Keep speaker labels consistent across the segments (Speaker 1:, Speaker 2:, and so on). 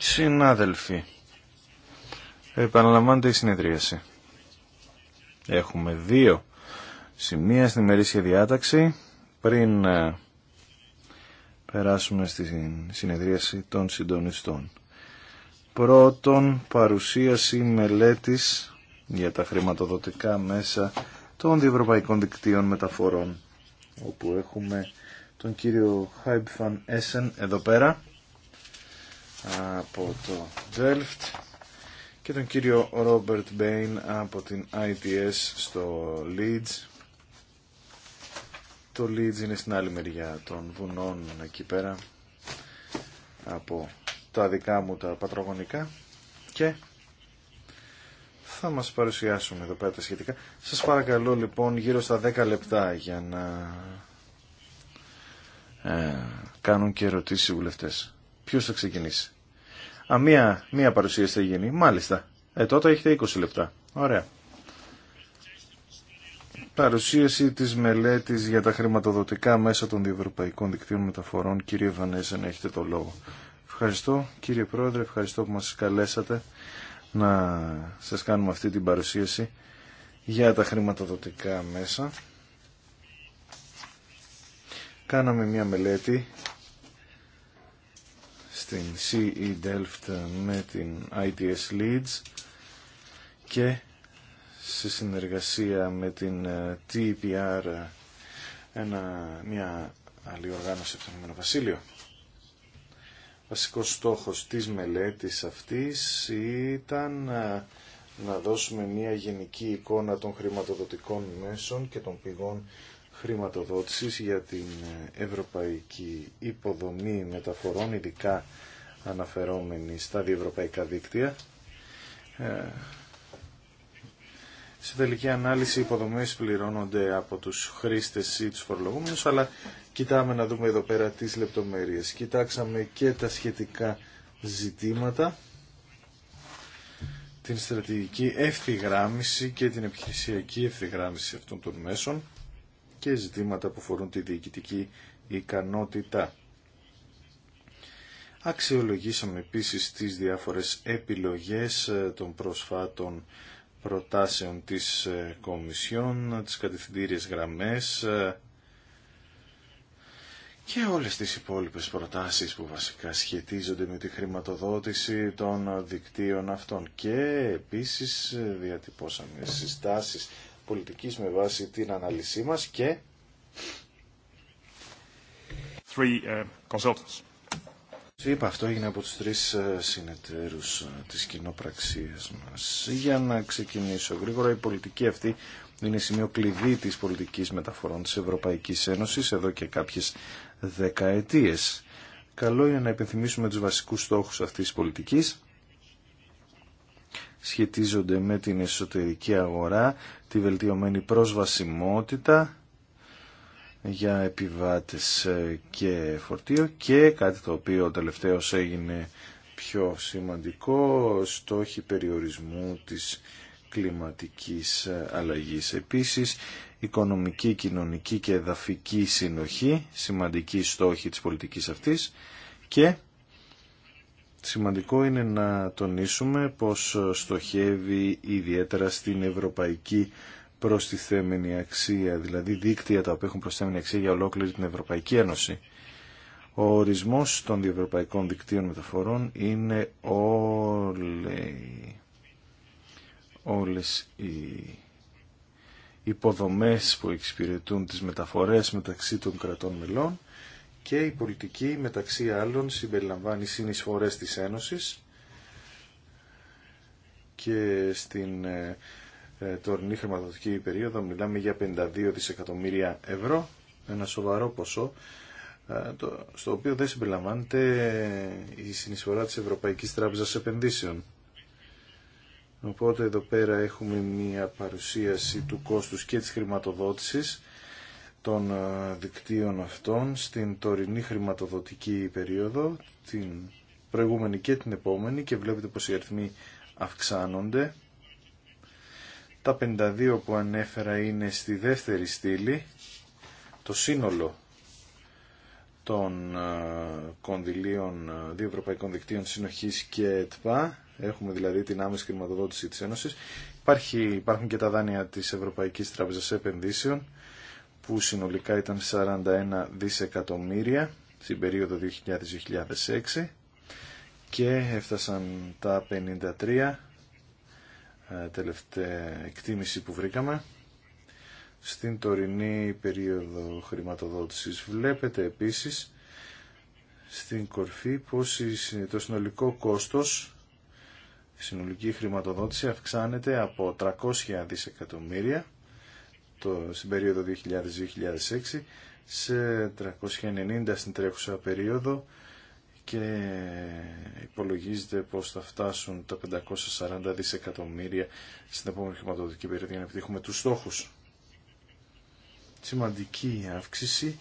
Speaker 1: Συνάδελφοι, επαναλαμβάνεται η συνεδρίαση. Έχουμε δύο σημεία στην μερίσια διάταξη πριν ε, περάσουμε στη συνεδρίαση των συντονιστών. Πρώτον, παρουσίαση μελέτης για τα χρηματοδοτικά μέσα των διευρωπαϊκών δικτύων μεταφορών, όπου έχουμε τον κύριο Χάιμφαν Έσεν εδώ πέρα από το Delft και τον κύριο Ρόμπερτ Μπέιν από την ITS στο Leeds. Το Leeds είναι στην άλλη μεριά των βουνών εκεί πέρα από τα δικά μου τα πατρογονικά και θα μας παρουσιάσουμε εδώ πέρα τα σχετικά. Σας παρακαλώ λοιπόν γύρω στα 10 λεπτά για να ε, κάνουν και ερωτήσεις οι βουλευτές. Ποιος θα ξεκινήσει. Α, μία, μία παρουσίαση θα γίνει. Μάλιστα. Ε, τότε έχετε 20 λεπτά. Ωραία. Παρουσίαση της μελέτης για τα χρηματοδοτικά μέσα των διευρωπαϊκών δικτύων μεταφορών. Κύριε να έχετε το λόγο. Ευχαριστώ κύριε Πρόεδρε, ευχαριστώ που μας καλέσατε να σας κάνουμε αυτή την παρουσίαση για τα χρηματοδοτικά μέσα. Κάναμε μια μελέτη την CE Delft με την ITS Leeds και σε συνεργασία με την ε, TPR e ένα, μια άλλη οργάνωση από το Ηνωμένο Βασίλειο. Βασικός στόχος της μελέτης αυτής ήταν ε, να δώσουμε μια γενική εικόνα των χρηματοδοτικών μέσων και των πηγών χρηματοδότησης για την ευρωπαϊκή υποδομή μεταφορών, ειδικά αναφερόμενη στα διευρωπαϊκά δίκτυα. Σε τελική ανάλυση οι υποδομές πληρώνονται από τους χρήστες ή τους φορολογούμενους, αλλά κοιτάμε να δούμε εδώ πέρα τις λεπτομέρειες. Κοιτάξαμε και τα σχετικά ζητήματα, την στρατηγική ευθυγράμμιση και την επιχειρησιακή ευθυγράμμιση αυτών των μέσων και ζητήματα που φορούν τη διοικητική ικανότητα. Αξιολογήσαμε επίσης τις διάφορες επιλογές ε, των προσφάτων προτάσεων της ε, Κομισιόν, τις κατευθυντήριες γραμμές ε, και όλες τις υπόλοιπες προτάσεις που βασικά σχετίζονται με τη χρηματοδότηση των δικτύων αυτών. Και επίσης διατυπώσαμε συστάσεις πολιτικής με βάση την αναλυσή μας και... Three, uh, Είπα, αυτό έγινε από τους τρεις ε, συνεταίρους ε, της κοινοπραξίας μας. Για να ξεκινήσω γρήγορα, η πολιτική αυτή είναι σημείο κλειδί της πολιτικής μεταφορών της Ευρωπαϊκής Ένωσης εδώ και κάποιες δεκαετίες. Καλό είναι να επιθυμίσουμε τους βασικούς στόχους αυτής της πολιτικής σχετίζονται με την εσωτερική αγορά, τη βελτιωμένη προσβασιμότητα για επιβάτες ε, και φορτίο και κάτι το οποίο τελευταίως έγινε πιο σημαντικό, στόχοι περιορισμού της κλιματικής ε, αλλαγής. Επίσης, οικονομική, κοινωνική και εδαφική συνοχή, σημαντική στόχη της πολιτικής αυτής και Σημαντικό είναι να τονίσουμε πως στοχεύει ιδιαίτερα στην ευρωπαϊκή προστιθέμενη αξία, δηλαδή δίκτυα τα οποία έχουν προστιθέμενη αξία για ολόκληρη την Ευρωπαϊκή Ένωση. Ο ορισμός των διευρωπαϊκών δικτύων μεταφορών είναι όλε, όλες οι υποδομές που εξυπηρετούν τις μεταφορές μεταξύ των κρατών μελών και η πολιτική μεταξύ άλλων συμπεριλαμβάνει συνεισφορές της Ένωσης και στην ε, ε, τωρινή χρηματοδοτική περίοδο μιλάμε για 52 δισεκατομμύρια ευρώ, ένα σοβαρό ποσό ε, στο οποίο δεν συμπεριλαμβάνεται η συνεισφορά της Ευρωπαϊκής Τράπεζας Επενδύσεων. Οπότε εδώ πέρα έχουμε μία παρουσίαση του κόστους και της χρηματοδότησης των ε, δικτύων αυτών στην τωρινή χρηματοδοτική περίοδο, την προηγούμενη και την επόμενη και βλέπετε πως οι αριθμοί αυξάνονται. Τα 52 που ανέφερα είναι στη δεύτερη στήλη, το σύνολο των ε, κονδυλίων, ε, δύο ευρωπαϊκών δικτύων συνοχής και ΕΤΠΑ, έχουμε δηλαδή την άμεση χρηματοδότηση της Ένωσης, Υπάρχει, υπάρχουν και τα δάνεια της Ευρωπαϊκής Τράπεζας Επενδύσεων που συνολικά ήταν 41 δισεκατομμύρια στην περίοδο 2000-2006 και έφτασαν τα 53 ε, τελευταία εκτίμηση που βρήκαμε. Στην τωρινή περίοδο χρηματοδότησης βλέπετε επίσης στην κορφή πως το συνολικό κόστος, η συνολική χρηματοδότηση αυξάνεται από 300 δισεκατομμύρια το, στην περίοδο 2000-2006 σε 390 στην τρέχουσα περίοδο και υπολογίζεται πως θα φτάσουν τα 540 δισεκατομμύρια στην επόμενη χρηματοδοτική περίοδο για να επιτύχουμε τους στόχους. Σημαντική αύξηση.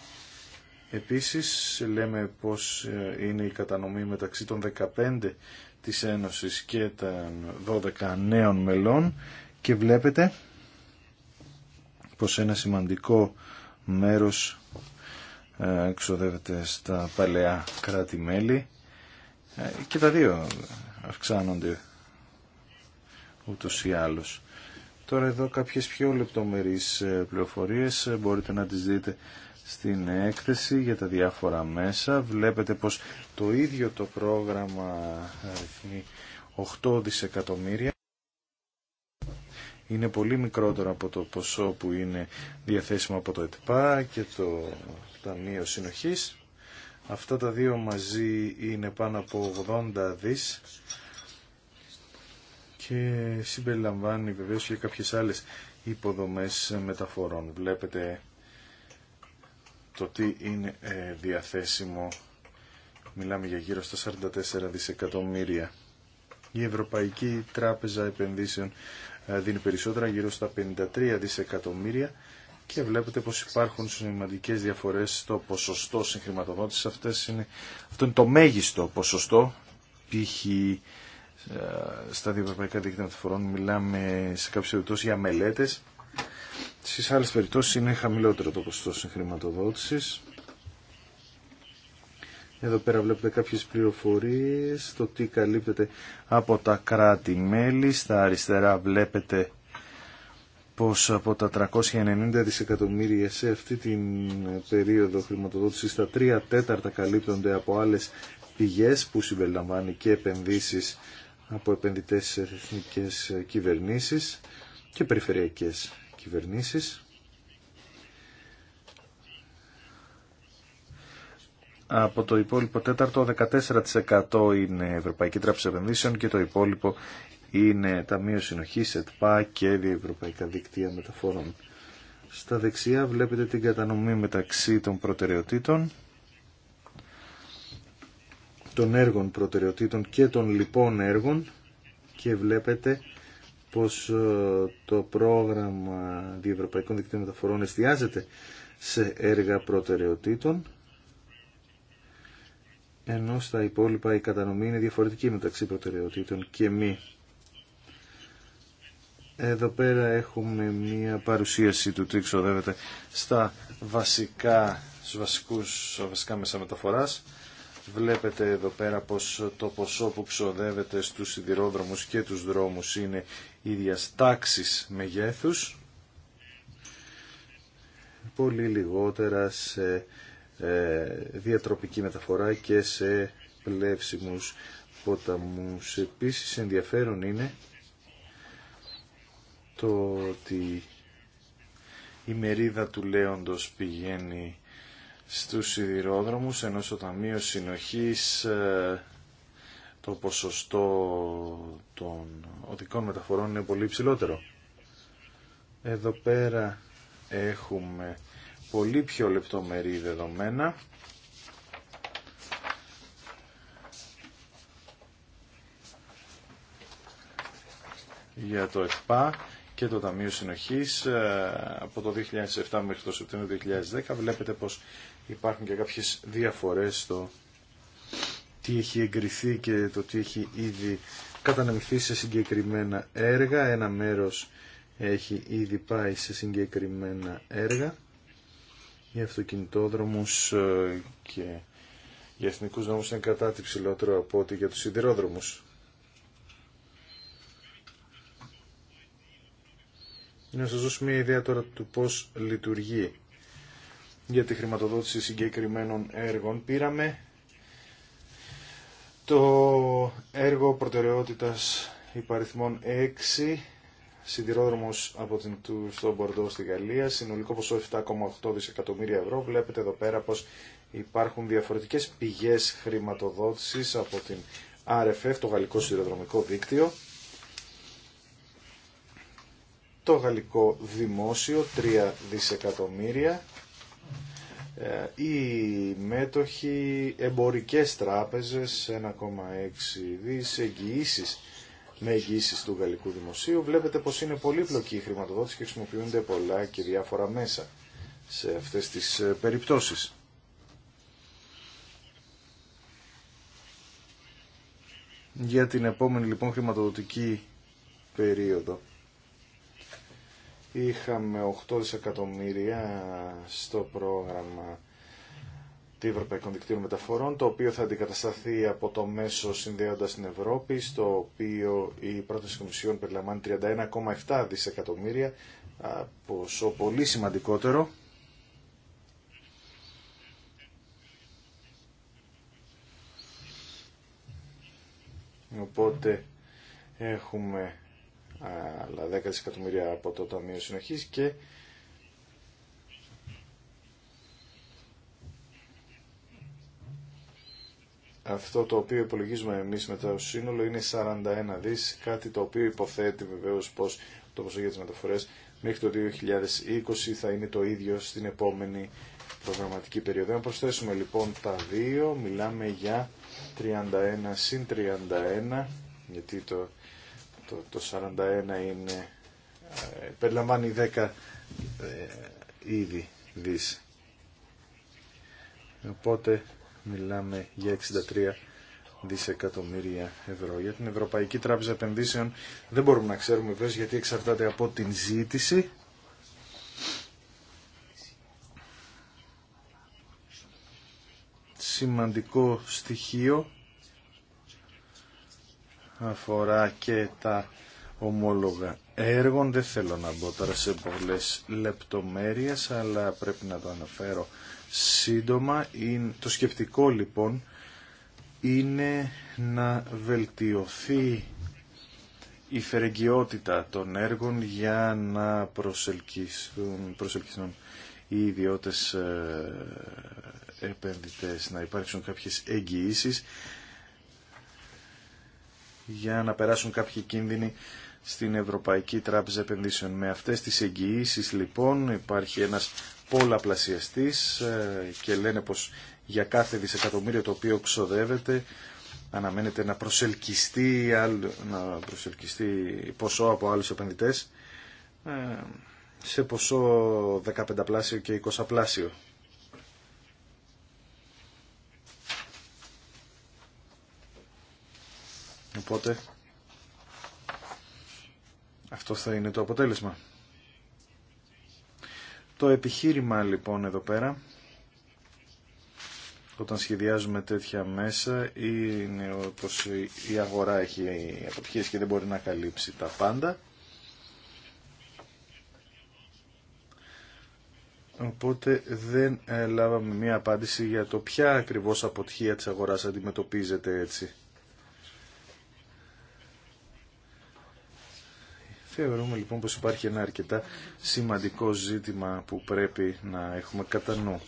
Speaker 1: Επίσης λέμε πως ε, είναι η κατανομή μεταξύ των 15 της Ένωσης και των 12 νέων μελών και βλέπετε πως ένα σημαντικό μέρος ε, εξοδεύεται στα παλαιά κράτη-μέλη ε, και τα δύο αυξάνονται ούτως ή άλλως. Τώρα εδώ κάποιες πιο λεπτομερείς ε, πληροφορίες μπορείτε να τις δείτε στην έκθεση για τα διάφορα μέσα. Βλέπετε πως το ίδιο το πρόγραμμα αριθμεί 8 δισεκατομμύρια είναι πολύ μικρότερο από το ποσό που είναι διαθέσιμο από το ΕΤΠΑ και το Ταμείο Συνοχής. Αυτά τα δύο μαζί είναι πάνω από 80 δις και συμπεριλαμβάνει βεβαίως και κάποιες άλλες υποδομές μεταφορών. Βλέπετε το τι είναι ε, διαθέσιμο. Μιλάμε για γύρω στα 44 δισεκατομμύρια. Η Ευρωπαϊκή Τράπεζα Επενδύσεων ε, δίνει περισσότερα, γύρω στα 53 δισεκατομμύρια και βλέπετε πως υπάρχουν σημαντικές διαφορές στο ποσοστό συγχρηματοδότησης. Αυτές είναι, αυτό είναι το μέγιστο ποσοστό, π.χ. Ε, στα διευρωπαϊκά δίκτυα μεταφορών μιλάμε σε κάποιες περιπτώσεις για μελέτες. Στις άλλες περιπτώσεις είναι χαμηλότερο το ποσοστό συγχρηματοδότησης εδώ πέρα βλέπετε κάποιες πληροφορίες, το τι καλύπτεται από τα κράτη-μέλη. Στα αριστερά βλέπετε πως από τα 390 δισεκατομμύρια σε αυτή την περίοδο χρηματοδότησης τα 3 τέταρτα καλύπτονται από άλλες πηγές που συμπεριλαμβάνει και επενδύσεις από επενδυτές εθνικές κυβερνήσεις και περιφερειακές κυβερνήσεις. Από το υπόλοιπο τέταρτο, 14% είναι Ευρωπαϊκή Τράπεζα Επενδύσεων και το υπόλοιπο είναι Ταμείο Συνοχής, ΕΤΠΑ και Διευρωπαϊκά Δικτύα Μεταφόρων. Στα δεξιά βλέπετε την κατανομή μεταξύ των προτεραιοτήτων, των έργων προτεραιοτήτων και των λοιπών έργων και βλέπετε πως ε, το πρόγραμμα διευρωπαϊκών δικτύων μεταφορών εστιάζεται σε έργα προτεραιοτήτων ενώ στα υπόλοιπα η κατανομή είναι διαφορετική μεταξύ προτεραιοτήτων και μη. Εδώ πέρα έχουμε μία παρουσίαση του τι ξοδεύεται στα βασικά, στους βασικούς, στα βασικά μέσα Βλέπετε εδώ πέρα πως το ποσό που ξοδεύεται στους σιδηρόδρομους και τους δρόμους είναι ίδιας τάξης μεγέθους. Πολύ λιγότερα σε ε, διατροπική μεταφορά και σε πλεύσιμους ποταμούς. Επίσης ενδιαφέρον είναι το ότι η μερίδα του Λέοντος πηγαίνει στους σιδηρόδρομους, ενώ στο Ταμείο Συνοχής ε, το ποσοστό των οδικών μεταφορών είναι πολύ ψηλότερο. Εδώ πέρα έχουμε πολύ πιο λεπτομερή δεδομένα. για το ΕΚΠΑ και το Ταμείο Συνοχής ε, από το 2007 μέχρι το Σεπτέμβριο 2010 βλέπετε πως υπάρχουν και κάποιες διαφορές στο τι έχει εγκριθεί και το τι έχει ήδη κατανεμηθεί σε συγκεκριμένα έργα. Ένα μέρος έχει ήδη πάει σε συγκεκριμένα έργα για αυτοκινητόδρομους ε, και για εθνικούς νόμους είναι κατά τη ψηλότερο από ό,τι για τους σιδηρόδρομους. Να σας δώσω μια ιδέα τώρα του πώς λειτουργεί για τη χρηματοδότηση συγκεκριμένων έργων. Πήραμε το έργο προτεραιότητας υπαριθμών 6 Σιδηρόδρομος από την του στο Μπορντό στη Γαλλία, συνολικό ποσό 7,8 δισεκατομμύρια ευρώ. Βλέπετε εδώ πέρα πως υπάρχουν διαφορετικές πηγές χρηματοδότησης από την RFF, το Γαλλικό Σιδηροδρομικό Δίκτυο, το Γαλλικό Δημόσιο, 3 δισεκατομμύρια, ε, οι μέτοχοι εμπορικές τράπεζες, 1,6 δις, με εγγύσει του γαλλικού δημοσίου, βλέπετε πως είναι πολύπλοκη η χρηματοδότηση και χρησιμοποιούνται πολλά και διάφορα μέσα σε αυτές τις ε, περιπτώσεις. Για την επόμενη λοιπόν χρηματοδοτική περίοδο είχαμε 8 δισεκατομμύρια στο πρόγραμμα τη Ευρωπαϊκών Δικτύων Μεταφορών, το οποίο θα αντικατασταθεί από το μέσο συνδέοντα την Ευρώπη, στο οποίο η πρόταση κομισίων περιλαμβάνει 31,7 δισεκατομμύρια, ποσό πολύ σημαντικότερο. Οπότε έχουμε άλλα 10 δισεκατομμύρια από το Ταμείο Συνοχής και Αυτό το οποίο υπολογίζουμε εμείς μετά το σύνολο είναι 41 δις, κάτι το οποίο υποθέτει βεβαίως πως το ποσό για τις μεταφορές μέχρι το 2020 θα είναι το ίδιο στην επόμενη προγραμματική περίοδο. Αν προσθέσουμε λοιπόν τα δύο, μιλάμε για 31 συν 31, γιατί το, το, το 41 είναι, ε, περιλαμβάνει 10 ε, ήδη δις. Οπότε μιλάμε για 63 δισεκατομμύρια ευρώ. Για την Ευρωπαϊκή Τράπεζα Επενδύσεων δεν μπορούμε να ξέρουμε βέβαια γιατί εξαρτάται από την ζήτηση. Σημαντικό στοιχείο αφορά και τα ομόλογα έργων. Δεν θέλω να μπω τώρα σε πολλές λεπτομέρειες, αλλά πρέπει να το αναφέρω σύντομα. Το σκεπτικό λοιπόν είναι να βελτιωθεί η φερεγγιότητα των έργων για να προσελκύσουν οι ιδιώτες ε, επενδυτές, να υπάρξουν κάποιες εγγυήσει για να περάσουν κάποιοι κίνδυνοι στην Ευρωπαϊκή Τράπεζα Επενδύσεων. Με αυτές τις εγγυήσει λοιπόν υπάρχει ένας πολλαπλασιαστής ε, και λένε πως για κάθε δισεκατομμύριο το οποίο ξοδεύεται αναμένεται να προσελκυστεί, να προσελκυστεί ποσό από άλλους επενδυτές ε, σε ποσό 15 πλάσιο και 20 πλάσιο. Οπότε αυτό θα είναι το αποτέλεσμα. Το επιχείρημα λοιπόν εδώ πέρα, όταν σχεδιάζουμε τέτοια μέσα, είναι οπως η αγορά έχει αποτυχίες και δεν μπορεί να καλύψει τα πάντα. Οπότε δεν ε, λάβαμε μία απάντηση για το ποια ακριβώς αποτυχία της αγοράς αντιμετωπίζεται έτσι. Θεωρούμε λοιπόν πως υπάρχει ένα αρκετά σημαντικό ζήτημα που πρέπει να έχουμε κατά νου.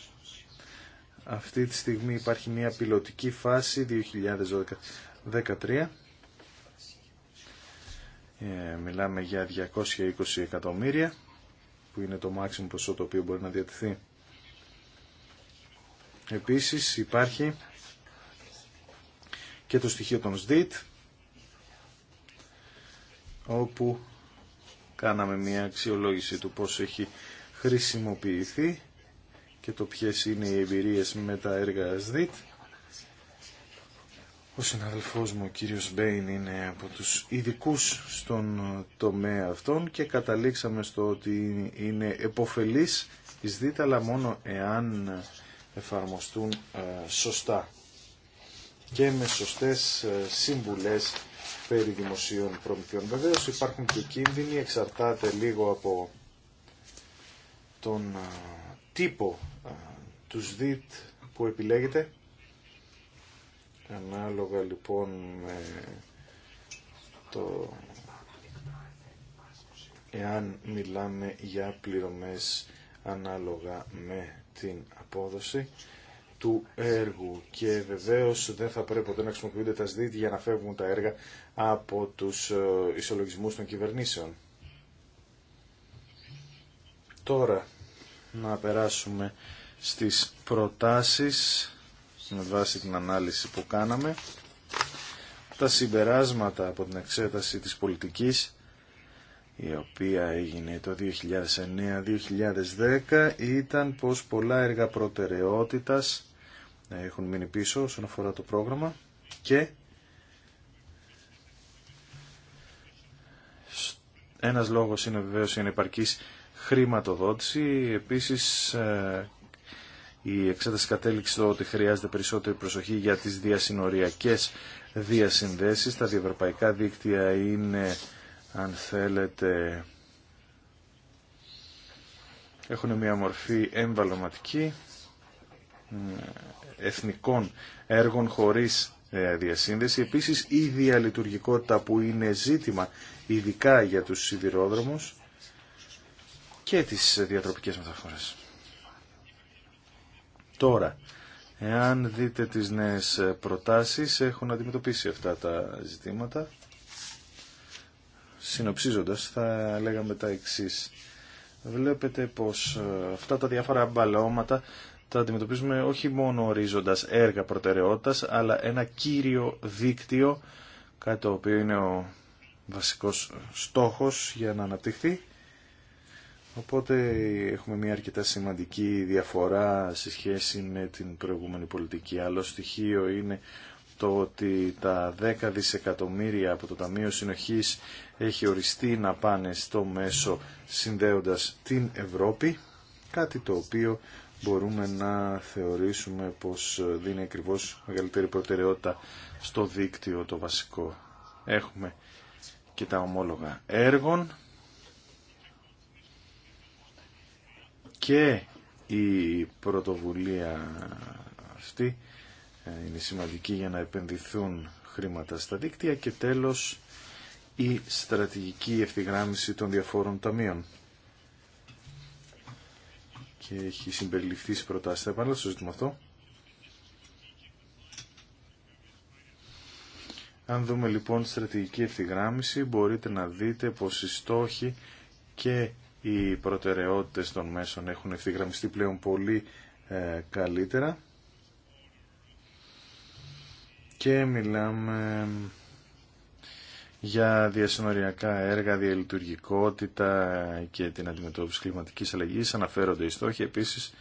Speaker 1: Αυτή τη στιγμή υπάρχει μια πιλωτική φάση 2013. Ε, μιλάμε για 220 εκατομμύρια που είναι το μάξιμο ποσό το οποίο μπορεί να διατηθεί. Επίσης υπάρχει και το στοιχείο των ΣΔΙΤ όπου κάναμε μια αξιολόγηση του πώς έχει χρησιμοποιηθεί και το ποιες είναι οι εμπειρίες με τα έργα ΑΣΔΙΤ. Ο συναδελφός μου, ο κύριος Μπέιν, είναι από τους ειδικού στον τομέα αυτών και καταλήξαμε στο ότι είναι εποφελής οι δίτα, αλλά μόνο εάν εφαρμοστούν ε, σωστά και με σωστές ε, συμβουλές περί δημοσίων προμηθειών. υπάρχουν και κίνδυνοι, εξαρτάται λίγο από τον τύπο του ΣΔΙΤ που επιλέγετε Ανάλογα λοιπόν με το εάν μιλάμε για πληρωμές ανάλογα με την απόδοση του έργου και βεβαίως δεν θα πρέπει ποτέ να χρησιμοποιούνται τα ΣΔΙΤ για να φεύγουν τα έργα από τους ε, ισολογισμούς των κυβερνήσεων. Τώρα να περάσουμε στις προτάσεις με βάση την ανάλυση που κάναμε τα συμπεράσματα από την εξέταση της πολιτικής η οποία έγινε το 2009-2010 ήταν πως πολλά έργα προτεραιότητας έχουν μείνει πίσω όσον αφορά το πρόγραμμα και ένας λόγος είναι βεβαίως η ανεπαρκής χρηματοδότηση. Επίσης ε, η εξέταση κατέληξε ότι χρειάζεται περισσότερη προσοχή για τις διασυνοριακές διασυνδέσεις. Τα διευρωπαϊκά δίκτυα είναι, αν θέλετε, έχουν μια μορφή εμβαλωματική ε, εθνικών έργων χωρίς ε, διασύνδεση. Επίσης η διαλειτουργικότητα που είναι ζήτημα ειδικά για τους σιδηρόδρομους και τις διατροπικές μεταφορές. Τώρα, εάν δείτε τις νέες προτάσεις, έχουν αντιμετωπίσει αυτά τα ζητήματα. Συνοψίζοντας, θα λέγαμε τα εξής. Βλέπετε πως ε, αυτά τα διάφορα μπαλώματα τα αντιμετωπίζουμε όχι μόνο ορίζοντας έργα προτεραιότητας, αλλά ένα κύριο δίκτυο, κάτι το οποίο είναι ο βασικός στόχος για να αναπτυχθεί. Οπότε έχουμε μια αρκετά σημαντική διαφορά σε σχέση με την προηγούμενη πολιτική. Άλλο στοιχείο είναι το ότι τα 10 δισεκατομμύρια από το Ταμείο Συνοχής έχει οριστεί να πάνε στο μέσο συνδέοντας την Ευρώπη, κάτι το οποίο μπορούμε να θεωρήσουμε πως δίνει ακριβώ μεγαλύτερη προτεραιότητα στο δίκτυο το βασικό. Έχουμε και τα ομόλογα έργων και η πρωτοβουλία αυτή ε, είναι σημαντική για να επενδυθούν χρήματα στα δίκτυα και τέλος η στρατηγική ευθυγράμμιση των διαφόρων ταμείων και έχει συμπεριληφθεί σε προτάσεις. Θα επανέλθω στο ζήτημα αυτό. Αν δούμε λοιπόν στρατηγική ευθυγράμμιση μπορείτε να δείτε πως οι στόχοι και οι προτεραιότητες των μέσων έχουν ευθυγραμμιστεί πλέον πολύ ε, καλύτερα και μιλάμε για διασυνοριακά έργα, διαλειτουργικότητα και την αντιμετώπιση κλιματικής αλλαγής. Αναφέρονται οι στόχοι επίσης.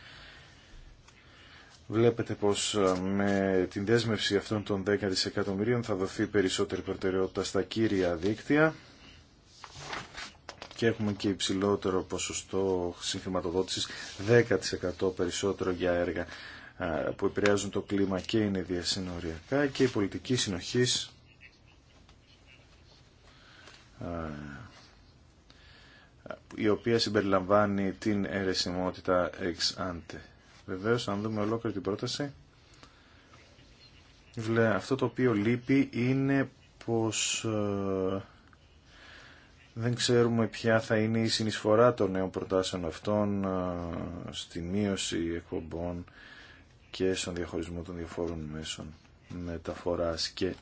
Speaker 1: Βλέπετε πως ε, με την δέσμευση αυτών των 10 δισεκατομμυρίων θα δοθεί περισσότερη προτεραιότητα στα κύρια δίκτυα και έχουμε και υψηλότερο ποσοστό συγχρηματοδότησης 10% περισσότερο για έργα ε, που επηρεάζουν το κλίμα και είναι διασυνοριακά και η πολιτική συνοχής η οποία συμπεριλαμβάνει την αιρεσιμότητα εξ άντε. Βεβαίως, αν δούμε ολόκληρη την πρόταση, αυτό το οποίο λείπει είναι πως ε, δεν ξέρουμε ποια θα είναι η συνεισφορά των νέων προτάσεων αυτών ε, στη μείωση εκπομπών και στον διαχωρισμό των διαφόρων μέσων μεταφοράς και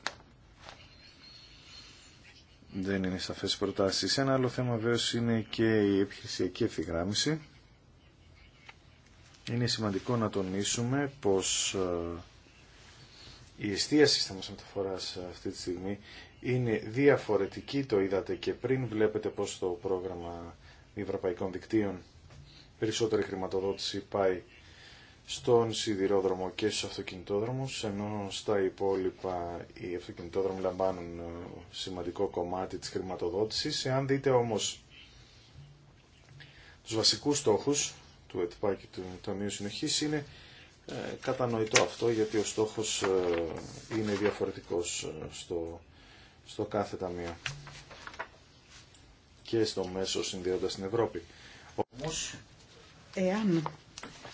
Speaker 1: δεν είναι σαφές προτάσεις. Ένα άλλο θέμα βέβαια είναι και η επιχειρησιακή ευθυγράμμιση. Είναι σημαντικό να τονίσουμε πως ε, η εστίαση σύστημας μεταφοράς ε, αυτή τη στιγμή είναι διαφορετική, το είδατε και πριν, βλέπετε πως το πρόγραμμα ευρωπαϊκών δικτύων περισσότερη χρηματοδότηση πάει στον σιδηρόδρομο και στους αυτοκινητόδρομους, ενώ στα υπόλοιπα οι αυτοκινητόδρομοι λαμβάνουν ε, σημαντικό κομμάτι της χρηματοδότησης. Εάν δείτε όμως τους βασικούς στόχους του ΕΤΠΑ και του Ταμείου Συνοχής είναι ε, κατανοητό αυτό γιατί ο στόχος ε, είναι διαφορετικός στο, στο κάθε ταμείο και στο μέσο συνδέοντας την Ευρώπη. Όμως...
Speaker 2: Εάν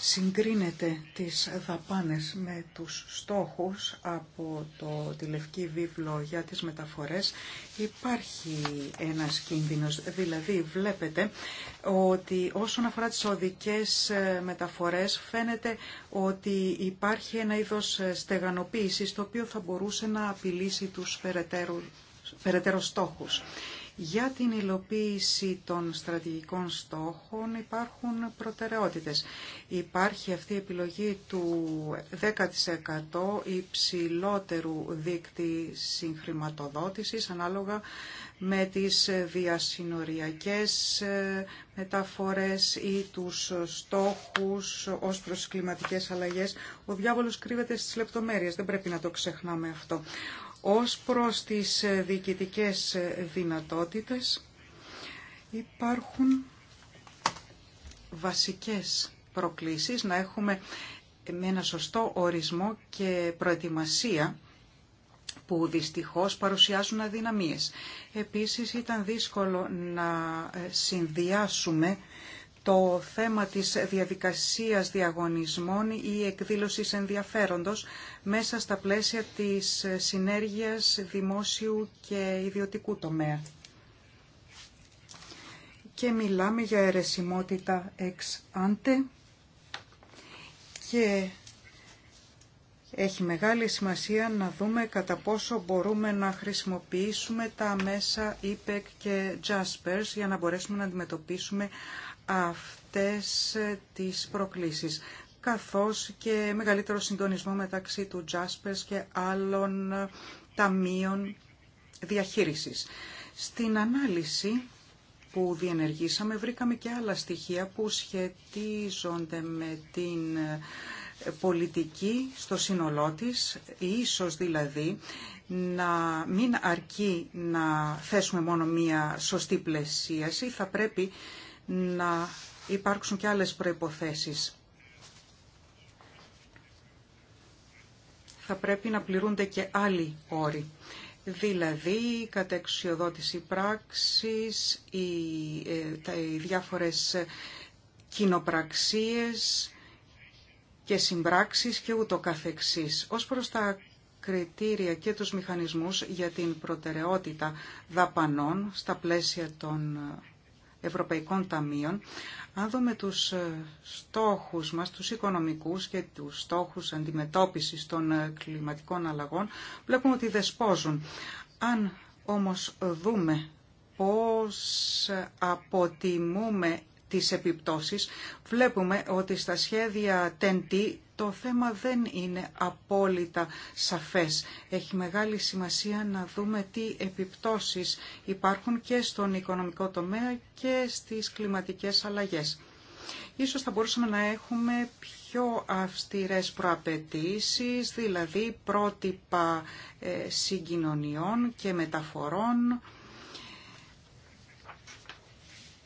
Speaker 2: συγκρίνεται τις δαπάνες με τους στόχους από το, τη Βίβλο για τις μεταφορές υπάρχει ένας κίνδυνος. Δηλαδή βλέπετε ότι όσον αφορά τις οδικές ε, μεταφορές φαίνεται ότι υπάρχει ένα είδος ε, στεγανοποίησης το οποίο θα μπορούσε να απειλήσει τους περαιτέρω, περαιτέρω στόχους. Για την υλοποίηση των στρατηγικών στόχων υπάρχουν προτεραιότητες. Υπάρχει αυτή η επιλογή του 10% υψηλότερου δίκτυ συγχρηματοδότησης ανάλογα με τις διασυνοριακές ε, μεταφορές ή τους στόχους ως προς κλιματικές αλλαγές. Ο διάβολος κρύβεται στις λεπτομέρειες, δεν πρέπει να το ξεχνάμε αυτό. Ως προς τις ε, διοικητικές ε, δυνατότητες υπάρχουν βασικές προκλήσεις να έχουμε με ένα σωστό ορισμό και προετοιμασία που δυστυχώς παρουσιάζουν αδυναμίες. Επίσης ήταν δύσκολο να ε, συνδυάσουμε το θέμα της διαδικασίας διαγωνισμών ή εκδήλωσης ενδιαφέροντος μέσα στα πλαίσια της συνέργειας δημόσιου και ιδιωτικού τομέα. Και μιλάμε για αιρεσιμότητα εξ και έχει μεγάλη σημασία να δούμε κατά πόσο μπορούμε να χρησιμοποιήσουμε τα μέσα IPEC και JASPERS για να μπορέσουμε να αντιμετωπίσουμε αυτές ε, τις προκλήσεις καθώς και μεγαλύτερο συντονισμό μεταξύ του Jaspers και άλλων ε, ταμείων διαχείρισης. Στην ανάλυση που διενεργήσαμε βρήκαμε και άλλα στοιχεία που σχετίζονται με την ε, πολιτική στο σύνολό της, ίσως δηλαδή να μην αρκεί να θέσουμε μόνο μία σωστή πλαισίαση, θα πρέπει να υπάρξουν και άλλες προϋποθέσεις. Θα πρέπει να πληρούνται και άλλοι όροι. Δηλαδή, κατεξιοδότηση πράξης, οι, ε, τα, οι διάφορες κοινοπραξίες και συμπράξεις και ούτω καθεξής. Ως προς τα κριτήρια και τους μηχανισμούς για την προτεραιότητα δαπανών στα πλαίσια των Ευρωπαϊκών Ταμείων, αν δούμε τους ε, στόχους μας, τους οικονομικούς και τους στόχους αντιμετώπισης των ε, κλιματικών αλλαγών, βλέπουμε ότι δεσπόζουν. Αν όμως δούμε πώς αποτιμούμε τις επιπτώσεις, βλέπουμε ότι στα σχέδια TEN-T το θέμα δεν είναι απόλυτα σαφές. Έχει μεγάλη σημασία να δούμε τι επιπτώσεις υπάρχουν και στον οικονομικό τομέα και στις κλιματικές αλλαγές. Ίσως θα μπορούσαμε να έχουμε πιο αυστηρές προαπαιτήσεις, δηλαδή πρότυπα ε, συγκοινωνιών και μεταφορών,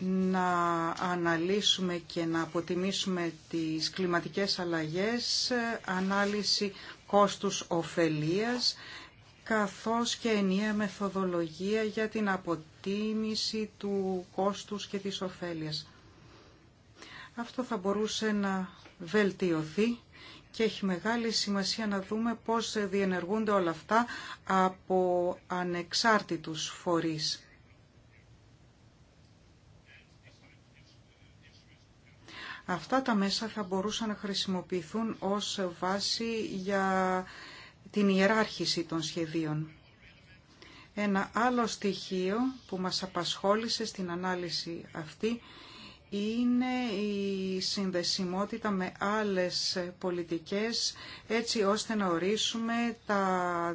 Speaker 2: να αναλύσουμε και να αποτιμήσουμε τις κλιματικές αλλαγές, ανάλυση κόστους ωφελίας, καθώς και ενιαία μεθοδολογία για την αποτίμηση του κόστους και της ωφέλειας. Αυτό θα μπορούσε να βελτιωθεί και έχει μεγάλη σημασία να δούμε πώς διενεργούνται όλα αυτά από ανεξάρτητους φορείς. Αυτά τα μέσα θα μπορούσαν να χρησιμοποιηθούν ως βάση για την ιεράρχηση των σχεδίων. Ένα άλλο στοιχείο που μας απασχόλησε στην ανάλυση αυτή είναι η συνδεσιμότητα με άλλες πολιτικές έτσι ώστε να ορίσουμε τα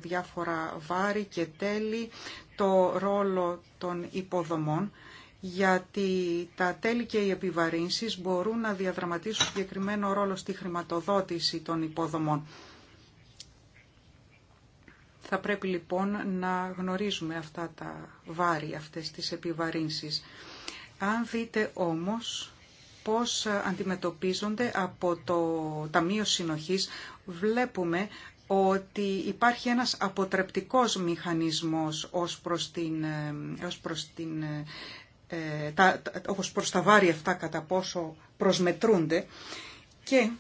Speaker 2: διάφορα βάρη και τέλη, το ρόλο των υποδομών γιατί τα τέλη και οι επιβαρύνσεις μπορούν να διαδραματίσουν συγκεκριμένο ρόλο στη χρηματοδότηση των υποδομών. Θα πρέπει λοιπόν να γνωρίζουμε αυτά τα βάρη, αυτές τις επιβαρύνσεις. Αν δείτε όμως πώς αντιμετωπίζονται από το Ταμείο Συνοχής, βλέπουμε ότι υπάρχει ένας αποτρεπτικός μηχανισμός ως προς την, ε, ως προς την ε, ε, τα, όπως προς τα βάρη αυτά κατά πόσο προσμετρούνται και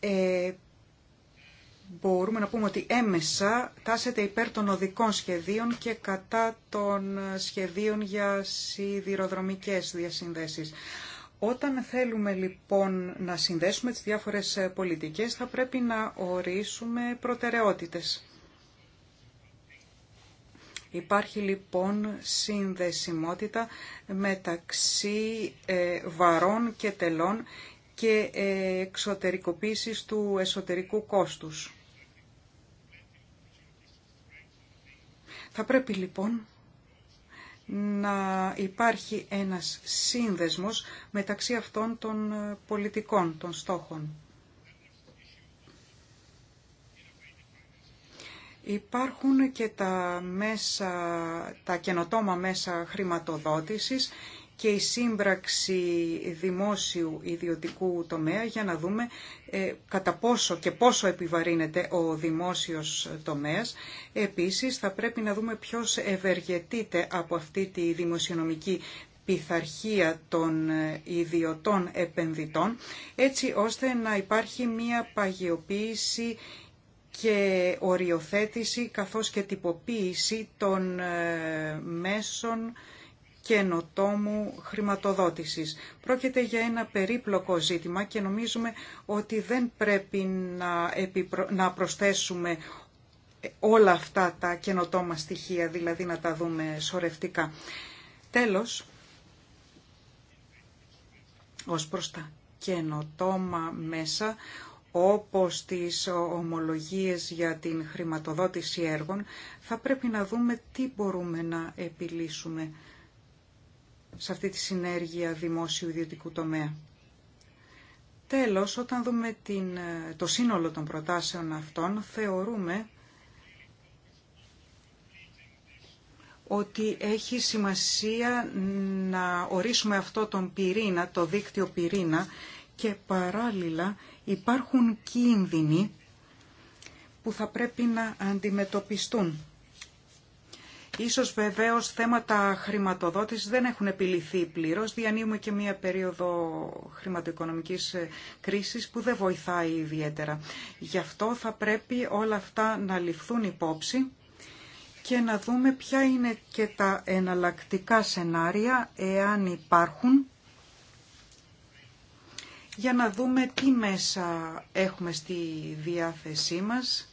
Speaker 2: ε, μπορούμε να πούμε ότι έμεσα τάσεται υπέρ των οδικών σχεδίων και κατά των σχεδίων για σιδηροδρομικές διασυνδέσεις. Όταν θέλουμε λοιπόν να συνδέσουμε τις διάφορες πολιτικές θα πρέπει να ορίσουμε προτεραιότητες. Υπάρχει λοιπόν συνδεσιμότητα μεταξύ ε, βαρών και τελών και ε, εξωτερικοποίησης του εσωτερικού κόστους. Θα πρέπει λοιπόν να υπάρχει ένας σύνδεσμος μεταξύ αυτών των ε, πολιτικών, των στόχων. Υπάρχουν και τα, μέσα, τα καινοτόμα μέσα χρηματοδότησης και η σύμπραξη δημόσιου ιδιωτικού τομέα για να δούμε ε, κατά πόσο και πόσο επιβαρύνεται ο δημόσιος τομέας. Επίσης θα πρέπει να δούμε ποιος ευεργετείται από αυτή τη δημοσιονομική πειθαρχία των ε, ιδιωτών επενδυτών έτσι ώστε να υπάρχει μία παγιοποίηση και οριοθέτηση καθώς και τυποποίηση των ε, μέσων καινοτόμου χρηματοδότησης. Πρόκειται για ένα περίπλοκο ζήτημα και νομίζουμε ότι δεν πρέπει να, προσθέσουμε όλα αυτά τα καινοτόμα στοιχεία, δηλαδή να τα δούμε σορευτικά. Τέλος, ως προς τα καινοτόμα μέσα, όπως τις ομολογίες για την χρηματοδότηση έργων, θα πρέπει να δούμε τι μπορούμε να επιλύσουμε σε αυτή τη συνέργεια δημόσιου-ιδιωτικού τομέα. Τέλος, όταν δούμε την, το σύνολο των προτάσεων αυτών, θεωρούμε ότι έχει σημασία να ορίσουμε αυτό τον πυρήνα, το δίκτυο πυρήνα και παράλληλα Υπάρχουν κίνδυνοι που θα πρέπει να αντιμετωπιστούν. Ίσως βεβαίως θέματα χρηματοδότησης δεν έχουν επιληθεί πλήρως. Διανύουμε και μία περίοδο χρηματοοικονομικής ε, κρίσης που δεν βοηθάει ιδιαίτερα. Γι' αυτό θα πρέπει όλα αυτά να ληφθούν υπόψη και να δούμε ποια είναι και τα εναλλακτικά σενάρια, εάν υπάρχουν, για να δούμε τι μέσα έχουμε στη διάθεσή μας.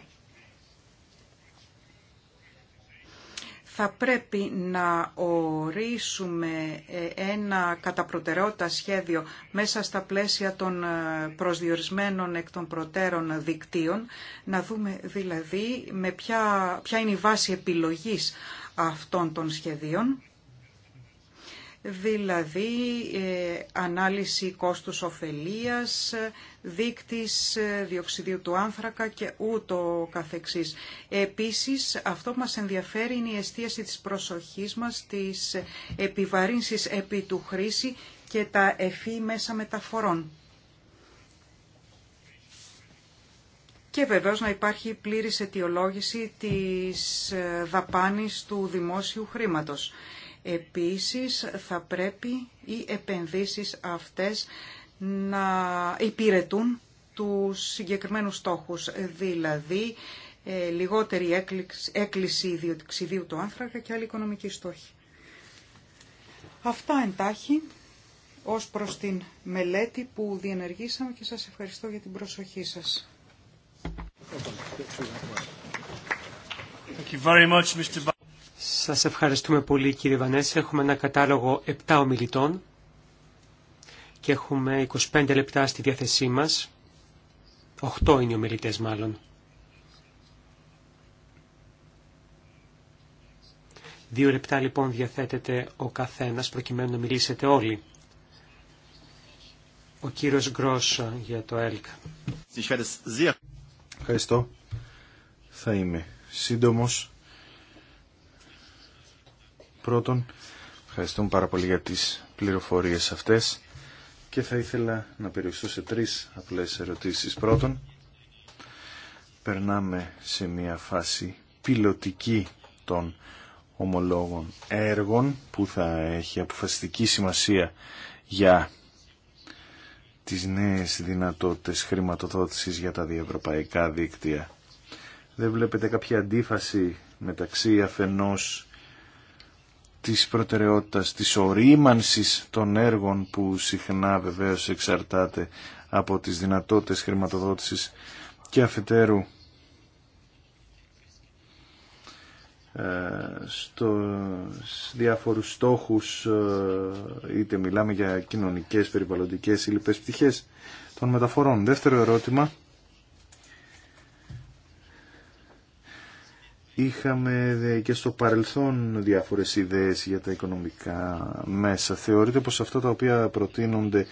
Speaker 2: Θα πρέπει να ορίσουμε ε, ένα κατά προτεραιότητα σχέδιο μέσα στα πλαίσια των ε, προσδιορισμένων εκ των προτέρων δικτύων, να δούμε δηλαδή με ποια, ποια είναι η βάση επιλογής αυτών των σχεδίων δηλαδή ε, ανάλυση κόστους ωφελίας, δείκτης ε, διοξιδίου του άνθρακα και ούτω καθεξής. Επίσης, αυτό που μας ενδιαφέρει είναι η εστίαση της προσοχής μας, της επιβαρύνσης επί του χρήση και τα εφή μέσα μεταφορών. Και βεβαίως να υπάρχει πλήρης αιτιολόγηση της ε, δαπάνης του δημόσιου χρήματος. Επίσης θα πρέπει οι επενδύσεις αυτές να υπηρετούν τους συγκεκριμένους στόχους, δηλαδή ε, λιγότερη έκκληση ιδιοξιδίου του άνθρακα και άλλη οικονομική στόχη. Αυτά εντάχει ως προς την μελέτη που διενεργήσαμε και σας ευχαριστώ για την προσοχή σας.
Speaker 3: Thank
Speaker 4: you σας ευχαριστούμε πολύ κύριε Βανέση. Έχουμε ένα κατάλογο 7 ομιλητών και έχουμε 25 λεπτά στη διάθεσή μας. 8 είναι οι ομιλητές μάλλον. Δύο λεπτά λοιπόν διαθέτεται ο καθένας προκειμένου να μιλήσετε όλοι. Ο κύριος Γκρός ε, για το ΕΛΚ.
Speaker 1: Ευχαριστώ. Θα είμαι σύντομος Πρώτον, ευχαριστούμε πάρα πολύ για τις πληροφορίες αυτές και θα ήθελα να περιοριστώ σε τρεις απλές ερωτήσεις. Πρώτον, περνάμε σε μια φάση πιλωτική των ομολόγων έργων που θα έχει αποφασιστική σημασία για τις νέες δυνατότητες χρηματοδότησης για τα διευρωπαϊκά δίκτυα. Δεν βλέπετε κάποια αντίφαση μεταξύ αφενός της προτεραιότητας, της ορίμανσης των έργων που συχνά βεβαίως εξαρτάται από τις δυνατότητες χρηματοδότησης και αφετέρου ε, στο διάφορους στόχους ε, είτε μιλάμε για κοινωνικές, περιβαλλοντικές ή λοιπές πτυχές των μεταφορών. Δεύτερο ερώτημα Είχαμε και στο παρελθόν διάφορες ιδέες για τα οικονομικά μέσα. Θεωρείτε πως αυτά τα οποία προτείνονται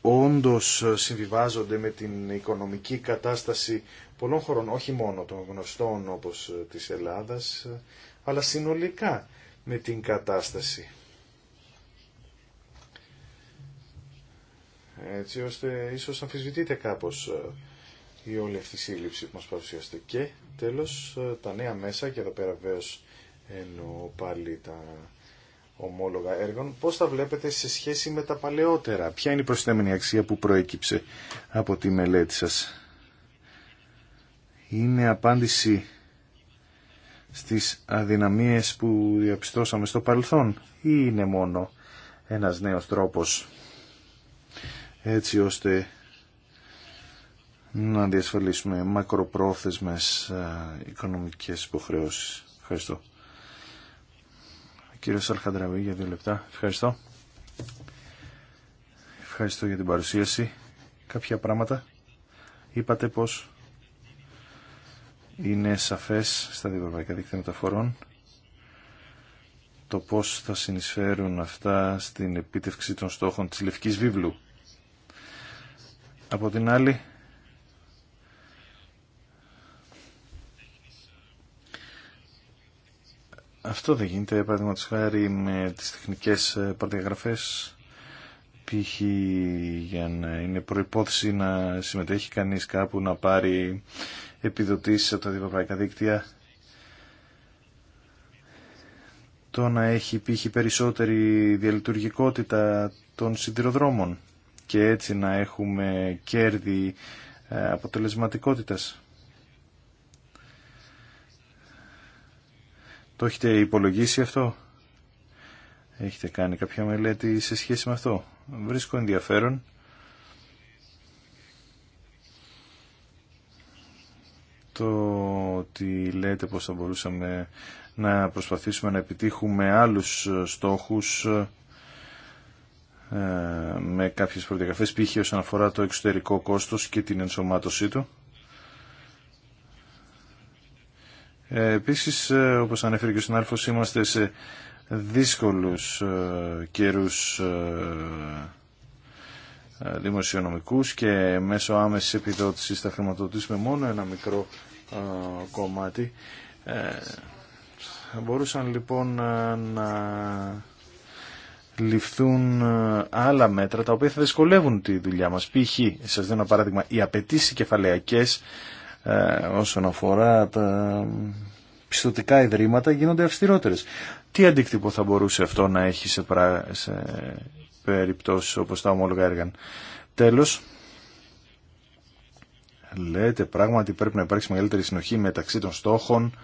Speaker 1: όντως συμβιβάζονται με την οικονομική κατάσταση πολλών χωρών, όχι μόνο των γνωστών όπως της Ελλάδας, αλλά συνολικά με την κατάσταση. Έτσι ώστε ίσως αμφισβητείτε κάπως ε, η όλη αυτή η σύλληψη που μας παρουσιάστηκε τέλος ε, τα νέα μέσα, και εδώ πέρα βεβαίω εννοώ πάλι τα ομόλογα έργων, πώς τα βλέπετε σε σχέση με τα παλαιότερα. Ποια είναι η προσθέμενη αξία που προέκυψε από τη μελέτη σας. Είναι απάντηση στις αδυναμίες που διαπιστώσαμε στο παρελθόν ή είναι μόνο ένας νέος τρόπος έτσι ώστε να διασφαλίσουμε μακροπρόθεσμες ε, οικονομικές υποχρεώσεις. Ευχαριστώ. Κύριε Αλχαντραβή για δύο λεπτά. Ευχαριστώ. Ευχαριστώ για την παρουσίαση. Κάποια πράγματα. Είπατε πως είναι σαφές στα διευρωπαϊκά δίκτυα μεταφορών το πώς θα συνεισφέρουν αυτά στην επίτευξη των στόχων της Λευκής Βίβλου. Από την άλλη, Αυτό δεν γίνεται, παραδείγματο χάρη, με τις τεχνικές ε, παρδιαγραφές, π.χ. για να είναι προϋπόθεση να συμμετέχει κανείς κάπου, να πάρει επιδοτήσεις από τα διευρωπαϊκά δίκτυα, το να έχει π.χ. περισσότερη διαλειτουργικότητα των σιδηροδρόμων και έτσι να έχουμε κέρδη ε, αποτελεσματικότητας. Το έχετε υπολογίσει αυτό. Έχετε κάνει κάποια μελέτη σε σχέση με αυτό. Βρίσκω ενδιαφέρον. Το ότι λέτε πως θα μπορούσαμε να προσπαθήσουμε να επιτύχουμε άλλους στόχους ε, με κάποιες προδιαγραφές π.χ. όσον αφορά το εξωτερικό κόστος και την ενσωμάτωσή του. Ε, επίσης, ε, όπως ανέφερε και ο συνάδελφο, είμαστε σε δύσκολους ε, καιρούς δημοσιονομικού και μέσω άμεσης επιδότηση θα χρηματοδοτήσουμε μόνο ένα μικρό κομμάτι. Μπορούσαν λοιπόν να ληφθούν άλλα μέτρα τα οποία θα δυσκολεύουν τη δουλειά μας. Π.χ. σας δίνω ένα παράδειγμα, οι απαιτήσει κεφαλαιακές ε, όσον αφορά τα πιστοτικά ιδρύματα γίνονται αυστηρότερες. Τι αντίκτυπο θα μπορούσε αυτό να έχει σε, πρά... σε περιπτώσεις όπως τα ομόλογα έργαν. Τέλος, λέτε πράγματι πρέπει να υπάρξει μεγαλύτερη συνοχή μεταξύ των στόχων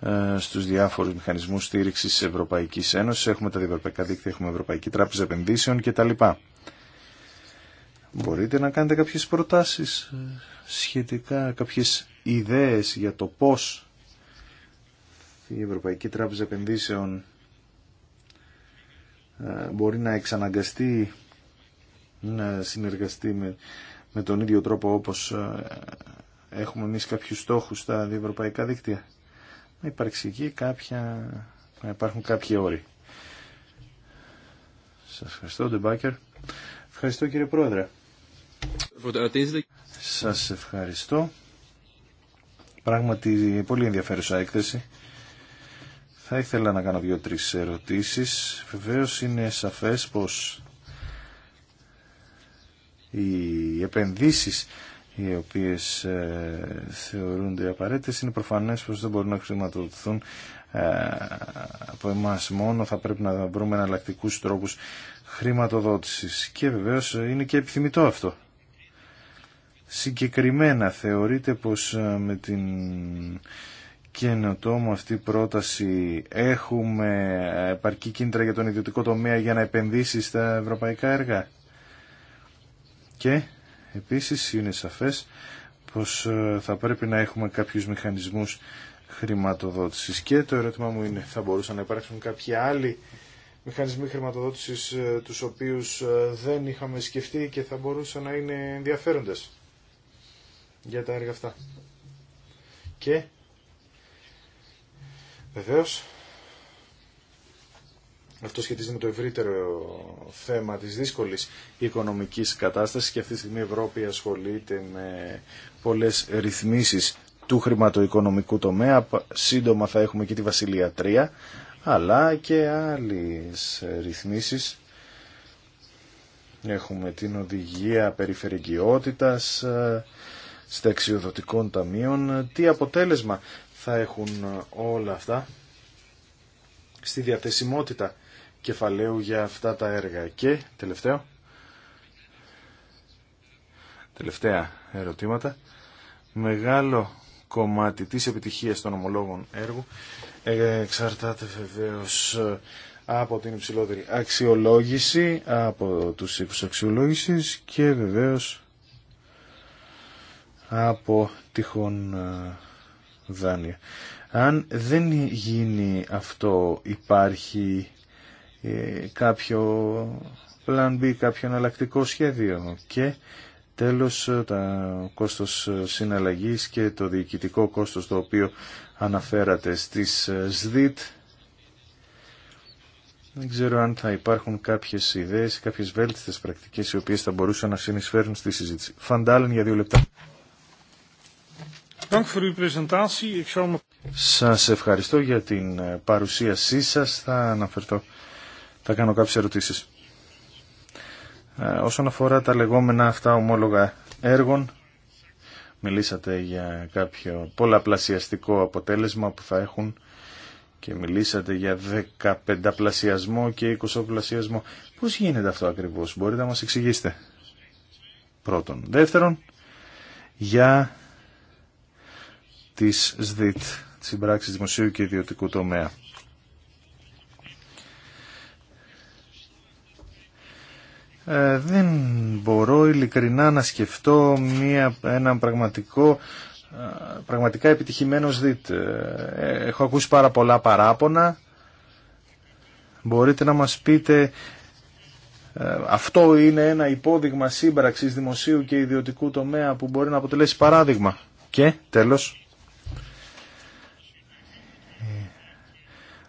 Speaker 1: ε, στους διάφορους μηχανισμούς στήριξης της Ευρωπαϊκής Ένωσης. Έχουμε τα διευρωπαϊκά δίκτυα, έχουμε Ευρωπαϊκή Τράπεζα Επενδύσεων κτλ. Μπορείτε να κάνετε κάποιες προτάσεις ε, σχετικά, κάποιες ιδέες για το πώς η Ευρωπαϊκή Τράπεζα Επενδύσεων ε, μπορεί να εξαναγκαστεί να συνεργαστεί με, τον ίδιο τρόπο όπως ε, έχουμε εμείς κάποιους στόχους στα διευρωπαϊκά δίκτυα. Να υπάρξει εκεί κάποια, να υπάρχουν κάποιοι όροι. Σας ευχαριστώ, Ντεμπάκερ. Ευχαριστώ κύριε Πρόεδρε. Σας ευχαριστώ. Πράγματι πολύ ενδιαφέρουσα έκθεση. Θα ήθελα να κάνω δύο-τρεις ερωτήσεις. Βεβαίως είναι σαφές πως οι επενδύσεις οι οποίες ε, θεωρούνται απαραίτητες είναι προφανές πως δεν μπορούν να χρηματοδοτηθούν ε, από εμάς μόνο θα πρέπει να βρούμε εναλλακτικού τρόπους χρηματοδότησης και βεβαίως ε, είναι και επιθυμητό αυτό Συγκεκριμένα θεωρείτε πως ε, με την καινοτόμο αυτή πρόταση έχουμε επαρκή κίνητρα για τον ιδιωτικό τομέα για να επενδύσει στα ευρωπαϊκά έργα. Και επίσης είναι σαφές πως ε, θα πρέπει να έχουμε κάποιους μηχανισμούς χρηματοδότησης. Και το ερώτημα μου είναι θα μπορούσαν να υπάρξουν κάποιοι άλλοι μηχανισμοί χρηματοδότησης ε, τους οποίους δεν είχαμε σκεφτεί και θα μπορούσαν να είναι ενδιαφέροντες για τα έργα αυτά. Και βεβαίω. αυτό σχετίζεται με το ευρύτερο θέμα της δύσκολης οικονομικής κατάστασης και αυτή τη στιγμή η Ευρώπη ασχολείται με πολλές ρυθμίσεις του χρηματοοικονομικού τομέα. Σύντομα θα έχουμε και τη Βασιλεία 3, αλλά και άλλες ρυθμίσεις. Έχουμε την οδηγία περιφερειγκιότητας, στεξιοδοτικών ταμείων. Τι αποτέλεσμα θα έχουν όλα αυτά στη διαθεσιμότητα κεφαλαίου για αυτά τα έργα. Και τελευταίο, τελευταία ερωτήματα, μεγάλο κομμάτι της επιτυχίας των ομολόγων έργου εξαρτάται βεβαίως ε, από την υψηλότερη αξιολόγηση, από τους οίκους αξιολόγησης και βεβαίως από τυχόν ε, δάνεια. Αν δεν γίνει αυτό υπάρχει ε, κάποιο plan B, κάποιο εναλλακτικό σχέδιο και τέλος ε, τα κόστος συναλλαγής και το διοικητικό κόστος το οποίο αναφέρατε στις ΣΔΙΤ δεν ξέρω αν θα υπάρχουν κάποιες ιδέες, κάποιες βέλτιστες πρακτικές οι οποίες θα μπορούσαν να συνεισφέρουν στη συζήτηση. Φαντάλεν για δύο λεπτά. Σας ευχαριστώ για την ε, παρουσίασή σας. Θα αναφερθώ, θα κάνω κάποιες ερωτήσεις. Ε, όσον αφορά τα λεγόμενα αυτά ομόλογα έργων, μιλήσατε για κάποιο πολλαπλασιαστικό αποτέλεσμα που θα έχουν και μιλήσατε για 15 πλασιασμό και 20 πλασιασμό. Πώς γίνεται αυτό ακριβώς, μπορείτε να μας εξηγήσετε. Πρώτον. Δεύτερον, για της ΣΔΙΤ, της Συμπράξης Δημοσίου και Ιδιωτικού Τομέα. Ε, δεν μπορώ ειλικρινά να σκεφτώ μια, ένα πραγματικό πραγματικά επιτυχημένο ΣΔΙΤ ε, έχω ακούσει πάρα πολλά παράπονα. Μπορείτε να μας πείτε ε, αυτό είναι ένα υπόδειγμα σύμπραξης δημοσίου και ιδιωτικού τομέα που μπορεί να αποτελέσει παράδειγμα. Και τέλος.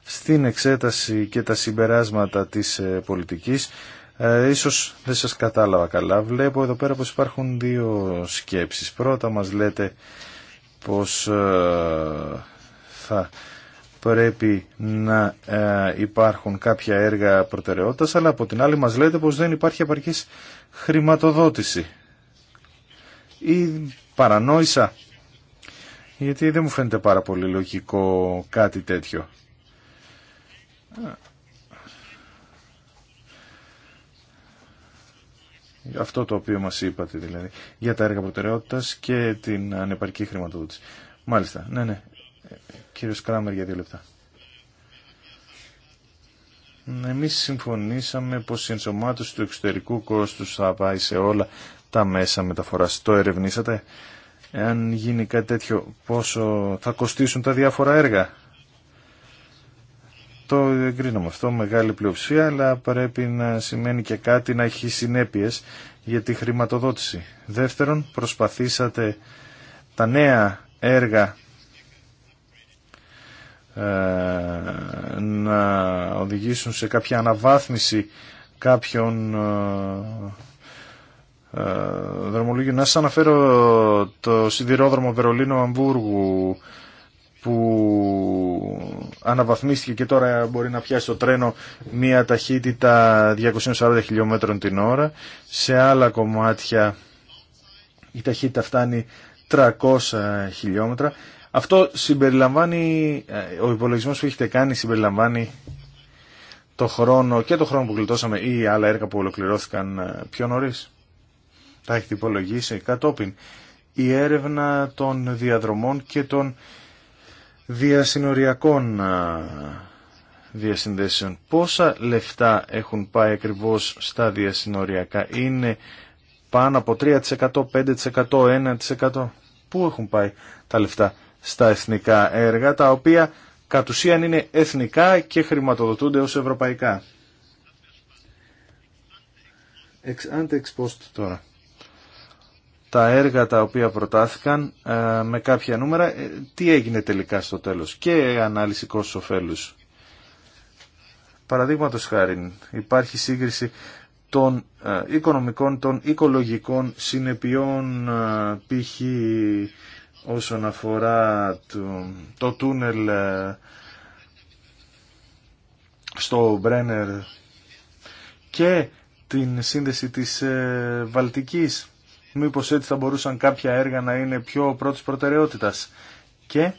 Speaker 1: στην εξέταση και τα συμπεράσματα της ε, πολιτικής. Ε, ίσως δεν σας κατάλαβα καλά. Βλέπω εδώ πέρα πως υπάρχουν δύο σκέψεις. Πρώτα μας λέτε πως ε, θα πρέπει να ε, υπάρχουν κάποια έργα προτεραιότητας, αλλά από την άλλη μας λέτε πως δεν υπάρχει επαρκής χρηματοδότηση. Ή παρανόησα, γιατί δεν μου φαίνεται πάρα πολύ λογικό κάτι τέτοιο. Ε, αυτό το οποίο μας είπατε δηλαδή, για τα έργα προτεραιότητας και την ανεπαρκή χρηματοδότηση. Μάλιστα, ναι, ναι. Κύριος Κράμερ για δύο λεπτά. Εμείς συμφωνήσαμε πως η ενσωμάτωση του εξωτερικού κόστου θα πάει σε όλα τα μέσα μεταφοράς. Το ερευνήσατε. Εάν γίνει κάτι τέτοιο, πόσο θα κοστίσουν τα διάφορα έργα το εγκρίνομαι αυτό, μεγάλη πλειοψηφία, αλλά πρέπει να σημαίνει και κάτι να έχει συνέπειες για τη χρηματοδότηση. Δεύτερον, προσπαθήσατε τα νέα έργα ε, να οδηγήσουν σε κάποια αναβάθμιση κάποιων ε, ε δρομολόγιων. Να σας αναφέρω το σιδηροδρομο περολινο Βερολίνου-Αμβούργου που αναβαθμίστηκε και τώρα μπορεί να πιάσει το τρένο μία ταχύτητα 240 χιλιόμετρων την ώρα. Σε άλλα κομμάτια η ταχύτητα φτάνει 300 χιλιόμετρα. Αυτό συμπεριλαμβάνει, ε, ο υπολογισμός που έχετε κάνει συμπεριλαμβάνει το χρόνο και το χρόνο που γλιτώσαμε ή άλλα έργα που ολοκληρώθηκαν ε, πιο νωρίς. Τα έχετε υπολογίσει κατόπιν. Η έρευνα των διαδρομών και των διασυνοριακών διασυνδέσεων. Πόσα λεφτά έχουν πάει ακριβώς στα διασυνοριακά. Είναι πάνω από 3%, 5%, 1%. Πού έχουν πάει τα λεφτά στα εθνικά έργα, τα οποία κατ' ουσίαν είναι εθνικά και χρηματοδοτούνται ως ευρωπαϊκά. Εξ τώρα τα έργα τα οποία προτάθηκαν ε, με κάποια νούμερα, ε, τι έγινε τελικά στο τέλος και ανάλυση κόστος ωφέλους. Παραδείγματο χάρη υπάρχει σύγκριση των ε, οικονομικών, των οικολογικών συνεπειών π.χ. όσον αφορά το, το τούνελ στο Μπρένερ και την σύνδεση της Βαλτικής μήπως έτσι θα μπορούσαν κάποια έργα να είναι πιο πρώτης προτεραιότητας. Και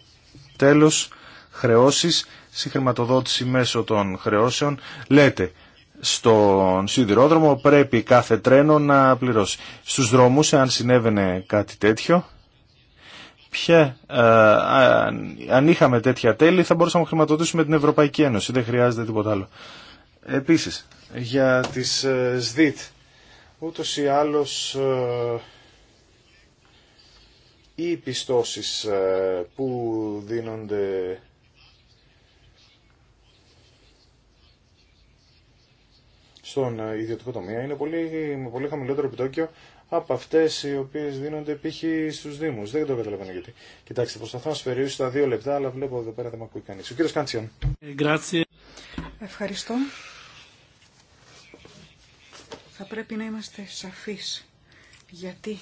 Speaker 1: τέλος, χρεώσεις, συγχρηματοδότηση μέσω των χρεώσεων. Λέτε, στον σιδηρόδρομο πρέπει κάθε τρένο να πληρώσει. Στους δρόμους, αν συνέβαινε κάτι τέτοιο, ποια, ε, αν, είχαμε τέτοια τέλη θα μπορούσαμε να χρηματοδοτήσουμε την Ευρωπαϊκή Ένωση. Δεν χρειάζεται τίποτα άλλο. Επίσης, για τις ε, ΣΔΙΤ, Ούτως ή άλλως ε, οι πιστώσεις ε, που δίνονται στον ε, ιδιωτικό τομέα είναι πολύ, με πολύ χαμηλότερο επιτόκιο από αυτέ οι οποίε δίνονται π.χ. στου Δήμου. Δεν το καταλαβαίνω γιατί. Κοιτάξτε, προσπαθώ να σφαιρίσω τα δύο λεπτά, αλλά βλέπω εδώ πέρα δεν με ακούει κανεί. Ο κύριο Κάντσιαν.
Speaker 2: Ευχαριστώ. Θα πρέπει να είμαστε σαφείς, γιατί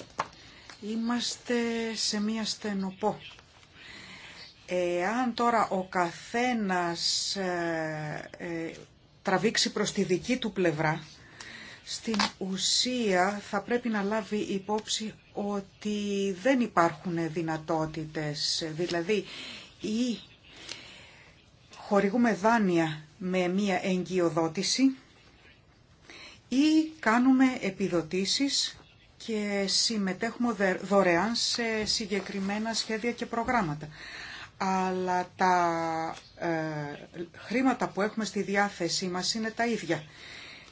Speaker 2: είμαστε σε μία στενοπό. Εάν τώρα ο καθένας ε, ε, τραβήξει προς τη δική του πλευρά, στην ουσία θα πρέπει να λάβει υπόψη ότι δεν υπάρχουν δυνατότητες. Δηλαδή, ή χορηγούμε δάνεια με μία εγκυοδότηση ή κάνουμε επιδοτήσεις και συμμετέχουμε δωρεάν σε συγκεκριμένα σχέδια και προγράμματα. Αλλά τα ε, χρήματα που έχουμε στη διάθεσή μας είναι τα ίδια.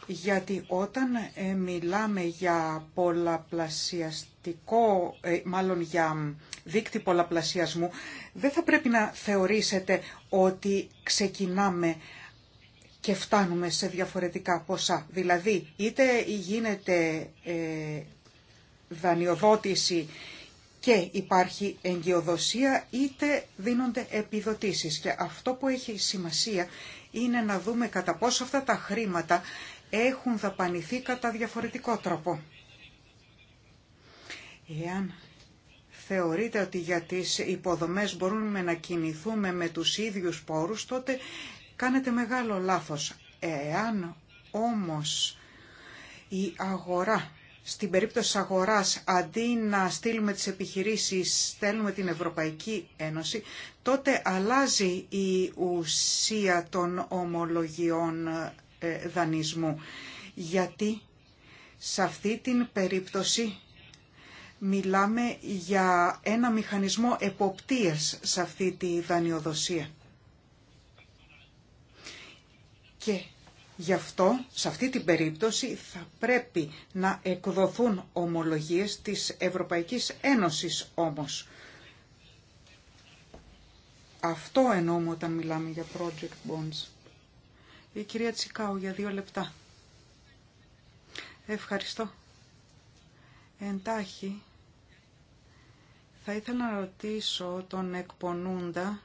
Speaker 2: Γιατί όταν ε, μιλάμε για πολλαπλασιαστικό, ε, μάλλον για δίκτυ πολλαπλασιασμού, δεν θα πρέπει να θεωρήσετε ότι ξεκινάμε και φτάνουμε σε διαφορετικά ποσά. Δηλαδή, είτε γίνεται ε, δανειοδότηση και υπάρχει εγκυοδοσία, είτε δίνονται επιδοτήσεις. Και αυτό που έχει σημασία είναι να δούμε κατά πόσο αυτά τα χρήματα έχουν δαπανηθεί κατά διαφορετικό τρόπο. Εάν θεωρείτε ότι για τις υποδομές μπορούμε να κινηθούμε με τους ίδιους πόρους, τότε Κάνετε μεγάλο λάθος. Εάν όμως η αγορά, στην περίπτωση αγοράς, αντί να στείλουμε τις επιχειρήσεις, στέλνουμε την Ευρωπαϊκή Ένωση, τότε αλλάζει η ουσία των ομολογιών ε, δανεισμού. Γιατί σε αυτή την περίπτωση μιλάμε για ένα μηχανισμό εποπτείας σε αυτή τη δανειοδοσία. Και γι' αυτό, σε αυτή την περίπτωση, θα πρέπει να εκδοθούν ομολογίες της Ευρωπαϊκής Ένωσης όμως. Αυτό εννοούμε όταν μιλάμε για project bonds. Η κυρία Τσικάου για δύο λεπτά. Ευχαριστώ. Εντάχει, θα ήθελα να ρωτήσω τον εκπονούντα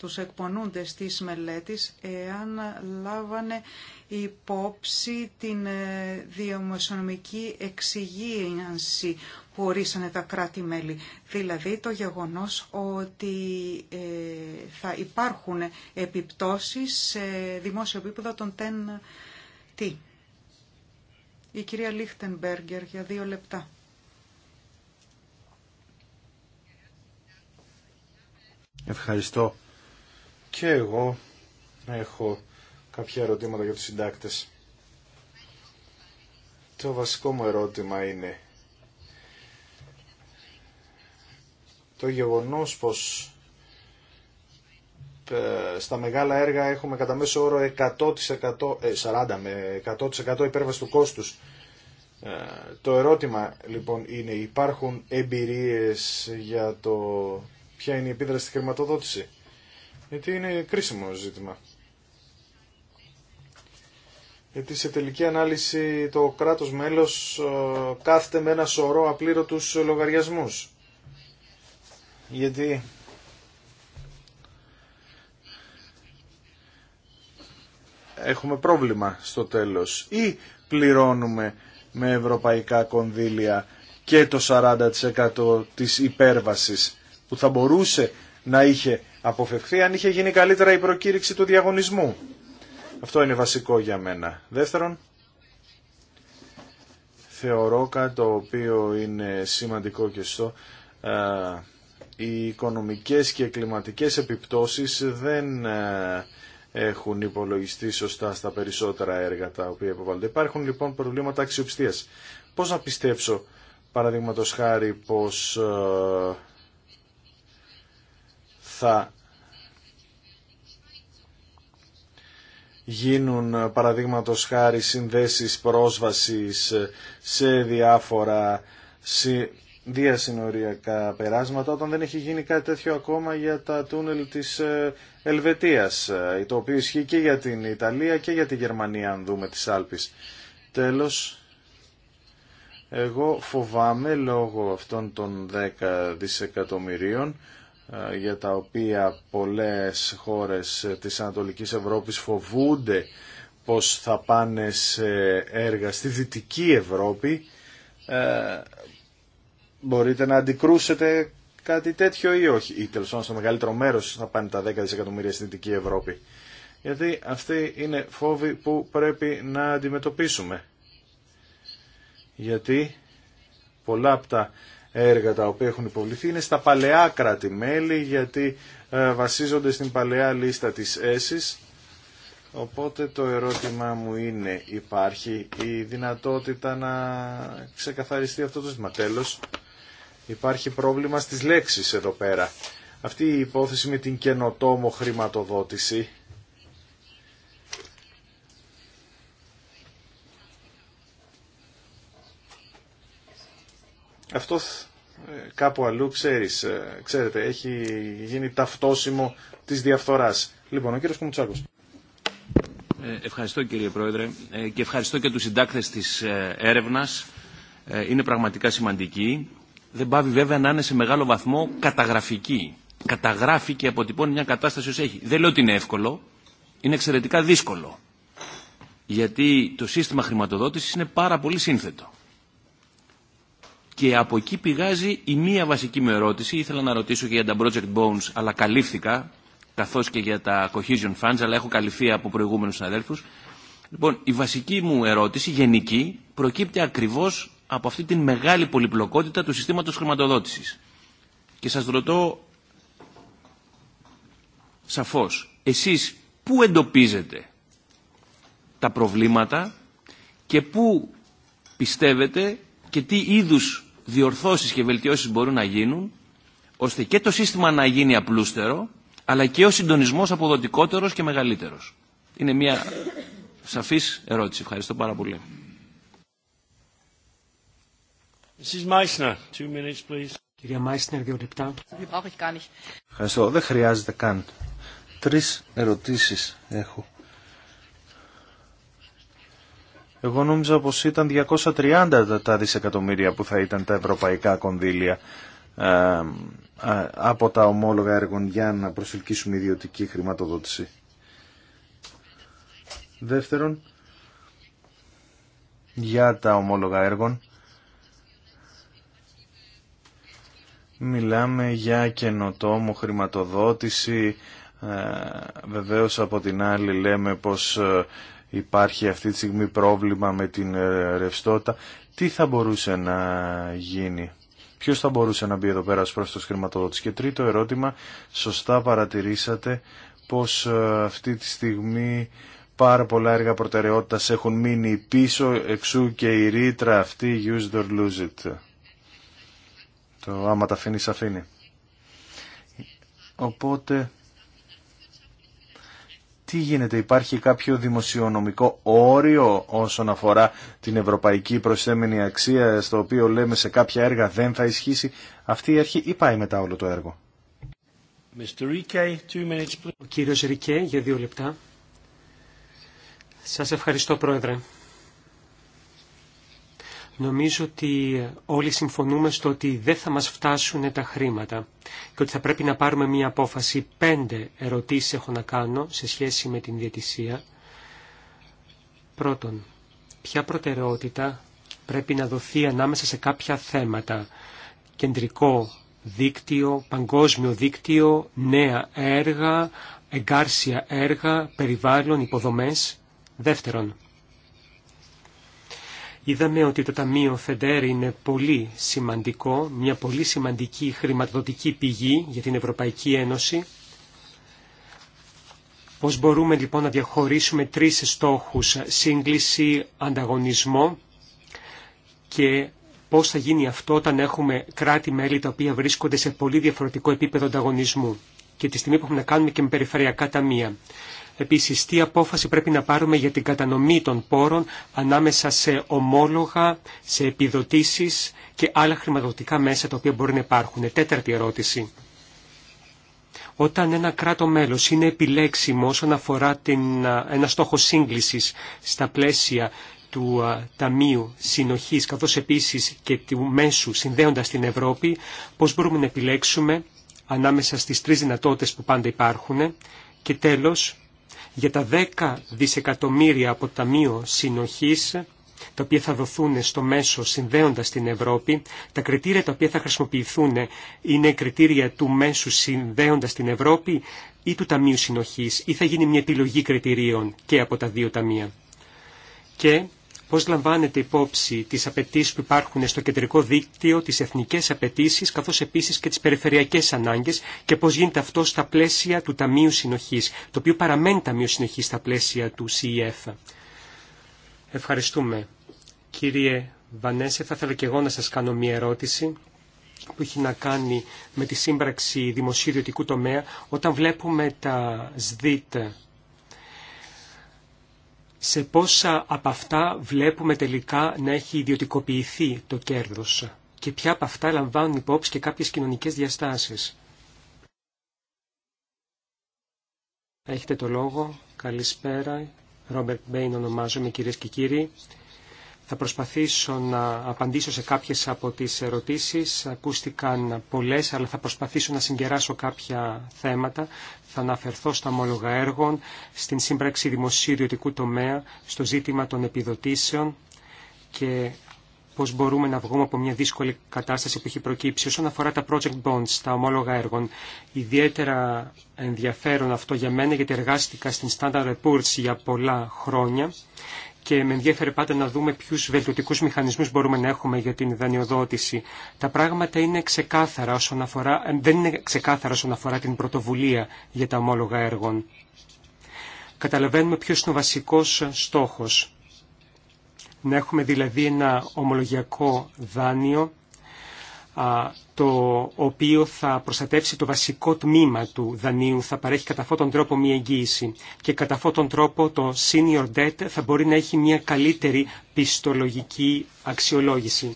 Speaker 2: τους εκπονούντες της μελέτης εάν λάβανε υπόψη την ε, διαμεσονομική εξυγίανση που ορίσανε τα κράτη-μέλη. Δηλαδή το γεγονός ότι ε, θα υπάρχουν επιπτώσεις σε δημόσιο επίπεδο των τεν τι. Η κυρία Λίχτενμπέργκερ για δύο λεπτά.
Speaker 1: Ευχαριστώ. Και εγώ έχω κάποια ερωτήματα για τους συντάκτες. Το βασικό μου ερώτημα είναι το γεγονός πως ε, στα μεγάλα έργα έχουμε κατά μέσο όρο 100%, 40 ε, με 100% υπέρβαση του κόστους. Ε, το ερώτημα λοιπόν είναι υπάρχουν εμπειρίες για το ποια είναι η επίδραση στη χρηματοδότηση γιατί είναι κρίσιμο ζήτημα. Γιατί σε τελική ανάλυση το κράτος μέλος ε, κάθεται με ένα σωρό απλήρωτους λογαριασμούς. Γιατί έχουμε πρόβλημα στο τέλος. Ή πληρώνουμε με ευρωπαϊκά κονδύλια και το 40% της υπέρβασης που θα μπορούσε να είχε αποφευχθεί αν είχε γίνει καλύτερα η προκήρυξη του διαγωνισμού. Αυτό είναι βασικό για μένα. Δεύτερον, θεωρώ κάτι το οποίο είναι σημαντικό και στο ε, οι οικονομικές και κλιματικές επιπτώσεις δεν ε, έχουν υπολογιστεί σωστά στα περισσότερα έργα τα οποία υποβάλλονται. Υπάρχουν λοιπόν προβλήματα αξιοπιστίας. Πώς να πιστέψω παραδείγματο χάρη πως να πιστεψω παραδειγματος χαρη πως θα γίνουν παραδείγματος χάρη συνδέσεις πρόσβασης σε διάφορα διασυνοριακά περάσματα όταν δεν έχει γίνει κάτι τέτοιο ακόμα για τα τούνελ της ε, Ελβετίας ε, το οποίο ισχύει και για την Ιταλία και για τη Γερμανία αν δούμε τις Άλπεις. Τέλος, εγώ φοβάμαι λόγω αυτών των 10 δισεκατομμυρίων ε, για τα οποία πολλές χώρες της Ανατολικής Ευρώπης φοβούνται πως θα πάνε σε έργα στη Δυτική Ευρώπη ε, μπορείτε να αντικρούσετε κάτι τέτοιο ή όχι ή τέλος πάντων στο μεγαλύτερο μέρος θα πάνε τα 10 δισεκατομμύρια στη Δυτική Ευρώπη γιατί αυτοί είναι φόβοι που πρέπει να αντιμετωπίσουμε γιατί πολλά από τα έργα τα οποία έχουν υποβληθεί είναι στα παλαιά κράτη-μέλη γιατί ε, βασίζονται στην παλαιά λίστα της ΕΣΥΣ. Οπότε το ερώτημά μου είναι υπάρχει η δυνατότητα να ξεκαθαριστεί αυτό το ζήτημα. Τέλος, υπάρχει πρόβλημα στις λέξεις εδώ πέρα. Αυτή η υπόθεση με την καινοτόμο χρηματοδότηση Αυτό ε, κάπου αλλού, ξέρεις, ε, ξέρετε, έχει γίνει ταυτόσιμο της διαφθοράς. Λοιπόν, ο κύριος Κουμουτσάκος.
Speaker 3: Ε, ευχαριστώ κύριε Πρόεδρε και ευχαριστώ και τους συντάκτες της έρευνας. Είναι πραγματικά σημαντική. Δεν πάβει βέβαια να είναι σε μεγάλο βαθμό καταγραφική. Καταγράφει και αποτυπώνει μια κατάσταση όσο έχει. Δεν λέω ότι είναι εύκολο. Είναι εξαιρετικά δύσκολο. Γιατί το σύστημα χρηματοδότησης είναι πάρα πολύ σύνθετο. Και από εκεί πηγάζει η μία βασική μου ερώτηση. Ήθελα να ρωτήσω και για τα Project Bones, αλλά καλύφθηκα, καθώς και για τα Cohesion Funds, αλλά έχω καλυφθεί από προηγούμενους συναδέλφους. Λοιπόν, η βασική μου ερώτηση, γενική, προκύπτει ακριβώς από αυτή την μεγάλη πολυπλοκότητα του συστήματος χρηματοδότησης. Και σας ρωτώ σαφώς, εσείς πού εντοπίζετε τα προβλήματα και πού πιστεύετε και τι είδους διορθώσεις και βελτιώσεις μπορούν να γίνουν, ώστε και το σύστημα να γίνει απλούστερο, αλλά και ο συντονισμός αποδοτικότερος και μεγαλύτερος. Είναι μια σαφής ερώτηση. Ευχαριστώ πάρα πολύ. Κυρία
Speaker 1: Μάισνερ, δύο λεπτά. Ευχαριστώ. Δεν χρειάζεται καν. Τρεις ερωτήσεις έχω. Εγώ νόμιζα πως ήταν 230 τα δισεκατομμύρια που θα ήταν τα ευρωπαϊκά κονδύλια ε, ε, από τα ομόλογα έργων για να προσελκύσουμε ιδιωτική χρηματοδότηση. Δεύτερον, για τα ομόλογα έργων μιλάμε για καινοτόμο χρηματοδότηση. Ε, βεβαίως από την άλλη λέμε πως υπάρχει αυτή τη στιγμή πρόβλημα με την ε, ρευστότητα, τι θα μπορούσε να γίνει. Ποιος θα μπορούσε να μπει εδώ πέρα ως προς το χρηματοδότης. Και τρίτο ερώτημα, σωστά παρατηρήσατε πως ε, αυτή τη στιγμή πάρα πολλά έργα προτεραιότητας έχουν μείνει πίσω, εξού και η ρήτρα αυτή use it lose it. Το άμα τα αφήνεις αφήνει. Οπότε τι γίνεται, υπάρχει κάποιο δημοσιονομικό όριο όσον αφορά την ευρωπαϊκή προσθέμενη αξία στο οποίο λέμε σε κάποια έργα δεν θα ισχύσει αυτή η αρχή ή πάει μετά όλο το έργο.
Speaker 4: Ο κύριος Ρικέ για δύο λεπτά. Σας ευχαριστώ πρόεδρε. Νομίζω ότι όλοι συμφωνούμε στο ότι δεν θα μας φτάσουν τα χρήματα και ότι θα πρέπει να πάρουμε μία απόφαση. Πέντε ερωτήσεις έχω να κάνω σε σχέση με την διαιτησία. Πρώτον, ποια προτεραιότητα πρέπει να δοθεί ανάμεσα σε κάποια θέματα. Κεντρικό δίκτυο, παγκόσμιο δίκτυο, νέα έργα, εγκάρσια έργα, περιβάλλον, υποδομές. Δεύτερον, Είδαμε ότι το Ταμείο Φεντέρ είναι πολύ σημαντικό, μια πολύ σημαντική χρηματοδοτική πηγή για την Ευρωπαϊκή Ένωση. Πώς μπορούμε λοιπόν να διαχωρίσουμε τρεις στόχους, σύγκληση, ανταγωνισμό και πώς θα γίνει αυτό όταν έχουμε κράτη-μέλη τα οποία βρίσκονται σε πολύ διαφορετικό επίπεδο ανταγωνισμού και τη στιγμή που έχουμε να κάνουμε και με περιφερειακά ταμεία. Επίσης, τι απόφαση πρέπει να πάρουμε για την κατανομή των πόρων ανάμεσα σε ομόλογα, σε επιδοτήσεις και άλλα χρηματοδοτικά μέσα τα οποία μπορεί να υπάρχουν. Τέταρτη ερώτηση. Όταν ένα κράτο μέλος είναι επιλέξιμο όσον αφορά την, ένα στόχο σύγκλησης στα πλαίσια του Ταμείου Συνοχής καθώς επίσης και του μέσου συνδέοντας την Ευρώπη, πώς μπορούμε να επιλέξουμε ανάμεσα στις τρεις δυνατότητες που πάντα υπάρχουν και τέλος για τα 10 δισεκατομμύρια από το Ταμείο Συνοχής, τα οποία θα δοθούν στο μέσο συνδέοντας την Ευρώπη. Τα κριτήρια τα οποία θα χρησιμοποιηθούν είναι κριτήρια του μέσου συνδέοντας την Ευρώπη ή του Ταμείου Συνοχής ή θα γίνει μια επιλογή κριτηρίων και από τα δύο ταμεία. Και πώς λαμβάνεται υπόψη τις απαιτήσει που υπάρχουν στο κεντρικό δίκτυο, τις εθνικές απαιτήσει, καθώς επίσης και τις περιφερειακές ανάγκες και πώς γίνεται αυτό στα πλαίσια του Ταμείου Συνοχής, το οποίο παραμένει Ταμείο Συνοχής στα πλαίσια του CEF. Ευχαριστούμε. Κύριε Βανέσε, θα ήθελα και εγώ να σας κάνω μία ερώτηση που έχει να κάνει με τη σύμπραξη δημοσίου τομέα. Όταν βλέπουμε τα ΣΔΙΤ σε πόσα από αυτά βλέπουμε τελικά να έχει ιδιωτικοποιηθεί το κέρδος και ποια από αυτά λαμβάνουν υπόψη και κάποιες κοινωνικές διαστάσεις. Έχετε το λόγο. Καλησπέρα. Ρόμπερτ Μπέιν ονομάζομαι κυρίες και κύριοι. Θα προσπαθήσω να απαντήσω σε κάποιες από τις ερωτήσεις. Ακούστηκαν πολλές, αλλά θα προσπαθήσω να συγκεράσω κάποια θέματα. Θα αναφερθώ στα ομόλογα έργων, στην σύμπραξη δημοσίου ιδιωτικού τομέα, στο ζήτημα των επιδοτήσεων και πώς μπορούμε να βγούμε από μια δύσκολη κατάσταση που έχει προκύψει. Όσον αφορά τα project bonds, τα ομόλογα έργων, ιδιαίτερα ενδιαφέρον αυτό για μένα γιατί εργάστηκα στην Standard Reports για πολλά χρόνια και με ενδιαφέρει πάντα να δούμε ποιου βελτιωτικού μηχανισμούς μπορούμε να έχουμε για την δανειοδότηση. Τα πράγματα είναι ξεκάθαρα όσον αφορά, ε, δεν είναι ξεκάθαρα όσον αφορά την πρωτοβουλία για τα ομόλογα έργων. Καταλαβαίνουμε ποιο είναι ο βασικός στόχος. Να έχουμε δηλαδή ένα ομολογιακό δάνειο το οποίο θα προστατεύσει το βασικό τμήμα του δανείου, θα παρέχει κατά αυτόν τον τρόπο μία εγγύηση και κατά αυτόν τον τρόπο το senior debt θα μπορεί να έχει μία καλύτερη πιστολογική αξιολόγηση.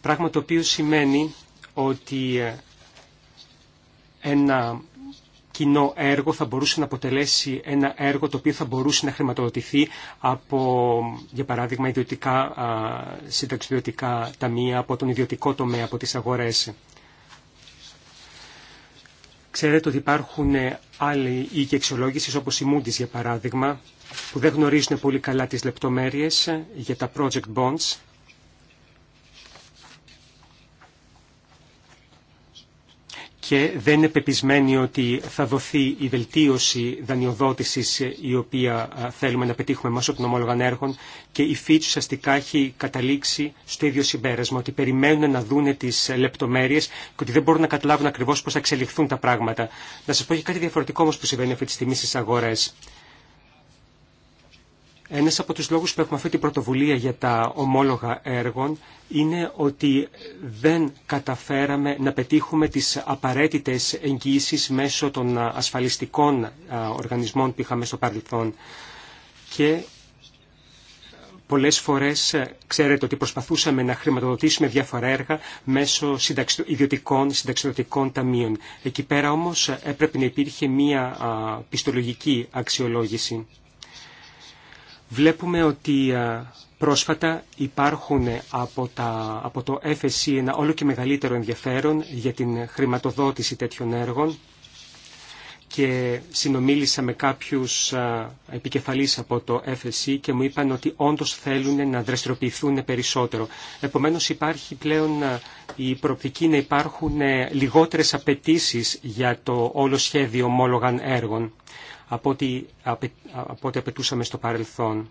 Speaker 4: Πράγμα το οποίο σημαίνει ότι ε, ένα κοινό έργο θα μπορούσε να αποτελέσει ένα έργο το οποίο θα μπορούσε να χρηματοδοτηθεί από, για παράδειγμα, ιδιωτικά συνταξιδιωτικά ταμεία, από τον ιδιωτικό τομέα, από τις αγορές. Ξέρετε ότι υπάρχουν άλλοι οίκοι αξιολόγηση όπως η Moody's για παράδειγμα που δεν γνωρίζουν πολύ καλά τις λεπτομέρειες για τα project bonds και δεν είναι πεπισμένοι ότι θα δοθεί η βελτίωση δανειοδότησης ε, η οποία ε, θέλουμε να πετύχουμε μέσω των ομόλογων έργων και η Fitch ουσιαστικά έχει καταλήξει στο ίδιο συμπέρασμα ότι περιμένουν να δούνε τις ε, λεπτομέρειες και ότι δεν μπορούν να καταλάβουν ακριβώς πώς θα εξελιχθούν τα πράγματα. Να σας πω και κάτι διαφορετικό όμως που συμβαίνει αυτή τη στιγμή στις αγορές. Ένας από τους λόγους που έχουμε αυτή την πρωτοβουλία για τα ομόλογα έργων είναι ότι δεν καταφέραμε να πετύχουμε τις απαραίτητες εγγύησεις μέσω των ασφαλιστικών οργανισμών που είχαμε στο παρελθόν. Και πολλές φορές ε, ξέρετε ότι προσπαθούσαμε να χρηματοδοτήσουμε διάφορα έργα μέσω ιδιωτικών συνταξιδοτικών ταμείων. Εκεί πέρα όμως ε, έπρεπε να υπήρχε μία πιστολογική αξιολόγηση. Βλέπουμε ότι πρόσφατα υπάρχουν από, τα, από το FSC ένα όλο και μεγαλύτερο ενδιαφέρον για την χρηματοδότηση τέτοιων έργων και συνομίλησα με κάποιους επικεφαλείς από το FSC και μου είπαν ότι όντως θέλουν να δραστηριοποιηθούν περισσότερο. Επομένως υπάρχει πλέον η προοπτική να υπάρχουν ε, λιγότερες απαιτήσει για το όλο σχέδιο ομόλογαν έργων από ό,τι απαιτούσαμε στο παρελθόν.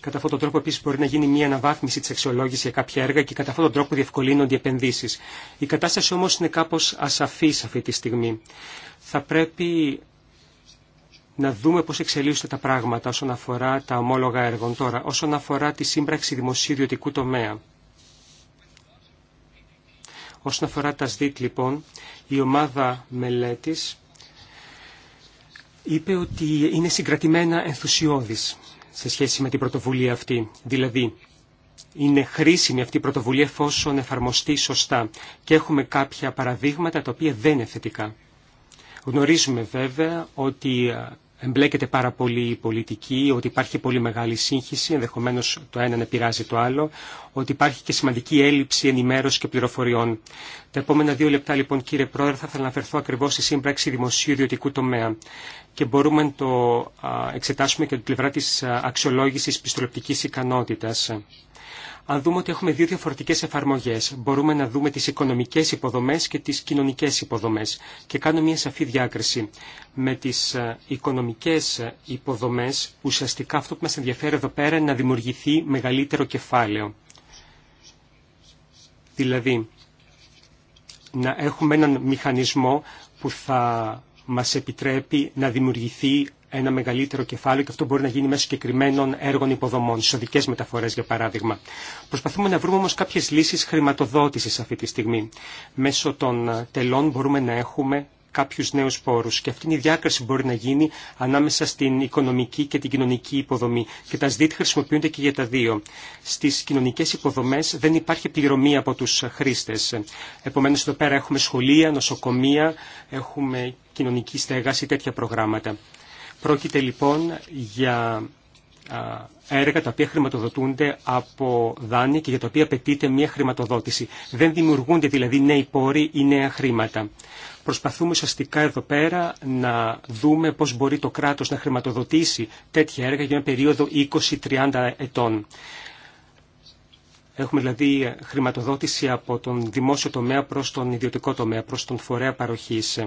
Speaker 4: Κατά αυτόν τον τρόπο επίση μπορεί να γίνει μια αναβάθμιση τη αξιολόγηση για κάποια έργα και κατά αυτόν τον τρόπο διευκολύνονται οι επενδύσει. Η κατάσταση όμω είναι κάπω ασαφή αυτή τη στιγμή. Θα πρέπει να δούμε πώς εξελίσσονται τα πράγματα όσον αφορά τα ομόλογα έργων τώρα, όσον αφορά τη σύμπραξη δημοσίου ιδιωτικού τομέα. Όσον αφορά τα ΣΔΙΤ λοιπόν, η ομάδα μελέτης είπε ότι είναι συγκρατημένα ενθουσιώδης σε σχέση με την πρωτοβουλία αυτή. Δηλαδή, είναι χρήσιμη αυτή η πρωτοβουλία εφόσον εφαρμοστεί σωστά και έχουμε κάποια παραδείγματα τα οποία δεν είναι θετικά. Γνωρίζουμε βέβαια ότι εμπλέκεται πάρα πολύ η πολιτική, ότι υπάρχει πολύ μεγάλη σύγχυση, ενδεχομένως το ένα να πειράζει το άλλο, ότι υπάρχει και σημαντική έλλειψη ενημέρωση και πληροφοριών. Τα επόμενα δύο λεπτά λοιπόν κύριε Πρόεδρε θα αναφερθώ ακριβώς στη σύμπραξη δημοσίου ιδιωτικού τομέα και μπορούμε να το εξετάσουμε και την πλευρά της αξιολόγησης πιστολεπτικής ικανότητας αν δούμε ότι έχουμε δύο διαφορετικές εφαρμογές. Μπορούμε να δούμε τις οικονομικές υποδομές και τις κοινωνικές υποδομές. Και κάνω μια σαφή διάκριση με τις ε, οικονομικές ε, υποδομές, ουσιαστικά αυτό που μας ενδιαφέρει εδώ πέρα είναι να δημιουργηθεί μεγαλύτερο κεφάλαιο. Δηλαδή, να έχουμε έναν μηχανισμό που θα μας επιτρέπει να δημιουργηθεί ένα μεγαλύτερο κεφάλαιο και αυτό μπορεί να γίνει μέσω συγκεκριμένων έργων υποδομών, εισοδικέ μεταφορέ για παράδειγμα. Προσπαθούμε να βρούμε όμω κάποιε λύσει χρηματοδότηση αυτή τη στιγμή. Μέσω των τελών μπορούμε να έχουμε κάποιου νέου πόρου και αυτή η διάκριση μπορεί να γίνει ανάμεσα στην οικονομική και την κοινωνική υποδομή και τα ΣΔΙΤ χρησιμοποιούνται και για τα δύο. Στι κοινωνικέ υποδομέ δεν υπάρχει πληρωμή από του χρήστε. Επομένω εδώ πέρα έχουμε σχολεία, νοσοκομεία, έχουμε κοινωνική στέγαση, τέτοια προγράμματα. Πρόκειται λοιπόν για έργα τα οποία χρηματοδοτούνται από δάνεια και για τα οποία απαιτείται μια χρηματοδότηση. Δεν δημιουργούνται δηλαδή νέοι πόροι ή νέα χρήματα. Προσπαθούμε ουσιαστικά εδώ πέρα να δούμε πώς μπορεί το κράτος να χρηματοδοτήσει τέτοια έργα για μια περίοδο 20-30 ετών. Έχουμε δηλαδή χρηματοδότηση από τον δημόσιο τομέα προς τον ιδιωτικό τομέα, προς τον φορέα παροχής.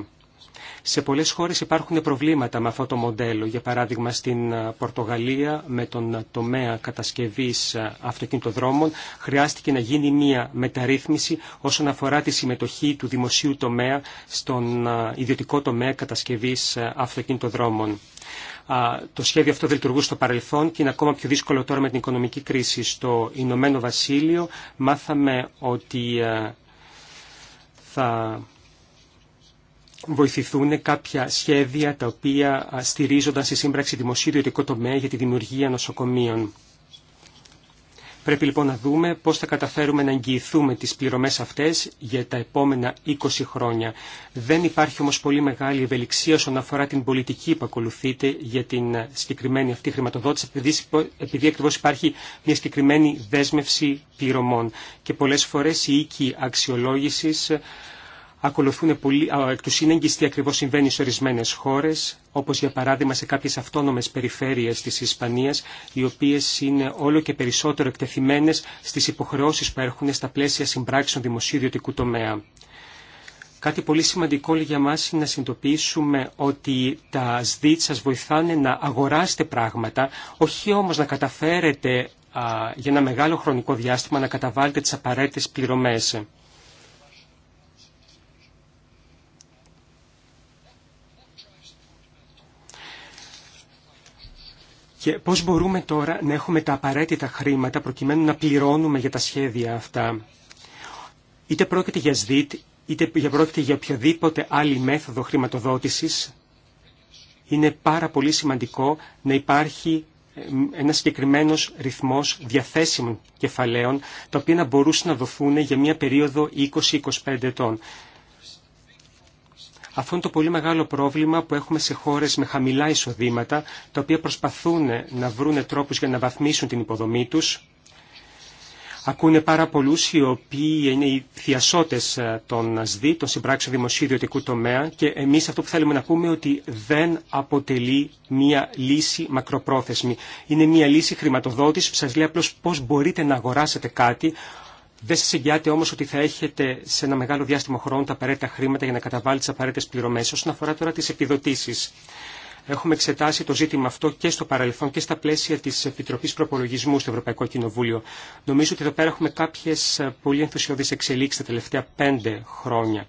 Speaker 4: Σε πολλές χώρες υπάρχουν προβλήματα με αυτό το μοντέλο, για παράδειγμα στην ε, Πορτογαλία με τον ε, τομέα κατασκευής ε, αυτοκινητοδρόμων χρειάστηκε να γίνει μια μεταρρύθμιση όσον αφορά τη συμμετοχή του δημοσίου τομέα στον ιδιωτικό τομέα κατασκευής αυτοκινητοδρόμων. Το σχέδιο αυτό δεν λειτουργούσε στο παρελθόν και είναι ακόμα πιο δύσκολο τώρα με την οικονομική κρίση. Στο Ηνωμένο Βασίλειο μάθαμε ότι θα βοηθηθούν κάποια σχέδια τα οποία στηρίζονταν στη σύμπραξη δημοσίου ιδιωτικού τομέα για τη δημιουργία νοσοκομείων. Πρέπει λοιπόν να δούμε πώς θα καταφέρουμε να εγγυηθούμε τις πληρωμές αυτές για τα επόμενα 20 χρόνια. Δεν υπάρχει όμως πολύ μεγάλη ευελιξία όσον αφορά την πολιτική που ακολουθείται για την συγκεκριμένη αυτή χρηματοδότηση, επειδή ακριβώς υπάρχει μια συγκεκριμένη δέσμευση πληρωμών. Και πολλές φορές οι οίκοι αξιολόγηση ακολουθούν πολύ, εκ του σύνεγγυς τι ακριβώς συμβαίνει σε ορισμένες χώρες, όπως για παράδειγμα σε κάποιες αυτόνομες περιφέρειες της Ισπανίας, οι οποίες είναι όλο και περισσότερο εκτεθειμένες στις υποχρεώσεις που έρχονται στα πλαίσια συμπράξεων δημοσίου ιδιωτικού τομέα. Κάτι πολύ σημαντικό για μας είναι να συνειδητοποιήσουμε ότι τα ΣΔΙΤ σας βοηθάνε να αγοράσετε πράγματα, όχι όμως να καταφέρετε για ένα μεγάλο χρονικό διάστημα να καταβάλλετε τις απαραίτητες πληρωμές. και πώς μπορούμε τώρα να έχουμε τα απαραίτητα χρήματα προκειμένου να πληρώνουμε για τα σχέδια αυτά. Είτε πρόκειται για ΣΔΙΤ, είτε πρόκειται για οποιαδήποτε άλλη μέθοδο χρηματοδότησης, είναι πάρα πολύ σημαντικό να υπάρχει ε, ένα συγκεκριμένος ρυθμός διαθέσιμων κεφαλαίων, τα οποία να μπορούσαν να δοθούν για μια περίοδο 20-25 ετών. Αυτό είναι το πολύ μεγάλο πρόβλημα που έχουμε σε χώρες με χαμηλά εισοδήματα, τα οποία προσπαθούν να βρουν τρόπους για να βαθμίσουν την υποδομή τους. Ακούνε πάρα πολλού οι οποίοι είναι οι θειασότε ε, των ΣΔΙ, των συμπράξεων δημοσίου ιδιωτικού τομέα και εμείς αυτό που θέλουμε να πούμε ότι δεν αποτελεί μία λύση μακροπρόθεσμη. Είναι μία λύση χρηματοδότηση που σα λέει απλώ πώ μπορείτε να αγοράσετε κάτι δεν σα εγγυάται όμω ότι θα έχετε σε ένα μεγάλο διάστημα χρόνου τα απαραίτητα χρήματα για να καταβάλει τι απαραίτητε πληρωμέ. Όσον αφορά τώρα τι επιδοτήσει, έχουμε εξετάσει το ζήτημα αυτό και στο παρελθόν και στα πλαίσια τη Επιτροπή Προπολογισμού στο Ευρωπαϊκό Κοινοβούλιο. Νομίζω ότι εδώ πέρα έχουμε κάποιε ε, πολύ ενθουσιώδει εξελίξει τα τελευταία πέντε χρόνια.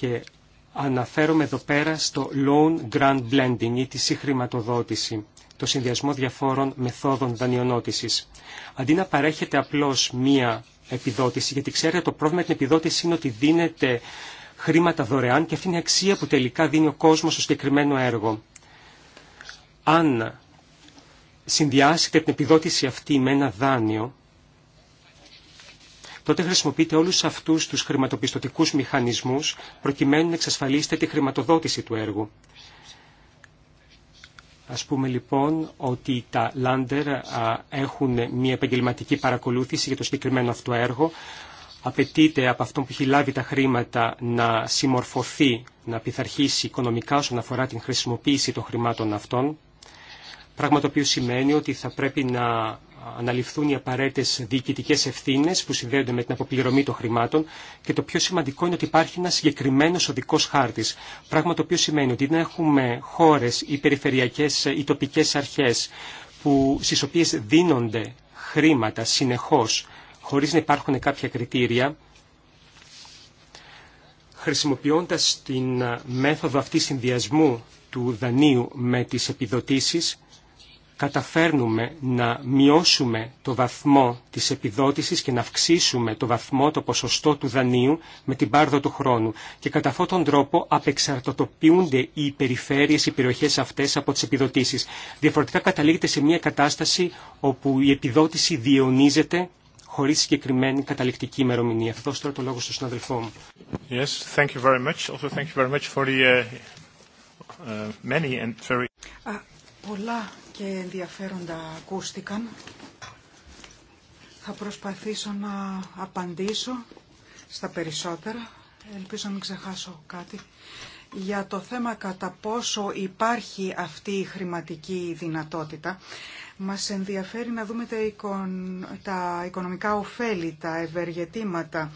Speaker 4: Και αναφέρομαι εδώ πέρα στο loan grant blending ή τη συγχρηματοδότηση το συνδυασμό διαφόρων μεθόδων δανειονότησης. Αντί να παρέχεται απλώς μία επιδότηση, γιατί ξέρετε το πρόβλημα με την επιδότηση είναι ότι δίνεται χρήματα δωρεάν και αυτή είναι η αξία που τελικά δίνει ο κόσμος στο συγκεκριμένο έργο. Αν συνδυάσετε την επιδότηση αυτή με ένα δάνειο, τότε χρησιμοποιείτε όλους αυτούς τους χρηματοπιστωτικούς μηχανισμούς προκειμένου να εξασφαλίσετε τη χρηματοδότηση του έργου. Ας πούμε λοιπόν ότι τα Λάντερ έχουν μια επαγγελματική παρακολούθηση για το συγκεκριμένο αυτό έργο. Απαιτείται από αυτόν που έχει λάβει τα χρήματα να συμμορφωθεί, να πειθαρχήσει οικονομικά όσον αφορά την χρησιμοποίηση των χρημάτων αυτών. Πράγμα το οποίο σημαίνει ότι θα πρέπει να αναλυφθούν οι απαραίτητε διοικητικέ ευθύνε που συνδέονται με την αποπληρωμή των χρημάτων και το πιο σημαντικό είναι ότι υπάρχει ένα συγκεκριμένο οδικό χάρτη. Πράγμα το οποίο σημαίνει ότι δεν έχουμε χώρε ή περιφερειακέ ή τοπικέ αρχέ στι οποίε δίνονται χρήματα συνεχώ χωρί να υπάρχουν κάποια κριτήρια χρησιμοποιώντας την μέθοδο αυτή συνδυασμού του δανείου με τις επιδοτήσεις, καταφέρνουμε να μειώσουμε το βαθμό της επιδότησης και να αυξήσουμε το βαθμό, το ποσοστό του δανείου με την πάρδο του χρόνου. Και κατά αυτόν τον τρόπο απεξαρτοποιούνται οι περιφέρειες, οι περιοχές αυτές από τις επιδοτήσεις. Διαφορετικά καταλήγεται σε μια κατάσταση όπου η επιδότηση διαιωνίζεται χωρίς συγκεκριμένη καταληκτική ημερομηνία. Θα δώσω τώρα το λόγο στον συναδελφό μου.
Speaker 1: Yes, thank you very much. Also thank you very much for the, uh, uh,
Speaker 3: many and very...
Speaker 2: πολλά και ενδιαφέροντα ακούστηκαν. Θα προσπαθήσω να απαντήσω στα περισσότερα. Ελπίζω να μην ξεχάσω κάτι. Για το θέμα κατά πόσο υπάρχει αυτή η χρηματική δυνατότητα, μας ενδιαφέρει να δούμε τα, οικονομικά ωφέλη, τα ευεργετήματα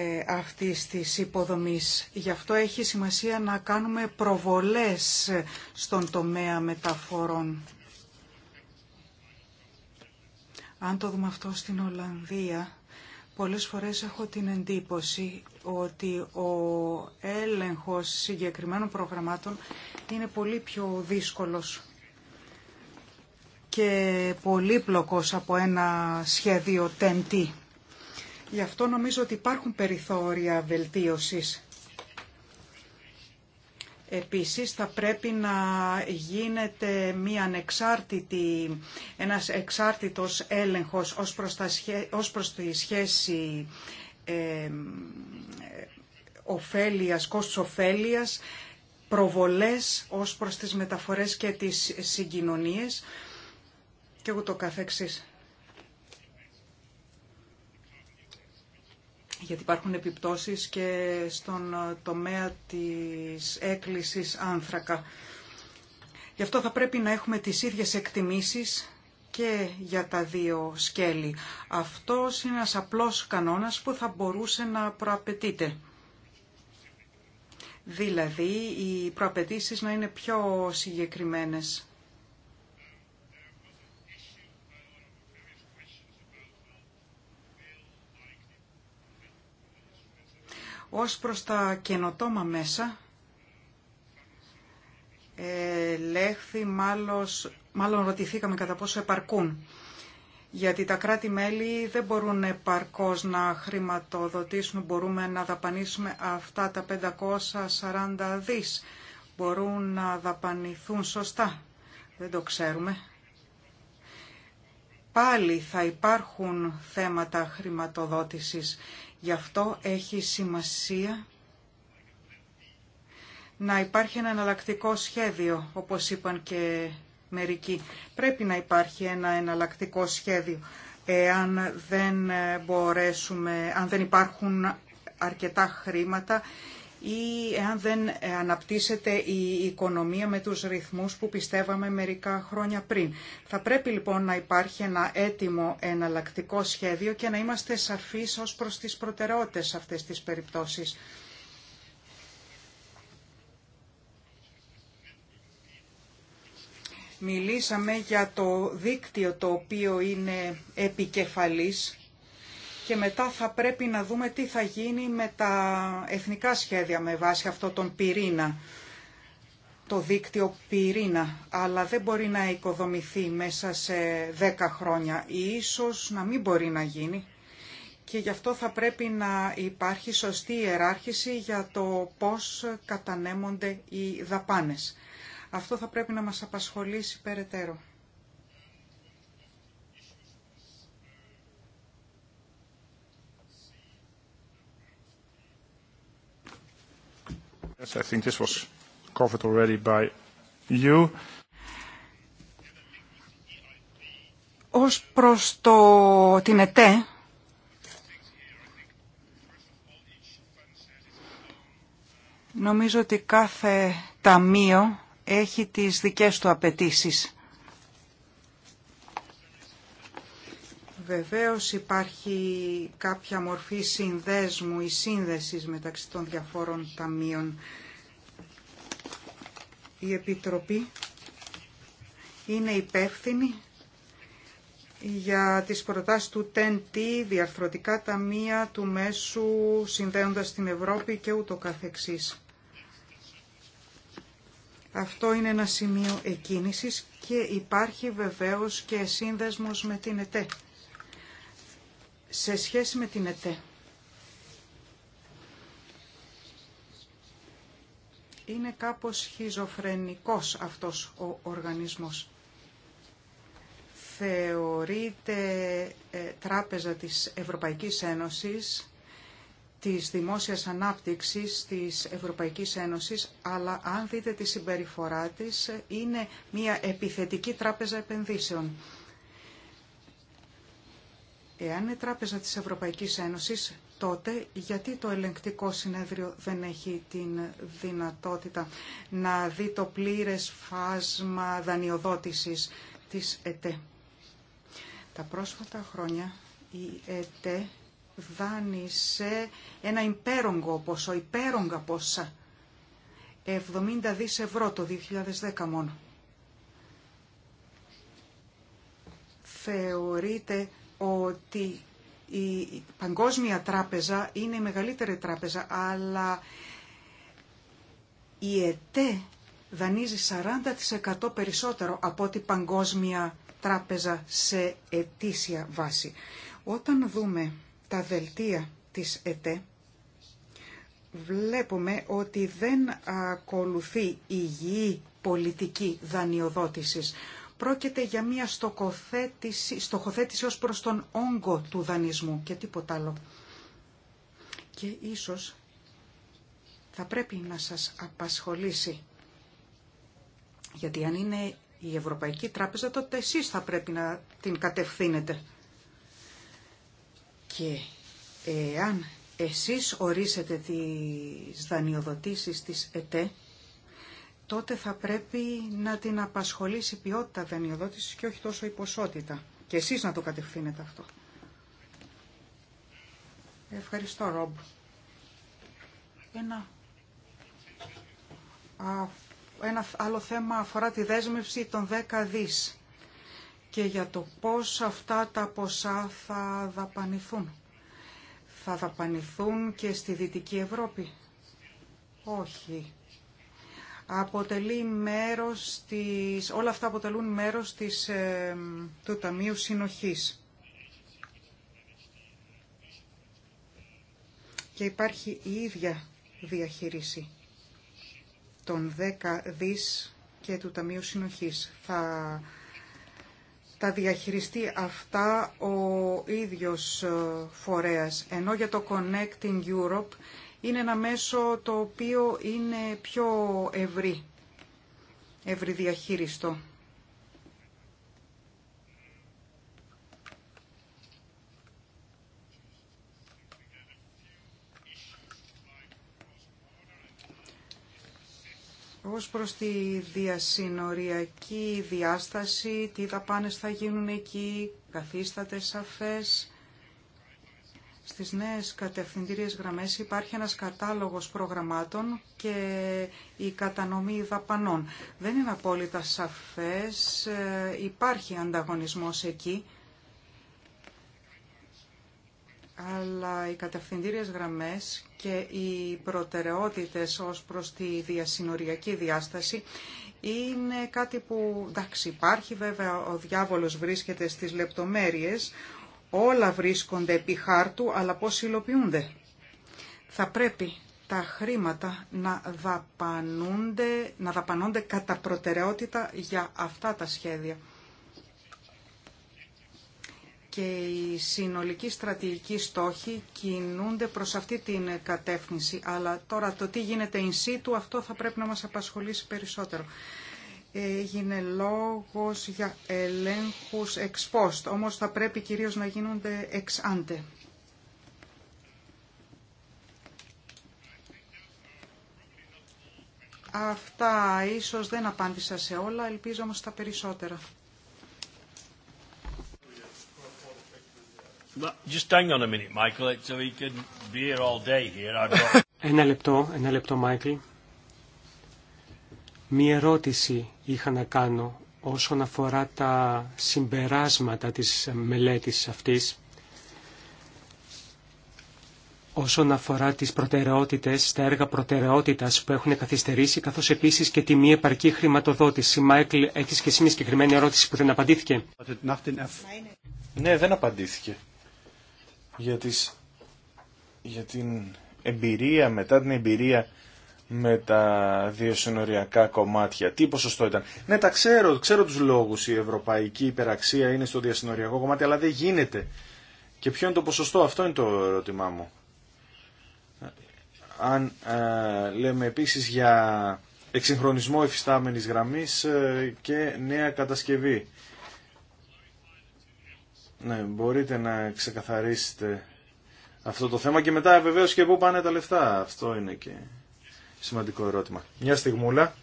Speaker 2: ε, Αυτή της υποδομής. Γι' αυτό έχει σημασία να κάνουμε προβολές στον τομέα μεταφορών. Αν το δούμε αυτό στην Ολλανδία, πολλές φορές έχω την εντύπωση ότι ο έλεγχος συγκεκριμένων προγραμμάτων είναι πολύ πιο δύσκολος και πολύπλοκος από ένα σχέδιο τεντή. Γι' αυτό νομίζω ότι υπάρχουν περιθώρια βελτίωσης. Επίσης θα πρέπει να γίνεται μία ανεξάρτητη, ένας εξάρτητος έλεγχος ως προς, ως προς τη σχέση ε, ωφέλειας, κόστος ωφέλειας, προβολές ως προς τις μεταφορές και τις συγκοινωνίες και ούτω καθεξής. γιατί υπάρχουν επιπτώσεις και στον ε, τομέα της έκκλησης άνθρακα. Γι' αυτό θα πρέπει να έχουμε τις ίδιες εκτιμήσεις και για τα δύο σκέλη. Αυτό είναι ένας απλός κανόνας που θα μπορούσε να προαπαιτείται. Δηλαδή, οι προαπαιτήσεις να είναι πιο συγκεκριμένες. Ως προς τα καινοτόμα μέσα, λέχθη μάλλον, μάλλον ρωτηθήκαμε κατά πόσο επαρκούν. Γιατί τα κράτη-μέλη δεν μπορούν επαρκώς να χρηματοδοτήσουν, μπορούμε να δαπανίσουμε αυτά τα 540 δις. Μπορούν να δαπανηθούν σωστά. Δεν το ξέρουμε. Πάλι θα υπάρχουν θέματα χρηματοδότησης Γι' αυτό έχει σημασία να υπάρχει ένα εναλλακτικό σχέδιο, όπως είπαν και μερικοί. Πρέπει να υπάρχει ένα εναλλακτικό σχέδιο, εάν δεν μπορέσουμε, αν δεν υπάρχουν αρκετά χρήματα ή εάν δεν αναπτύσσεται η οικονομία με τους ρυθμούς που πιστεύαμε μερικά χρόνια πριν. Θα πρέπει λοιπόν να υπάρχει ένα έτοιμο εναλλακτικό σχέδιο και να είμαστε σαφείς ως προς τις προτεραιότητες σε αυτές τις περιπτώσεις. Μιλήσαμε για το δίκτυο το οποίο είναι επικεφαλής και μετά θα πρέπει να δούμε τι θα γίνει με τα εθνικά σχέδια με βάση αυτό τον πυρήνα, το δίκτυο πυρήνα. Αλλά δεν μπορεί να οικοδομηθεί μέσα σε 10 χρόνια ή ίσως να μην μπορεί να γίνει. Και γι' αυτό θα πρέπει να υπάρχει σωστή ιεράρχηση για το πώς κατανέμονται οι δαπάνες. Αυτό θα πρέπει να μας απασχολήσει περαιτέρω.
Speaker 1: Yes, I think this was covered already by you. Ως
Speaker 2: προς το, την ΕΤΕ, νομίζω ότι κάθε ταμείο έχει τις δικές του απαιτήσεις. Βεβαίως υπάρχει κάποια μορφή συνδέσμου ή σύνδεσης μεταξύ των διαφόρων ταμείων. Η Επιτροπή είναι υπεύθυνη για τις προτάσεις του TEN-T, διαρθρωτικά ταμεία του μέσου συνδέοντας την Ευρώπη και ούτω καθεξής. Αυτό είναι ένα σημείο εκκίνησης και υπάρχει βεβαίως και σύνδεσμος με την ΕΤΕ σε σχέση με την ΕΤΕ. Είναι κάπως χιζοφρενικός αυτός ο οργανισμός. Θεωρείται ε, τράπεζα της Ευρωπαϊκής Ένωσης, της δημόσιας ανάπτυξης της Ευρωπαϊκής Ένωσης, αλλά αν δείτε τη συμπεριφορά της, ε, είναι μια επιθετική τράπεζα επενδύσεων. Εάν είναι τράπεζα της Ευρωπαϊκής Ένωσης, τότε γιατί το ελεγκτικό συνέδριο δεν έχει την δυνατότητα να δει το πλήρες φάσμα δανειοδότησης της ΕΤΕ. Τα πρόσφατα χρόνια η ΕΤΕ δάνεισε ένα υπέρογκο ποσό, υπέρογκα ποσά, 70 δις ευρώ το 2010 μόνο. Θεωρείται ότι η Παγκόσμια Τράπεζα είναι η μεγαλύτερη τράπεζα, αλλά η ΕΤΕ δανείζει 40% περισσότερο από την Παγκόσμια Τράπεζα σε ετήσια βάση. Όταν δούμε τα δελτία της ΕΤΕ, βλέπουμε ότι δεν ακολουθεί υγιή πολιτική δανειοδότησης. Πρόκειται για μια στοχοθέτηση, στοχοθέτηση ως προς τον όγκο του δανεισμού και τίποτα άλλο. Και ίσως θα πρέπει να σας απασχολήσει. Γιατί αν είναι η Ευρωπαϊκή Τράπεζα, τότε εσείς θα πρέπει να την κατευθύνετε. Και εάν εσείς ορίσετε τις δανειοδοτήσεις της ΕΤΕ, τότε θα πρέπει να την απασχολήσει η ποιότητα δανειοδότησης και όχι τόσο η ποσότητα. Και εσείς να το κατευθύνετε αυτό. Ευχαριστώ, Ρόμπ. Ένα... Ένα άλλο θέμα αφορά τη δέσμευση των 10 δις και για το πώς αυτά τα ποσά θα δαπανηθούν. Θα δαπανηθούν και στη Δυτική Ευρώπη. Όχι αποτελεί μέρος της, όλα αυτά αποτελούν μέρος της, ε, του Ταμείου Συνοχής. Και υπάρχει η ίδια διαχείριση των 10 δις και του Ταμείου Συνοχής. Θα τα διαχειριστεί αυτά ο ίδιος ε, φορέας, ενώ για το Connecting Europe είναι ένα μέσο το οποίο είναι πιο ευρύ, ευρυδιαχείριστο. Ως προς τη διασυνοριακή διάσταση, τι δαπάνες θα γίνουν εκεί, καθίστατε σαφές στις νέες κατευθυντήριες γραμμές υπάρχει ένας κατάλογος προγραμμάτων και η κατανομή δαπανών. Δεν είναι απόλυτα σαφές, ε, υπάρχει ανταγωνισμός εκεί, αλλά οι κατευθυντήριες γραμμές και οι προτεραιότητες ως προς τη διασυνοριακή διάσταση είναι κάτι που, εντάξει, υπάρχει βέβαια, ο διάβολος βρίσκεται στις λεπτομέρειες, Όλα βρίσκονται επί χάρτου, αλλά πώς υλοποιούνται. Θα πρέπει τα χρήματα να δαπανούνται, να δαπανώνται κατά προτεραιότητα για αυτά τα σχέδια. Και οι συνολικοί στρατηγικοί στόχοι κινούνται προς αυτή την κατεύθυνση. Αλλά τώρα το τι γίνεται in situ, αυτό θα πρέπει να μας απασχολήσει περισσότερο έγινε λόγος για ελέγχους εξ post, όμως θα πρέπει κυρίως να γίνονται εξ ante. Αυτά ίσως δεν απάντησα σε όλα, ελπίζω όμως τα περισσότερα.
Speaker 4: Ένα λεπτό, ένα λεπτό, Μάικλ. Μία ερώτηση είχα να κάνω όσον αφορά τα συμπεράσματα της μελέτης αυτής, όσον αφορά τις προτεραιότητες, τα έργα προτεραιότητας που έχουν καθυστερήσει, καθώς επίσης και τη μη επαρκή χρηματοδότηση. Μάικλ, έχεις και εσύ μια συγκεκριμένη ερώτηση που δεν απαντήθηκε.
Speaker 1: Ναι, δεν απαντήθηκε. Για, τις... για την εμπειρία, μετά την εμπειρία με τα δύο συνοριακά κομμάτια. Τι ποσοστό ήταν. Ναι, τα ξέρω, ξέρω τους λόγους. Η ευρωπαϊκή υπεραξία είναι στο διασυνοριακό κομμάτι, αλλά δεν γίνεται. Και ποιο είναι το ποσοστό, αυτό είναι το ερώτημά μου. Αν ε, λέμε επίσης για εξυγχρονισμό εφιστάμενης γραμμής ε, και νέα κατασκευή. Ναι, μπορείτε να ξεκαθαρίσετε αυτό το θέμα και μετά βεβαίως και πού πάνε τα λεφτά. Αυτό είναι και σημαντικό ερώτημα. Μια στιγμούλα.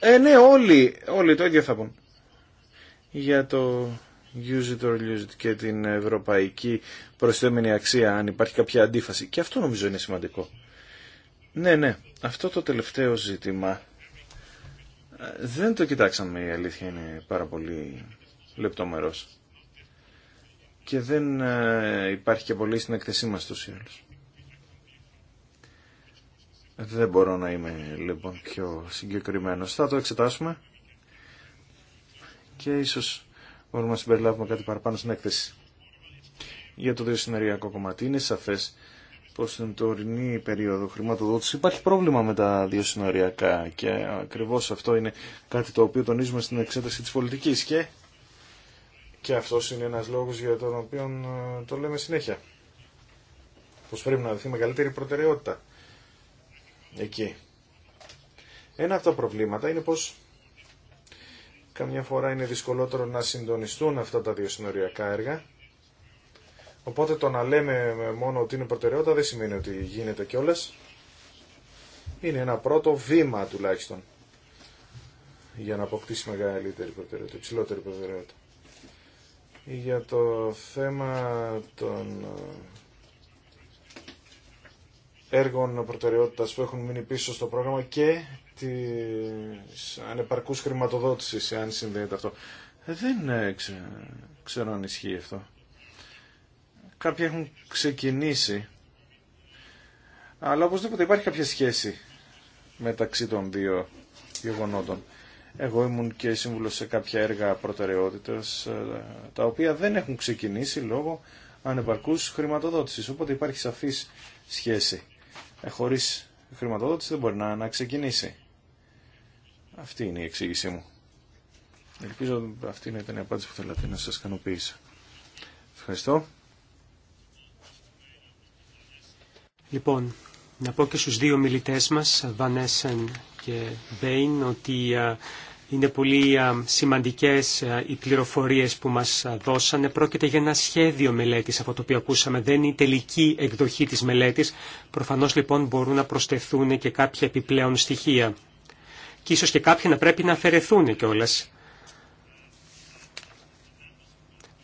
Speaker 1: ε, ναι, όλοι, όλοι το ίδιο θα πούν. Για το use it or lose it και την ευρωπαϊκή προσθέμενη αξία, αν υπάρχει κάποια αντίφαση. Και αυτό νομίζω είναι σημαντικό. Ναι, ναι, αυτό το τελευταίο ζήτημα δεν το κοιτάξαμε, η αλήθεια είναι πάρα πολύ λεπτομερός και δεν ε, υπάρχει και πολύ στην εκθεσή μας τους ήλους. Δεν μπορώ να είμαι λοιπόν πιο συγκεκριμένος. Θα το εξετάσουμε και ίσως μπορούμε να συμπεριλάβουμε κάτι παραπάνω στην έκθεση. Για το δύο κομμάτι είναι σαφές πως στην τωρινή περίοδο χρηματοδότηση υπάρχει πρόβλημα με τα συνοριακά και ακριβώς αυτό είναι κάτι το οποίο τονίζουμε στην εξέταση της πολιτικής και και αυτό είναι ένας λόγος για τον οποίο ε, το λέμε συνέχεια. Πως πρέπει να δοθεί μεγαλύτερη προτεραιότητα εκεί. Ένα από τα προβλήματα είναι πως καμιά φορά είναι δυσκολότερο να συντονιστούν αυτά τα δύο συνοριακά έργα. Οπότε το να λέμε μόνο ότι είναι προτεραιότητα δεν σημαίνει ότι γίνεται κιόλα. Είναι ένα πρώτο βήμα τουλάχιστον για να αποκτήσει μεγαλύτερη προτεραιότητα, υψηλότερη προτεραιότητα για το θέμα των ε, έργων προτεραιότητας που έχουν μείνει πίσω στο πρόγραμμα και της ανεπαρκούς χρηματοδότησης, αν συνδέεται αυτό. Ε, δεν ε, ξέρω αν ισχύει αυτό. Κάποιοι έχουν ξεκινήσει, αλλά οπωσδήποτε υπάρχει κάποια σχέση μεταξύ των δύο γεγονότων. Εγώ ήμουν και σύμβουλος σε κάποια έργα προτεραιότητας, ε, τα οποία δεν έχουν ξεκινήσει λόγω ανεπαρκούς χρηματοδότησης. Οπότε υπάρχει σαφής σχέση. Ε, χωρίς χρηματοδότηση δεν μπορεί να, ξεκινήσει. Αυτή είναι η εξήγησή μου. Ελπίζω αυτή να ήταν η απάντηση που θέλατε να σας ικανοποιήσω. Ευχαριστώ. Λοιπόν,
Speaker 4: να πω και στους δύο μιλητές μας, Βανέσεν και Μπέιν, ότι είναι πολύ σημαντικές οι πληροφορίες που μας δώσανε. Πρόκειται για ένα σχέδιο μελέτης από το οποίο ακούσαμε. Δεν είναι η τελική εκδοχή της μελέτης. Προφανώς λοιπόν μπορούν να προσθεθούν και κάποια επιπλέον στοιχεία. Και ίσως και κάποια να πρέπει να αφαιρεθούν κιόλας.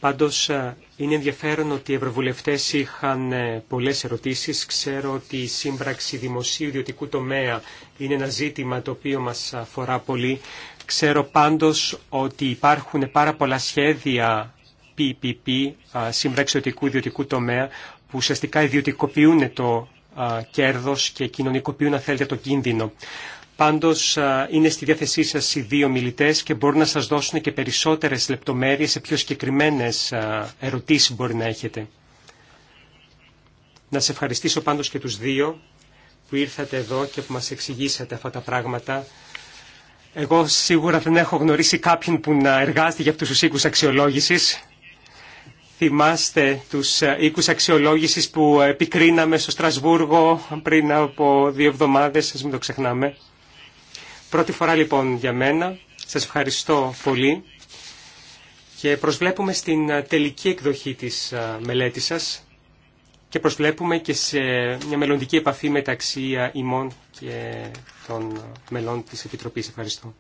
Speaker 4: Πάντως είναι ενδιαφέρον ότι οι ευρωβουλευτές είχαν ε, πολλές ερωτήσεις. Ξέρω ότι η σύμπραξη δημοσίου ιδιωτικού τομέα είναι ένα ζήτημα το οποίο μας αφορά πολύ. Ξέρω πάντως ότι υπάρχουν πάρα πολλά σχέδια PPP, Συμπραξιωτικού ιδιωτικού τομέα, που ουσιαστικά ιδιωτικοποιούν το κέρδος και κοινωνικοποιούν, αν θέλετε, το κίνδυνο. Πάντως είναι στη διάθεσή σας οι δύο μιλητές και μπορούν να σας δώσουν και περισσότερες λεπτομέρειες σε πιο συγκεκριμένε ερωτήσεις μπορεί να έχετε. Να σε ευχαριστήσω πάντως και τους δύο που ήρθατε εδώ και που μας εξηγήσατε αυτά τα πράγματα εγώ σίγουρα δεν έχω γνωρίσει κάποιον που να εργάζεται για αυτούς τους οίκους αξιολόγησης. Θυμάστε τους ε, οίκους αξιολόγησης που επικρίναμε στο Στρασβούργο πριν από δύο εβδομάδες, σας μην το ξεχνάμε. Πρώτη φορά λοιπόν για μένα. Σας ευχαριστώ πολύ και προσβλέπουμε στην ε, τελική εκδοχή της ε, μελέτης σας και προσβλέπουμε και σε μια μελλοντική επαφή μεταξύ ημών και των μελών της Επιτροπής. Ευχαριστώ.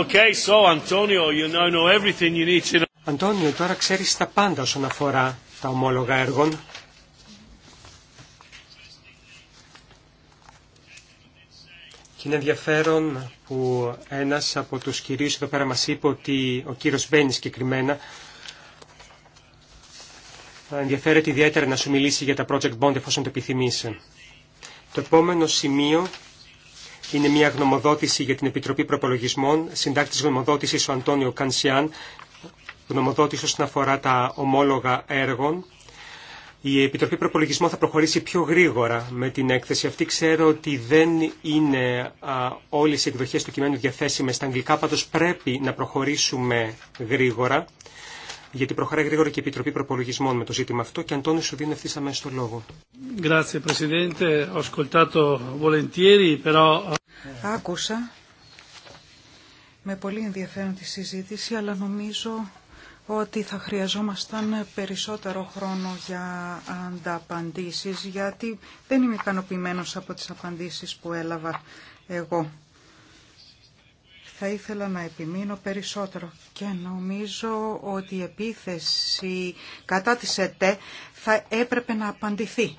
Speaker 3: Okay, so Antonio, you everything you need to Αντώνιο, τώρα ξέρεις τα πάντα
Speaker 4: όσον αφορά τα ομόλογα έργων. Και είναι ενδιαφέρον που ένας από τους κυρίους εδώ πέρα μας είπε ότι ο κύριος Μπένι συγκεκριμένα ενδιαφέρεται ιδιαίτερα να σου μιλήσει για τα project bond εφόσον το επιθυμείς. Το επόμενο σημείο είναι μια γνωμοδότηση για την Επιτροπή Προπολογισμών, συντάκτης γνωμοδότησης ο Αντώνιο Κανσιάν, γνωμοδότηση όσον αφορά τα ομόλογα έργων. Η Επιτροπή Προπολογισμών θα προχωρήσει πιο γρήγορα με την έκθεση αυτή. Ξέρω ότι δεν είναι α, όλες οι εκδοχές του κειμένου διαθέσιμες στα αγγλικά, πάντως πρέπει να προχωρήσουμε γρήγορα γιατί προχωράει γρήγορα και η Επιτροπή Προπολογισμών με το ζήτημα αυτό και Αντώνη σου δίνει ευθύς αμέσως το λόγο.
Speaker 2: Άκουσα με πολύ ενδιαφέρον τη συζήτηση, αλλά νομίζω ότι θα χρειαζόμασταν περισσότερο χρόνο για ανταπαντήσεις, γιατί δεν είμαι ικανοποιημένος από τις απαντήσεις που έλαβα εγώ θα ήθελα να επιμείνω περισσότερο και νομίζω ότι η επίθεση κατά της ΕΤΕ θα έπρεπε να απαντηθεί.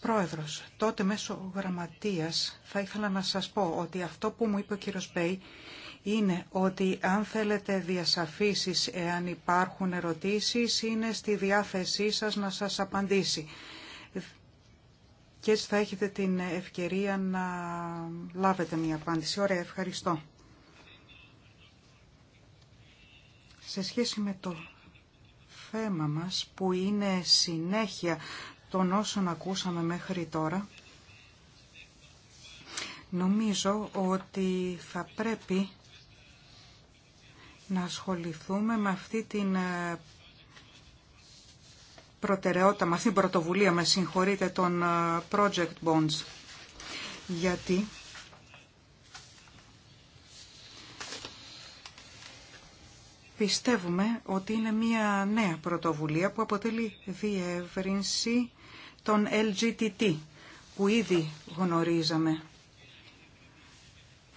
Speaker 2: Πρόεδρος, τότε μέσω γραμματείας θα ήθελα να σας πω ότι αυτό που μου είπε ο κύριος Μπέι είναι ότι αν θέλετε διασαφήσεις, εάν υπάρχουν ερωτήσεις, είναι στη διάθεσή σας να σας απαντήσει. Και έτσι θα έχετε την ευκαιρία να λάβετε μια απάντηση. Ωραία, ευχαριστώ. Σε σχέση με το θέμα μας που είναι συνέχεια των όσων ακούσαμε μέχρι τώρα, νομίζω ότι θα πρέπει να ασχοληθούμε με αυτή την ε, προτεραιότητα, με αυτή την πρωτοβουλία, με συγχωρείτε, των ε, project bonds. Γιατί Πιστεύουμε ότι είναι μια νέα πρωτοβουλία που αποτελεί διεύρυνση των LGTT που ήδη γνωρίζαμε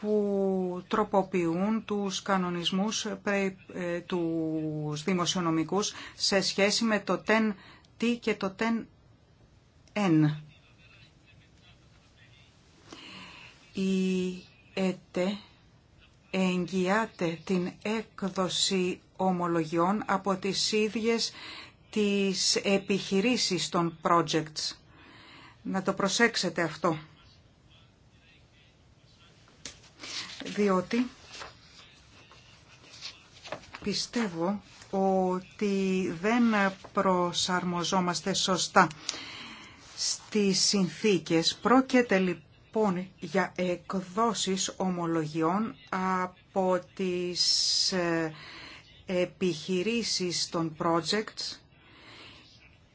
Speaker 2: που τροποποιούν τους κανονισμούς ε, του δημοσιονομικούς σε σχέση με το TEN-T και το TEN-N. Η ΕΤΕ εγγυάται την έκδοση ομολογιών από τις ίδιες τις επιχειρήσεις των projects. Να το προσέξετε αυτό. Διότι πιστεύω ότι δεν προσαρμοζόμαστε σωστά στις συνθήκες. Πρόκειται Λοιπόν για εκδόσεις ομολογιών από τις ε, επιχειρήσεις των projects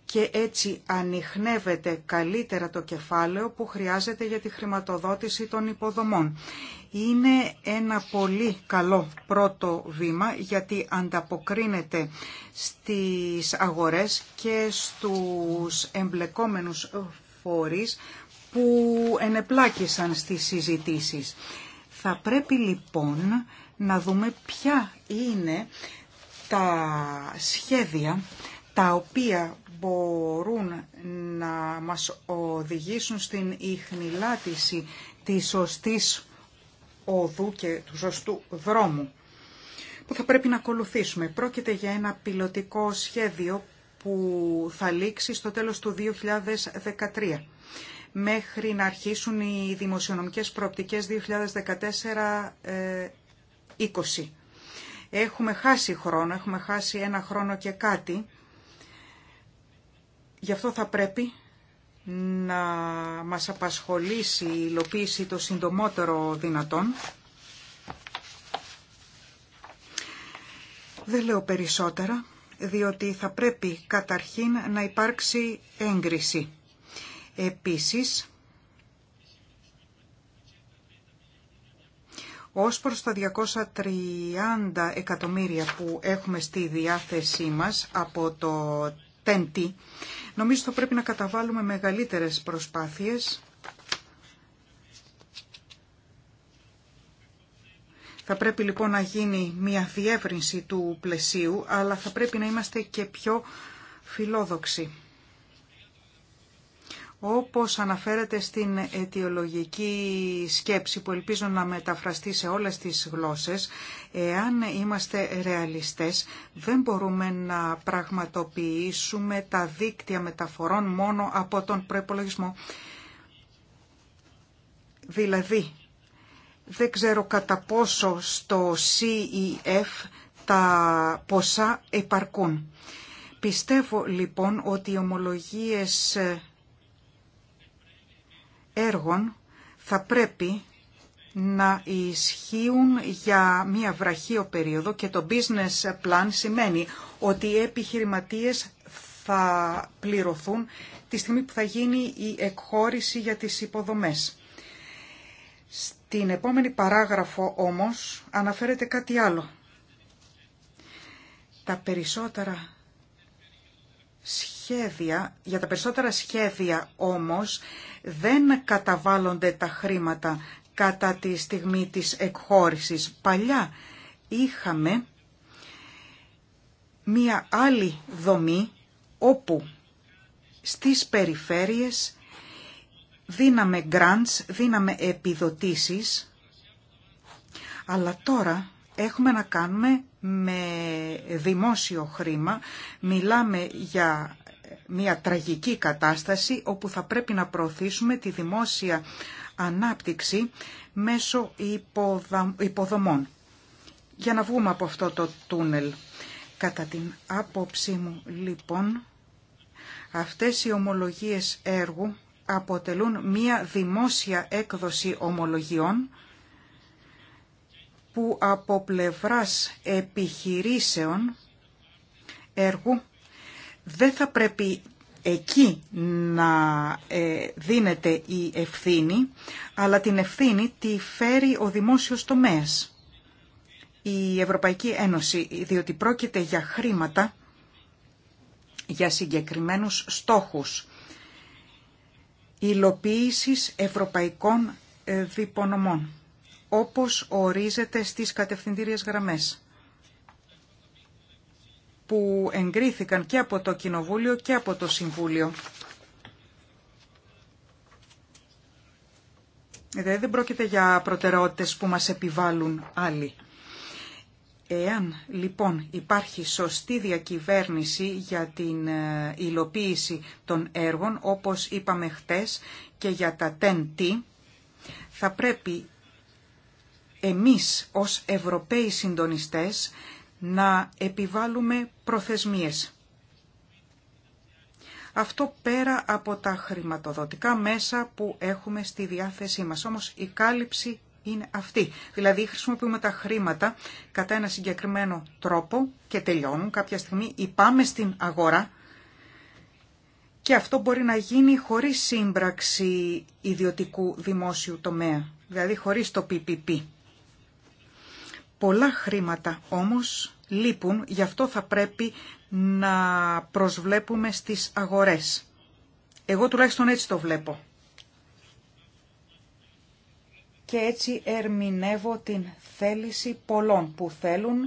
Speaker 2: και έτσι ανοιχνεύεται καλύτερα το κεφάλαιο που χρειάζεται για τη χρηματοδότηση των υποδομών. Είναι ένα πολύ καλό πρώτο βήμα γιατί ανταποκρίνεται στις αγορές και στους εμπλεκόμενους φορείς που ενεπλάκησαν στις συζητήσεις. Θα πρέπει λοιπόν να δούμε ποια είναι τα σχέδια τα οποία μπορούν να μας οδηγήσουν στην ιχνηλάτηση της σωστής οδού και του σωστού δρόμου που θα πρέπει να ακολουθήσουμε. Πρόκειται για ένα πιλωτικό σχέδιο που θα λήξει στο τέλος του 2013 μέχρι να αρχίσουν οι δημοσιονομικές προοπτικές 2014-20. Ε, έχουμε χάσει χρόνο, έχουμε χάσει ένα χρόνο και κάτι. Γι' αυτό θα πρέπει να μας απασχολήσει η υλοποίηση το συντομότερο δυνατόν. Δεν λέω περισσότερα, διότι θα πρέπει καταρχήν να υπάρξει έγκριση Επίσης, ως προς τα 230 εκατομμύρια που έχουμε στη διάθεσή μας από το τέντι, νομίζω θα πρέπει να καταβάλουμε μεγαλύτερες προσπάθειες. Θα πρέπει λοιπόν να γίνει μια διεύρυνση του πλαισίου, αλλά θα πρέπει να είμαστε και πιο φιλόδοξοι όπως αναφέρεται στην αιτιολογική σκέψη που ελπίζω να μεταφραστεί σε όλες τις γλώσσες, εάν είμαστε ρεαλιστές δεν μπορούμε να πραγματοποιήσουμε τα δίκτυα μεταφορών μόνο από τον προϋπολογισμό. Δηλαδή, δεν ξέρω κατά πόσο στο CEF τα ποσά επαρκούν. Πιστεύω λοιπόν ότι οι ομολογίες έργων θα πρέπει να ισχύουν για μία βραχείο περίοδο και το business plan σημαίνει ότι οι επιχειρηματίες θα πληρωθούν τη στιγμή που θα γίνει η εκχώρηση για τις υποδομές. Στην επόμενη παράγραφο όμως αναφέρεται κάτι άλλο. Τα περισσότερα σχέδια, για τα περισσότερα σχέδια όμως δεν καταβάλλονται τα χρήματα κατά τη στιγμή της εκχώρησης. Παλιά είχαμε μία άλλη δομή όπου στις περιφέρειες δίναμε grants, δίναμε επιδοτήσεις, αλλά τώρα έχουμε να κάνουμε με δημόσιο χρήμα. Μιλάμε για μια τραγική κατάσταση όπου θα πρέπει να προωθήσουμε τη δημόσια ανάπτυξη μέσω υποδομών. Για να βγούμε από αυτό το τούνελ. Κατά την άποψή μου λοιπόν αυτές οι ομολογίες έργου αποτελούν μια δημόσια έκδοση ομολογιών που από πλευράς επιχειρήσεων έργου δεν θα πρέπει εκεί να ε, δίνεται η ευθύνη, αλλά την ευθύνη τη φέρει ο δημόσιος τομέας. Η Ευρωπαϊκή Ένωση, διότι πρόκειται για χρήματα, για συγκεκριμένους στόχους υλοποίησης ευρωπαϊκών ε, διπονομών όπως ορίζεται στις κατευθυντήριες γραμμές που εγκρίθηκαν και από το Κοινοβούλιο και από το Συμβούλιο. Δηλαδή, δεν πρόκειται για προτεραιότητες που μας επιβάλλουν άλλοι. Εάν λοιπόν υπάρχει σωστή διακυβέρνηση για την ε, υλοποίηση των έργων, όπως είπαμε χτες και για τα TEN-T, θα πρέπει εμείς ως Ευρωπαίοι συντονιστές να επιβάλλουμε προθεσμίες. Αυτό πέρα από τα χρηματοδοτικά μέσα που έχουμε στη διάθεσή μας. Όμως η κάλυψη είναι αυτή. Δηλαδή χρησιμοποιούμε τα χρήματα κατά ένα συγκεκριμένο τρόπο και τελειώνουν κάποια στιγμή ή πάμε στην αγορά και αυτό μπορεί να γίνει χωρίς σύμπραξη ιδιωτικού δημόσιου τομέα, δηλαδή χωρίς το PPP. Πολλά χρήματα όμως λείπουν, γι' αυτό θα πρέπει να προσβλέπουμε στις αγορές. Εγώ τουλάχιστον έτσι το βλέπω. Και έτσι ερμηνεύω την θέληση πολλών που θέλουν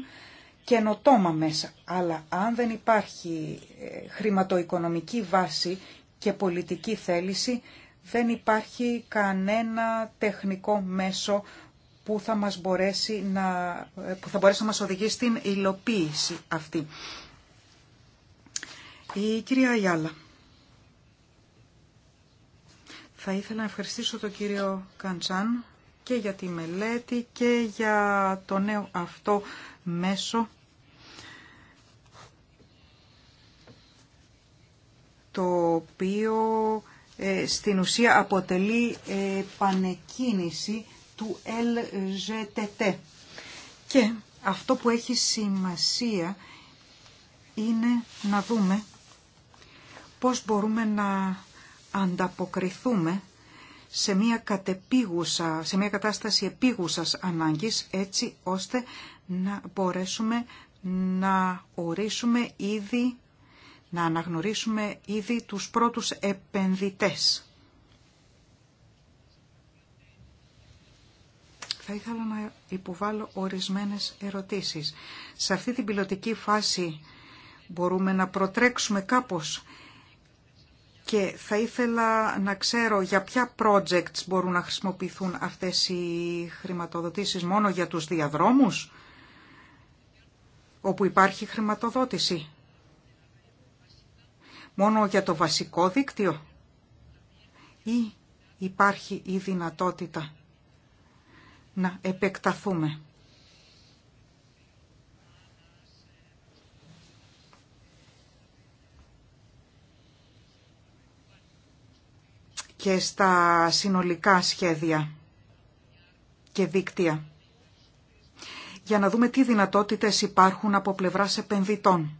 Speaker 2: καινοτόμα μέσα. Αλλά αν δεν υπάρχει ε, χρηματοοικονομική βάση και πολιτική θέληση, δεν υπάρχει κανένα τεχνικό μέσο που θα, μας μπορέσει να, που θα μπορέσει να μας οδηγεί στην υλοποίηση αυτή. Η κυρία Γιάλα. Θα ήθελα να ευχαριστήσω τον κύριο Καντσάν και για τη μελέτη και για το νέο αυτό μέσο το οποίο ε, στην ουσία αποτελεί ε, πανεκκίνηση του LGTT. Και αυτό που έχει σημασία είναι να δούμε πώς μπορούμε να ανταποκριθούμε σε μια, κατεπίγουσα, σε μια κατάσταση επίγουσας ανάγκης έτσι ώστε να μπορέσουμε να ορίσουμε ήδη, να αναγνωρίσουμε ήδη τους πρώτους επενδυτές. Θα ήθελα να υποβάλω ορισμένες ερωτήσεις. Σε αυτή την πιλωτική φάση μπορούμε να προτρέξουμε κάπως και θα ήθελα να ξέρω για ποια projects μπορούν να χρησιμοποιηθούν αυτές οι χρηματοδοτήσεις μόνο για τους διαδρόμους όπου υπάρχει χρηματοδότηση. Μόνο για το βασικό δίκτυο ή υπάρχει η δυνατότητα να επεκταθούμε. και στα συνολικά σχέδια και δίκτυα για να δούμε τι δυνατότητες υπάρχουν από πλευράς επενδυτών.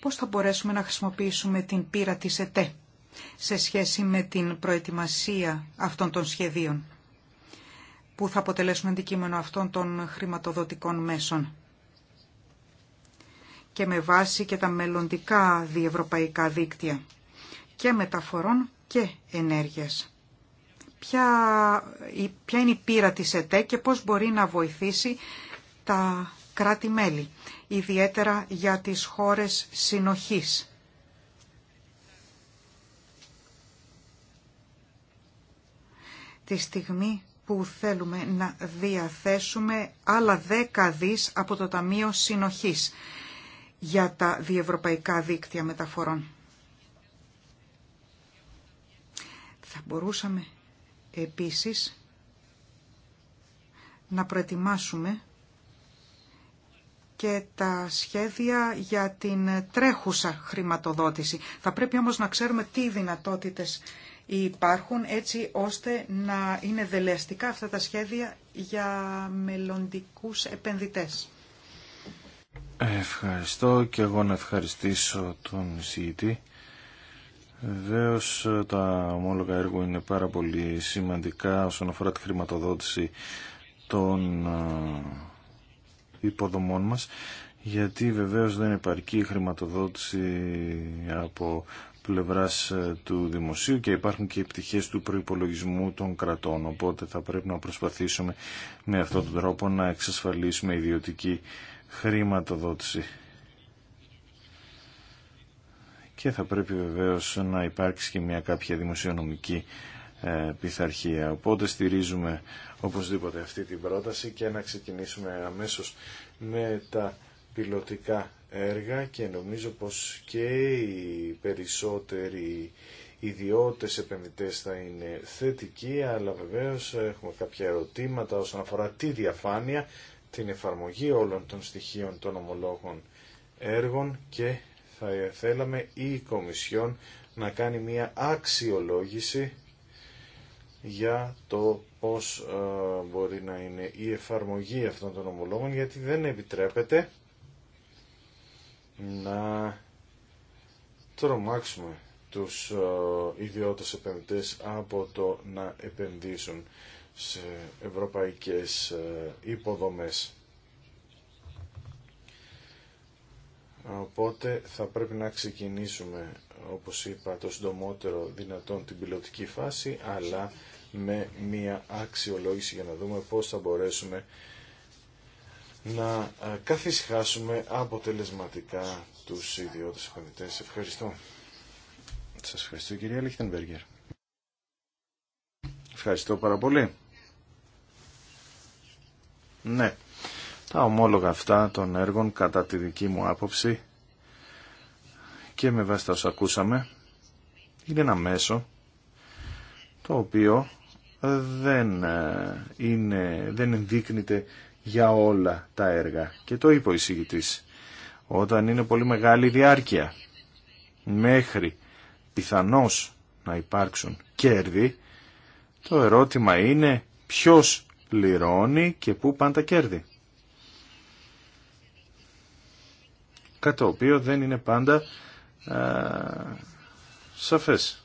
Speaker 2: Πώς θα μπορέσουμε να χρησιμοποιήσουμε την πύρα της ΕΤΕ σε σχέση με την προετοιμασία αυτών των σχεδίων που θα αποτελέσουν αντικείμενο αυτών των χρηματοδοτικών μέσων και με βάση και τα μελλοντικά διευρωπαϊκά δίκτυα και μεταφορών και ενέργειας. Ποια, είναι η πείρα της ΕΤΕ και πώς μπορεί να βοηθήσει τα κράτη-μέλη, ιδιαίτερα για τις χώρες συνοχής τη στιγμή που θέλουμε να διαθέσουμε άλλα δέκα δις από το Ταμείο Συνοχής για τα διευρωπαϊκά δίκτυα μεταφορών. Θα μπορούσαμε επίσης να προετοιμάσουμε και τα σχέδια για την τρέχουσα χρηματοδότηση. Θα πρέπει όμως να ξέρουμε τι δυνατότητες υπάρχουν έτσι ώστε να είναι δελεαστικά αυτά τα σχέδια για μελλοντικούς επενδυτές.
Speaker 1: Ευχαριστώ και εγώ να ευχαριστήσω τον εισηγητή. Βεβαίω τα ομόλογα έργου είναι πάρα πολύ σημαντικά όσον αφορά τη χρηματοδότηση των υποδομών μας γιατί βεβαίως δεν υπάρχει χρηματοδότηση από πλευράς ε, του δημοσίου και υπάρχουν και οι του προϋπολογισμού των κρατών. Οπότε θα πρέπει να προσπαθήσουμε με αυτόν τον τρόπο να εξασφαλίσουμε ιδιωτική χρηματοδότηση. Και θα πρέπει βεβαίως να υπάρξει και μια κάποια δημοσιονομική ε, πειθαρχία. Οπότε στηρίζουμε οπωσδήποτε αυτή την πρόταση και να ξεκινήσουμε αμέσως με τα πιλωτικά έργα και νομίζω πως και οι περισσότεροι ιδιώτες επενδυτές θα είναι θετικοί, αλλά βεβαίως έχουμε κάποια ερωτήματα όσον αφορά τη διαφάνεια, την εφαρμογή όλων των στοιχείων των ομολόγων έργων και θα θέλαμε η Κομισιόν να κάνει μία αξιολόγηση για το πώς ε, μπορεί να είναι η εφαρμογή αυτών των ομολόγων, γιατί δεν επιτρέπεται να τρομάξουμε τους ε, ιδιώτες επενδυτές από το να επενδύσουν σε ευρωπαϊκές ε, υποδομές. Οπότε θα πρέπει να ξεκινήσουμε, όπως είπα, το συντομότερο δυνατόν την πιλωτική φάση, αλλά με μία αξιολόγηση για να δούμε πώς θα μπορέσουμε να ε, καθισχάσουμε αποτελεσματικά τους ιδιώτες επενδυτές. Ευχαριστώ. Σας ευχαριστώ κυρία Λίχτενμπεργκερ. Ευχαριστώ πάρα πολύ. Ναι, τα ομόλογα αυτά των έργων κατά τη δική μου άποψη και με βάση τα όσα ακούσαμε είναι ένα μέσο το οποίο δεν, ε, είναι, δεν ενδείκνυται για όλα τα έργα. Και το είπε ο εισηγητής. Όταν είναι πολύ μεγάλη διάρκεια, μέχρι πιθανώς να υπάρξουν κέρδη, το ερώτημα είναι ποιος πληρώνει και πού πάντα κέρδη. κατά το οποίο δεν είναι πάντα α, σαφές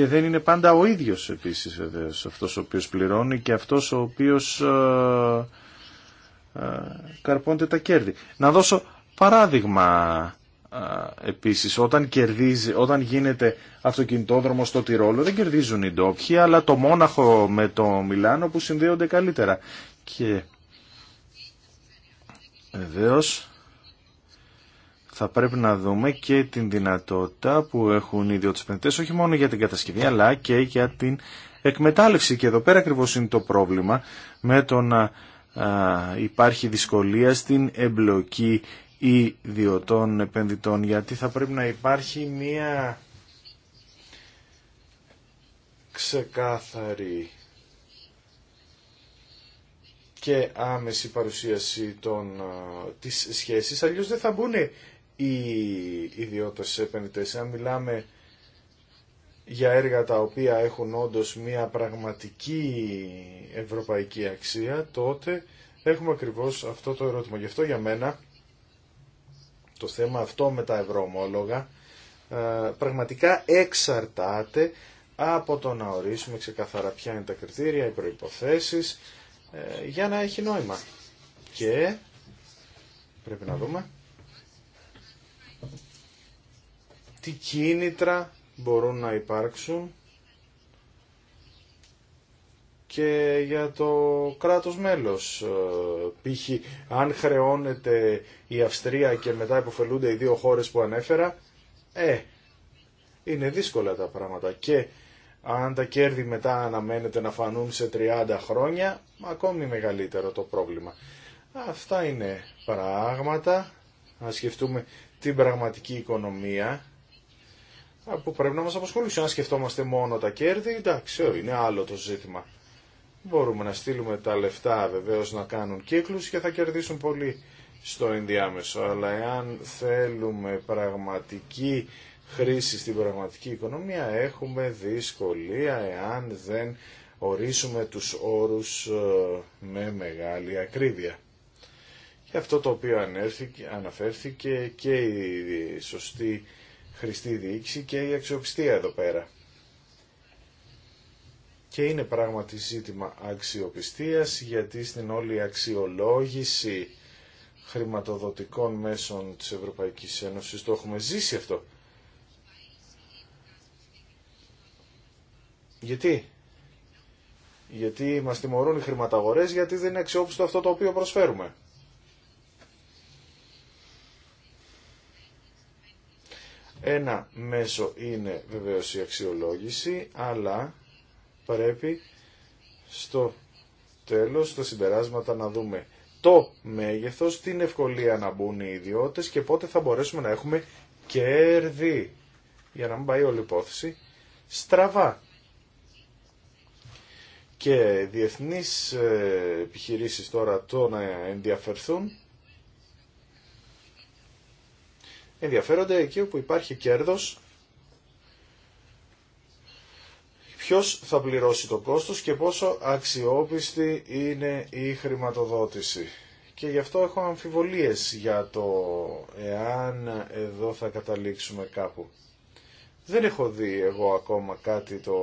Speaker 1: και δεν είναι πάντα ο ίδιος επίσης αυτός ο οποίος πληρώνει και αυτός ο οποίος ε, ε, καρπώνται τα κέρδη. Να δώσω παράδειγμα ε, επίσης όταν, κερδίζει, όταν γίνεται αυτοκινητόδρομο στο Τυρόλο δεν κερδίζουν οι ντόπιοι αλλά το Μόναχο με το Μιλάνο που συνδέονται καλύτερα και βεβαίως θα πρέπει να δούμε και την δυνατότητα που έχουν οι ιδιωτικοί όχι μόνο για την κατασκευή αλλά και για την εκμετάλλευση. Και εδώ πέρα ακριβώ είναι το πρόβλημα με το να υπάρχει δυσκολία στην εμπλοκή ιδιωτών επενδυτών γιατί θα πρέπει να υπάρχει μία ξεκάθαρη και άμεση παρουσίαση των, της σχέσης, αλλιώς δεν θα μπουν οι ιδιώτες επενδυτές. Αν μιλάμε για έργα τα οποία έχουν όντως μια πραγματική ευρωπαϊκή αξία, τότε έχουμε ακριβώς αυτό το ερώτημα. Γι' αυτό για μένα το θέμα αυτό με τα ευρωομόλογα ε, πραγματικά εξαρτάται από το να ορίσουμε ξεκαθαρά ποια είναι τα κριτήρια, οι προϋποθέσεις, ε, για να έχει νόημα. Και πρέπει να δούμε τι κίνητρα μπορούν να υπάρξουν και για το κράτος μέλος. Ε, π.χ. αν χρεώνεται η Αυστρία και μετά υποφελούνται οι δύο χώρες που ανέφερα, ε, είναι δύσκολα τα πράγματα. Και αν τα κέρδη μετά αναμένεται να φανούν σε 30 χρόνια, ακόμη μεγαλύτερο το πρόβλημα. Αυτά είναι πράγματα. Να σκεφτούμε την πραγματική οικονομία που πρέπει να μας απασχολήσει. Αν σκεφτόμαστε μόνο τα κέρδη, εντάξει, είναι άλλο το ζήτημα. Μπορούμε να στείλουμε τα λεφτά βεβαίως να κάνουν κύκλους και θα κερδίσουν πολύ στο ενδιάμεσο. Αλλά εάν θέλουμε πραγματική χρήση στην πραγματική οικονομία, έχουμε δυσκολία εάν δεν ορίσουμε τους όρους ε, με μεγάλη ακρίβεια. Και αυτό το οποίο αναφέρθηκε και η σωστή χρηστή διοίκηση και η αξιοπιστία εδώ πέρα. Και είναι πράγματι ζήτημα αξιοπιστίας γιατί στην όλη αξιολόγηση χρηματοδοτικών μέσων της Ευρωπαϊκής Ένωσης το έχουμε ζήσει αυτό. Γιατί? Γιατί μας τιμωρούν οι χρηματαγορές γιατί δεν είναι αξιόπιστο αυτό το οποίο προσφέρουμε. Ένα μέσο είναι βεβαίως η αξιολόγηση, αλλά πρέπει στο τέλος, στα συμπεράσματα να δούμε το μέγεθος, την ευκολία να μπουν οι ιδιώτες και πότε θα μπορέσουμε να έχουμε κέρδη, για να μην πάει όλη υπόθεση, στραβά. Και διεθνείς ε, επιχειρήσεις τώρα το να ενδιαφερθούν ενδιαφέρονται εκεί όπου υπάρχει κέρδος ποιος θα πληρώσει το κόστος και πόσο αξιόπιστη είναι η χρηματοδότηση. Και γι' αυτό έχω αμφιβολίες για το εάν εδώ θα καταλήξουμε κάπου. Δεν έχω δει εγώ ακόμα κάτι το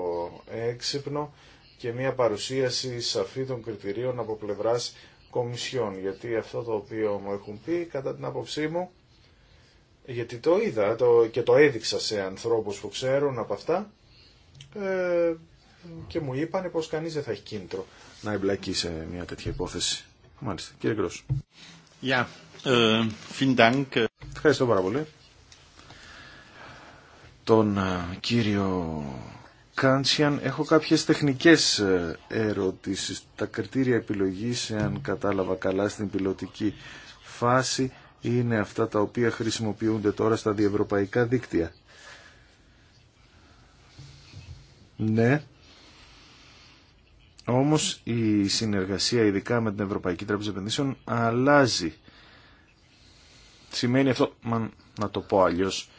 Speaker 1: έξυπνο και μια παρουσίαση σαφή των κριτηρίων από πλευράς κομισιών, γιατί αυτό το οποίο μου έχουν πει, κατά την άποψή μου, γιατί το είδα το, και το έδειξα σε ανθρώπους που ξέρουν από αυτά ε, και μου είπαν πως κανείς δεν θα έχει κίνητρο να εμπλακεί σε μια τέτοια υπόθεση. Μάλιστα. Κύριε Γκρός. Ε, Ευχαριστώ πάρα πολύ. Τον ε, κύριο Κάντσιαν έχω κάποιες τεχνικές ερωτήσεις. Τα κριτήρια επιλογής, αν κατάλαβα καλά, στην πιλωτική φάση είναι αυτά τα οποία χρησιμοποιούνται τώρα στα διευρωπαϊκά δίκτυα. Ναι, όμως η συνεργασία ειδικά με την Ευρωπαϊκή Τράπεζα Επενδύσεων αλλάζει. Σημαίνει αυτό, μα, να το πω αλλιώς,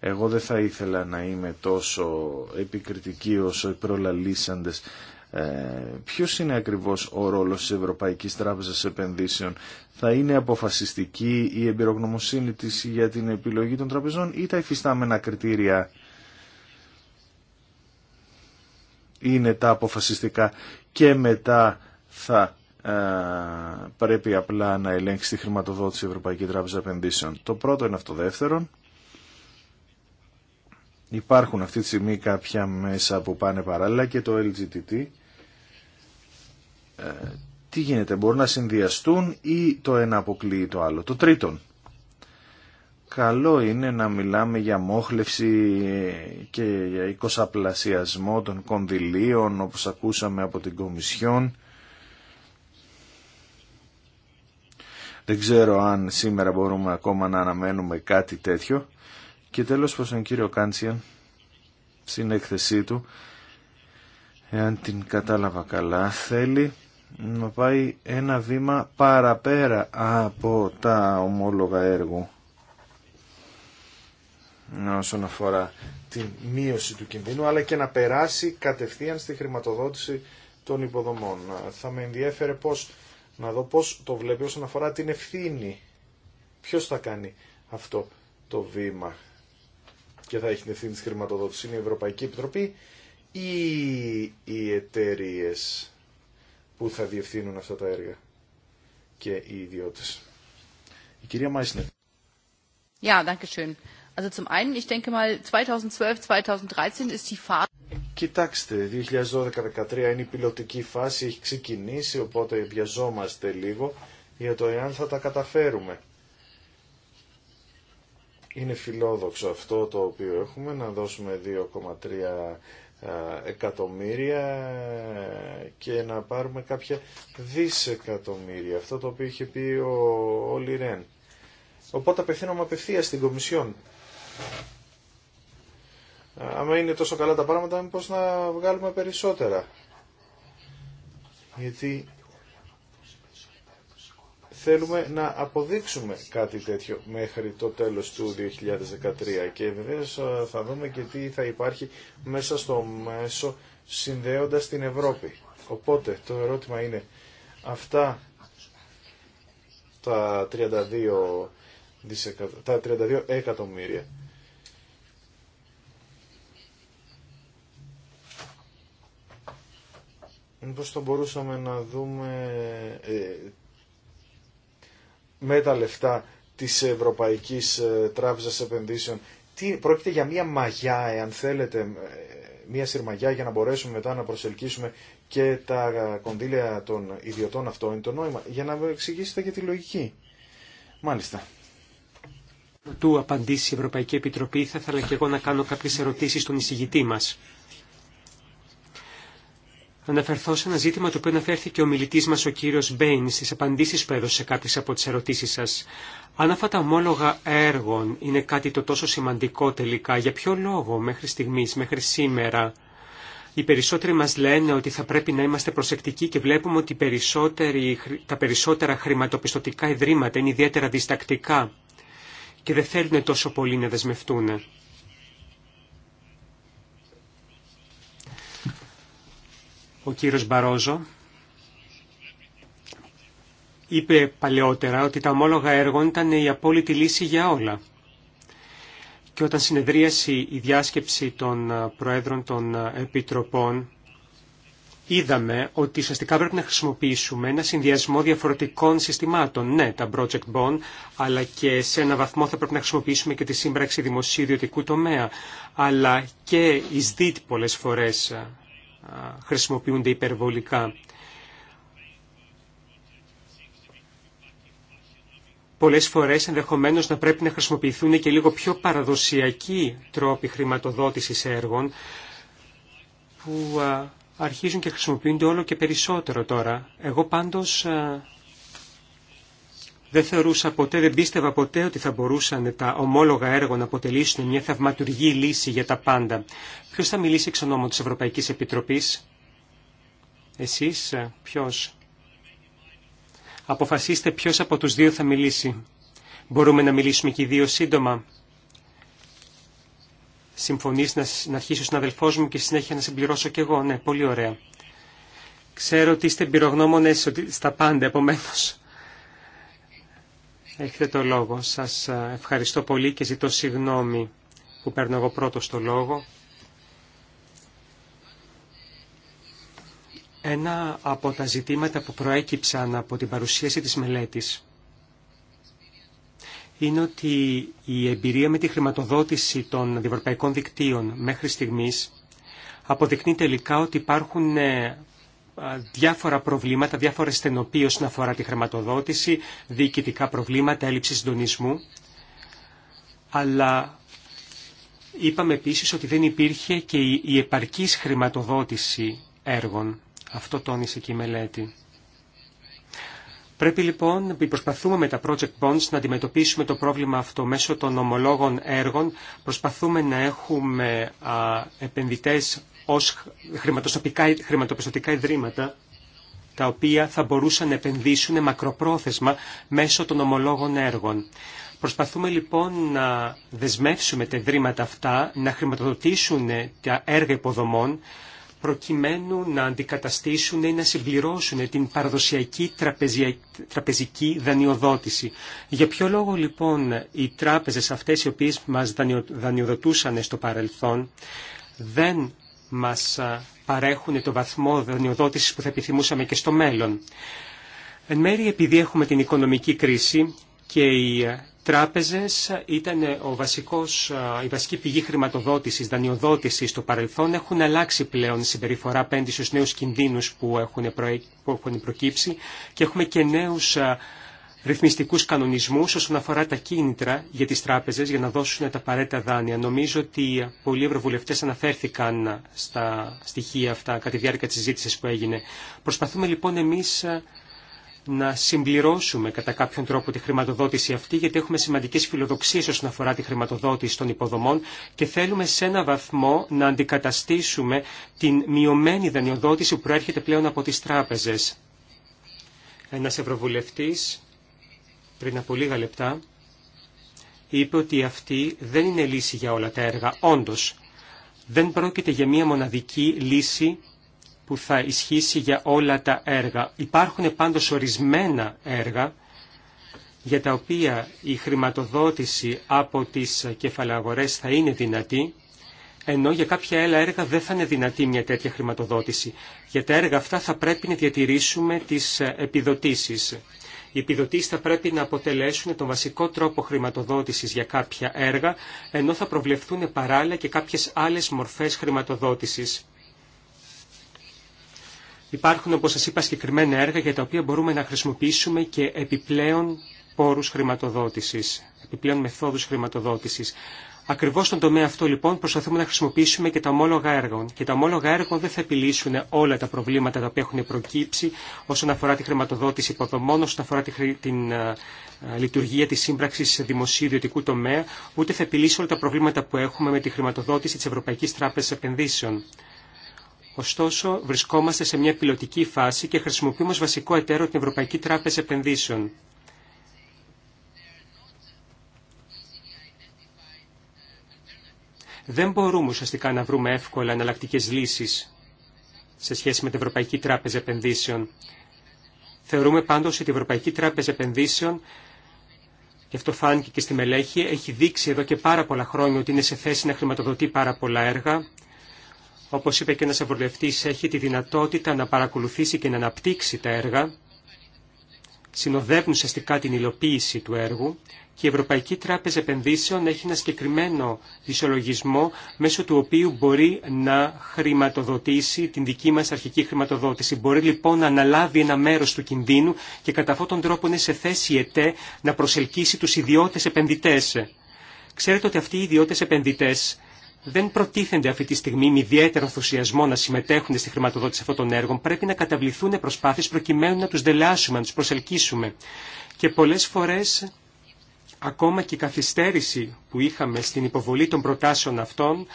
Speaker 1: εγώ δεν θα ήθελα να είμαι τόσο επικριτική όσο οι προλαλήσαντες ε, Ποιο είναι ακριβώς ο ρόλος της Ευρωπαϊκής Τράπεζας Επενδύσεων. Θα είναι αποφασιστική η εμπειρογνωμοσύνη της για την επιλογή των τραπεζών ή τα υφιστάμενα κριτήρια είναι τα αποφασιστικά και μετά θα ε, πρέπει απλά να ελέγξει τη χρηματοδότηση Ευρωπαϊκή Τράπεζα Επενδύσεων. Το πρώτο είναι αυτό δεύτερον. Υπάρχουν αυτή τη στιγμή κάποια μέσα που πάνε παράλληλα και το LGTT ε, τι γίνεται, μπορούν να συνδυαστούν ή το ένα αποκλείει το άλλο. Το τρίτον, καλό είναι να μιλάμε για μόχλευση και για οικοσαπλασιασμό των κονδυλίων όπως ακούσαμε από την Κομισιόν. Δεν ξέρω αν σήμερα μπορούμε ακόμα να αναμένουμε κάτι τέτοιο. Και τέλος προς τον κύριο Κάντσιαν, στην έκθεσή του, εάν την κατάλαβα καλά, θέλει να πάει ένα βήμα παραπέρα από τα ομόλογα έργου όσον αφορά την μείωση του κινδύνου αλλά και να περάσει κατευθείαν στη χρηματοδότηση των υποδομών. Θα με ενδιέφερε πώς, να δω πώς το βλέπει όσον αφορά την ευθύνη. Ποιος θα κάνει αυτό το βήμα και θα έχει την ευθύνη της χρηματοδότησης. Είναι η Ευρωπαϊκή Επιτροπή ή οι εταιρείες που θα διευθύνουν αυτά τα έργα και οι ιδιώτες. Η κυρία Μάισνερ.
Speaker 2: Ja, danke schön. Also zum einen, ich denke mal,
Speaker 3: 2012, 2013 ist die
Speaker 1: Κοιτάξτε, 2012-2013 είναι η πιλωτική φάση, έχει ξεκινήσει, οπότε βιαζόμαστε λίγο για το εάν θα τα καταφέρουμε. Είναι φιλόδοξο αυτό το οποίο έχουμε, να δώσουμε 2,3 εκατομμύρια και να πάρουμε κάποια δισεκατομμύρια. Αυτό το οποίο είχε πει ο, Λιρέν. Οπότε απευθύνομαι απευθεία στην Κομισιόν. Αν είναι τόσο καλά τα πράγματα, μήπως να βγάλουμε περισσότερα. Γιατί θέλουμε να αποδείξουμε κάτι τέτοιο μέχρι το τέλος του 2013 και βεβαίω θα δούμε και τι θα υπάρχει μέσα στο μέσο συνδέοντας την Ευρώπη. Οπότε το ερώτημα είναι αυτά τα 32, τα 32 εκατομμύρια. Μήπως θα μπορούσαμε να δούμε ε, με τα λεφτά της Ευρωπαϊκής ε, Τράπεζας Επενδύσεων. Τι, πρόκειται για μια μαγιά, εάν θέλετε, ε, μια σειρμαγιά για να μπορέσουμε μετά να προσελκύσουμε και τα κονδύλια των ιδιωτών αυτό είναι το νόημα, για να εξηγήσετε και τη λογική. Μάλιστα.
Speaker 4: Του απαντήσει η Ευρωπαϊκή Επιτροπή, θα ήθελα και εγώ να κάνω κάποιες ερωτήσεις στον εισηγητή μας αναφερθώ σε ένα ζήτημα το οποίο αναφέρθηκε ο μιλητής μας ο κύριος Μπέιν στις απαντήσεις που έδωσε σε κάποιες από τις ερωτήσεις σας. Αν αυτά τα ομόλογα έργων είναι κάτι το τόσο σημαντικό τελικά, για ποιο λόγο μέχρι στιγμής, μέχρι σήμερα, οι περισσότεροι μας λένε ότι θα πρέπει να είμαστε προσεκτικοί και βλέπουμε ότι τα περισσότερα χρηματοπιστωτικά ιδρύματα είναι ιδιαίτερα διστακτικά και δεν θέλουν τόσο πολύ να δεσμευτούν. Ο κύριος Μπαρόζο είπε παλαιότερα ότι τα ομόλογα έργων ήταν η απόλυτη λύση για όλα. Και όταν συνεδρίασε η διάσκεψη των Προέδρων των Επιτροπών, είδαμε ότι ουσιαστικά πρέπει να χρησιμοποιήσουμε ένα συνδυασμό διαφορετικών συστημάτων. Ναι, τα project bond, αλλά και σε ένα βαθμό θα πρέπει να χρησιμοποιήσουμε και τη σύμπραξη δημοσίου ιδιωτικού τομέα. Αλλά και εις δίτ πολλές φορές χρησιμοποιούνται υπερβολικά. Πολλές φορές ενδεχομένως να πρέπει να χρησιμοποιηθούν και λίγο πιο παραδοσιακοί τρόποι χρηματοδότησης έργων που αρχίζουν και χρησιμοποιούνται όλο και περισσότερο τώρα. Εγώ πάντως δεν θεωρούσα ποτέ, δεν πίστευα ποτέ ότι θα μπορούσαν τα ομόλογα έργα να αποτελήσουν μια θαυματουργή λύση για τα πάντα. Ποιος θα μιλήσει εξ ονόμου της Ευρωπαϊκής Επιτροπής? Εσείς, ε, ποιος? Αποφασίστε ποιος από τους δύο θα μιλήσει. Μπορούμε να μιλήσουμε και οι δύο σύντομα. Συμφωνείς να, να αρχίσει ο μου και συνέχεια να συμπληρώσω κι εγώ. Ναι, πολύ ωραία. Ξέρω ότι είστε εμπειρογνώμονες στα πάντα, επομένως. Έχετε το λόγο. Σας ε, ευχαριστώ πολύ και ζητώ συγγνώμη που παίρνω εγώ πρώτος το λόγο. Ένα από τα ζητήματα που προέκυψαν από την παρουσίαση της μελέτης είναι ότι η εμπειρία με τη χρηματοδότηση των ευρωπαϊκών δικτύων μέχρι στιγμής αποδεικνύει τελικά ότι υπάρχουν ε, διάφορα προβλήματα, διάφορες στενοποίοι όσον αφορά τη χρηματοδότηση, διοικητικά προβλήματα, έλλειψη συντονισμού. Αλλά είπαμε επίσης ότι δεν υπήρχε και η επαρκής χρηματοδότηση έργων. Αυτό τόνισε και η μελέτη. Πρέπει λοιπόν, προσπαθούμε με τα project bonds να αντιμετωπίσουμε το πρόβλημα αυτό μέσω των ομολόγων έργων. Προσπαθούμε να έχουμε επενδυτές ως χρηματοπιστωτικά ιδρύματα τα οποία θα μπορούσαν να επενδύσουν μακροπρόθεσμα μέσω των ομολόγων έργων. Προσπαθούμε λοιπόν να δεσμεύσουμε τα ιδρύματα αυτά, να χρηματοδοτήσουν τα έργα υποδομών, προκειμένου να αντικαταστήσουν ή να συμπληρώσουν την παραδοσιακή τραπεζική δανειοδότηση. Για ποιο λόγο λοιπόν οι τράπεζες αυτές οι οποίες μας δανειοδοτούσαν στο παρελθόν δεν μας παρέχουν το βαθμό δανειοδότησης που θα επιθυμούσαμε και στο μέλλον. Εν μέρει επειδή έχουμε την οικονομική κρίση και οι τράπεζες ήταν ο βασικός, η βασική πηγή χρηματοδότησης, δανειοδότησης στο παρελθόν έχουν αλλάξει πλέον συμπεριφορά πέντε στους νέους κινδύνους που έχουν, προ... που έχουν προκύψει και έχουμε και νέους ρυθμιστικούς κανονισμούς όσον αφορά τα κίνητρα για τις τράπεζες για να δώσουν τα απαραίτητα δάνεια. Νομίζω ότι πολλοί ευρωβουλευτές αναφέρθηκαν στα στοιχεία αυτά κατά τη διάρκεια της συζήτησης που έγινε. Προσπαθούμε λοιπόν εμείς ε, να συμπληρώσουμε κατά κάποιον τρόπο τη χρηματοδότηση αυτή, γιατί έχουμε σημαντικές φιλοδοξίες όσον αφορά τη χρηματοδότηση των υποδομών και θέλουμε σε ένα βαθμό να αντικαταστήσουμε την μειωμένη δανειοδότηση που προέρχεται πλέον από τις τράπεζες. Ένας ευρωβουλευτής πριν από λίγα λεπτά είπε ότι αυτή δεν είναι λύση για όλα τα έργα. Όντως, δεν πρόκειται για μία μοναδική λύση που θα ισχύσει για όλα τα έργα. Υπάρχουν πάντως ορισμένα έργα για τα οποία η χρηματοδότηση από τις κεφαλαγορές θα είναι δυνατή, ενώ για κάποια άλλα έργα δεν θα είναι δυνατή μια τέτοια χρηματοδότηση. Για τα έργα αυτά θα πρέπει να διατηρήσουμε τις επιδοτήσεις. Οι επιδοτήσει θα πρέπει να αποτελέσουν τον βασικό τρόπο χρηματοδότηση για κάποια έργα, ενώ θα προβλεφθούν παράλληλα και κάποιε άλλε μορφέ χρηματοδότηση. Υπάρχουν, όπω σα είπα, συγκεκριμένα έργα για τα οποία μπορούμε να χρησιμοποιήσουμε και επιπλέον πόρους χρηματοδότηση, επιπλέον μεθόδους χρηματοδότηση. Ακριβώς στον τομέα αυτό λοιπόν προσπαθούμε να χρησιμοποιήσουμε και τα ομόλογα έργων. Και τα ομόλογα έργων δεν θα επιλύσουν όλα τα προβλήματα τα οποία έχουν προκύψει όσον αφορά τη χρηματοδότηση υποδομών, όσον αφορά την ε, ε, λειτουργία της σύμπραξης δημοσίου ιδιωτικού τομέα, ούτε θα επιλύσει όλα τα προβλήματα που έχουμε με τη χρηματοδότηση της Ευρωπαϊκής Τράπεζας Επενδύσεων. Ωστόσο, βρισκόμαστε σε μια πιλωτική φάση και χρησιμοποιούμε ως βασικό εταίρο την Ευρωπαϊκή Τράπεζα Επενδύσεων. Δεν μπορούμε ουσιαστικά να βρούμε εύκολα εναλλακτικέ λύσει σε σχέση με την Ευρωπαϊκή Τράπεζα Επενδύσεων. Θεωρούμε πάντως ότι η Ευρωπαϊκή Τράπεζα Επενδύσεων και αυτό φάνηκε και στη μελέχη, έχει δείξει εδώ και πάρα πολλά χρόνια ότι είναι σε θέση να χρηματοδοτεί πάρα πολλά έργα. Όπως είπε και ένας ευρωβουλευτής, έχει τη δυνατότητα να παρακολουθήσει και να αναπτύξει τα έργα συνοδεύουν ουσιαστικά την υλοποίηση του έργου και η Ευρωπαϊκή Τράπεζα Επενδύσεων έχει ένα συγκεκριμένο ισολογισμό μέσω του οποίου μπορεί να χρηματοδοτήσει την δική μας αρχική χρηματοδότηση. Μπορεί λοιπόν να αναλάβει ένα μέρος του κινδύνου και κατά αυτόν τον τρόπο είναι σε θέση η ΕΤΕ να προσελκύσει τους ιδιώτες επενδυτές. Ξέρετε ότι αυτοί οι ιδιώτες επενδυτές δεν προτίθενται αυτή τη στιγμή με ιδιαίτερο ενθουσιασμό να συμμετέχουν στη χρηματοδότηση αυτών των έργων. Πρέπει να καταβληθούν προσπάθειε προκειμένου να του δελάσουμε, να του προσελκύσουμε. Και πολλέ φορέ, ακόμα και η καθυστέρηση που είχαμε στην υποβολή των προτάσεων αυτών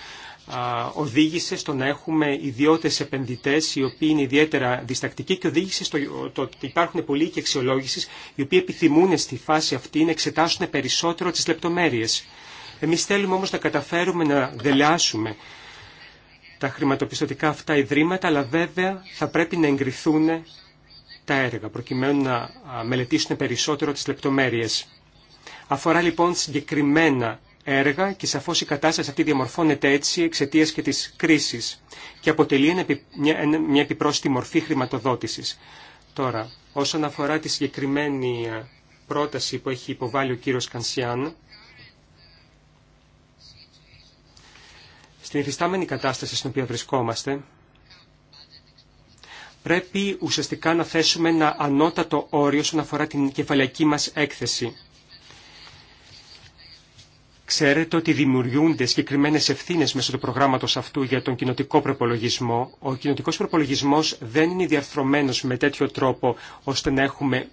Speaker 4: οδήγησε στο να έχουμε ιδιώτε επενδυτέ, οι οποίοι είναι ιδιαίτερα διστακτικοί και οδήγησε στο ότι υπάρχουν πολλοί και αξιολόγησεις οι οποίοι επιθυμούν στη φάση αυτή να εξετάσουν περισσότερο τι λεπτομέρειε. Εμείς θέλουμε όμως να καταφέρουμε να δελεάσουμε τα χρηματοπιστωτικά αυτά ιδρύματα, αλλά βέβαια θα πρέπει να εγκριθούν τα έργα, προκειμένου να μελετήσουν περισσότερο τις λεπτομέρειες. Αφορά λοιπόν συγκεκριμένα έργα και σαφώς η κατάσταση αυτή διαμορφώνεται έτσι εξαιτίας και της κρίσης και αποτελεί μια επιπρόσθετη μορφή χρηματοδότησης. Τώρα, όσον αφορά τη συγκεκριμένη ε, πρόταση που έχει υποβάλει ο κύριος Κανσιάν, στην υφιστάμενη κατάσταση στην οποία βρισκόμαστε, πρέπει ουσιαστικά να θέσουμε ένα ανώτατο όριο όσον αφορά την κεφαλαϊκή μας έκθεση. Ξέρετε ότι δημιουργούνται συγκεκριμένε ευθύνε μέσω του προγράμματο αυτού για τον κοινοτικό προπολογισμό. Ο κοινοτικό προπολογισμό δεν είναι διαρθρωμένο με τέτοιο τρόπο ώστε να έχουμε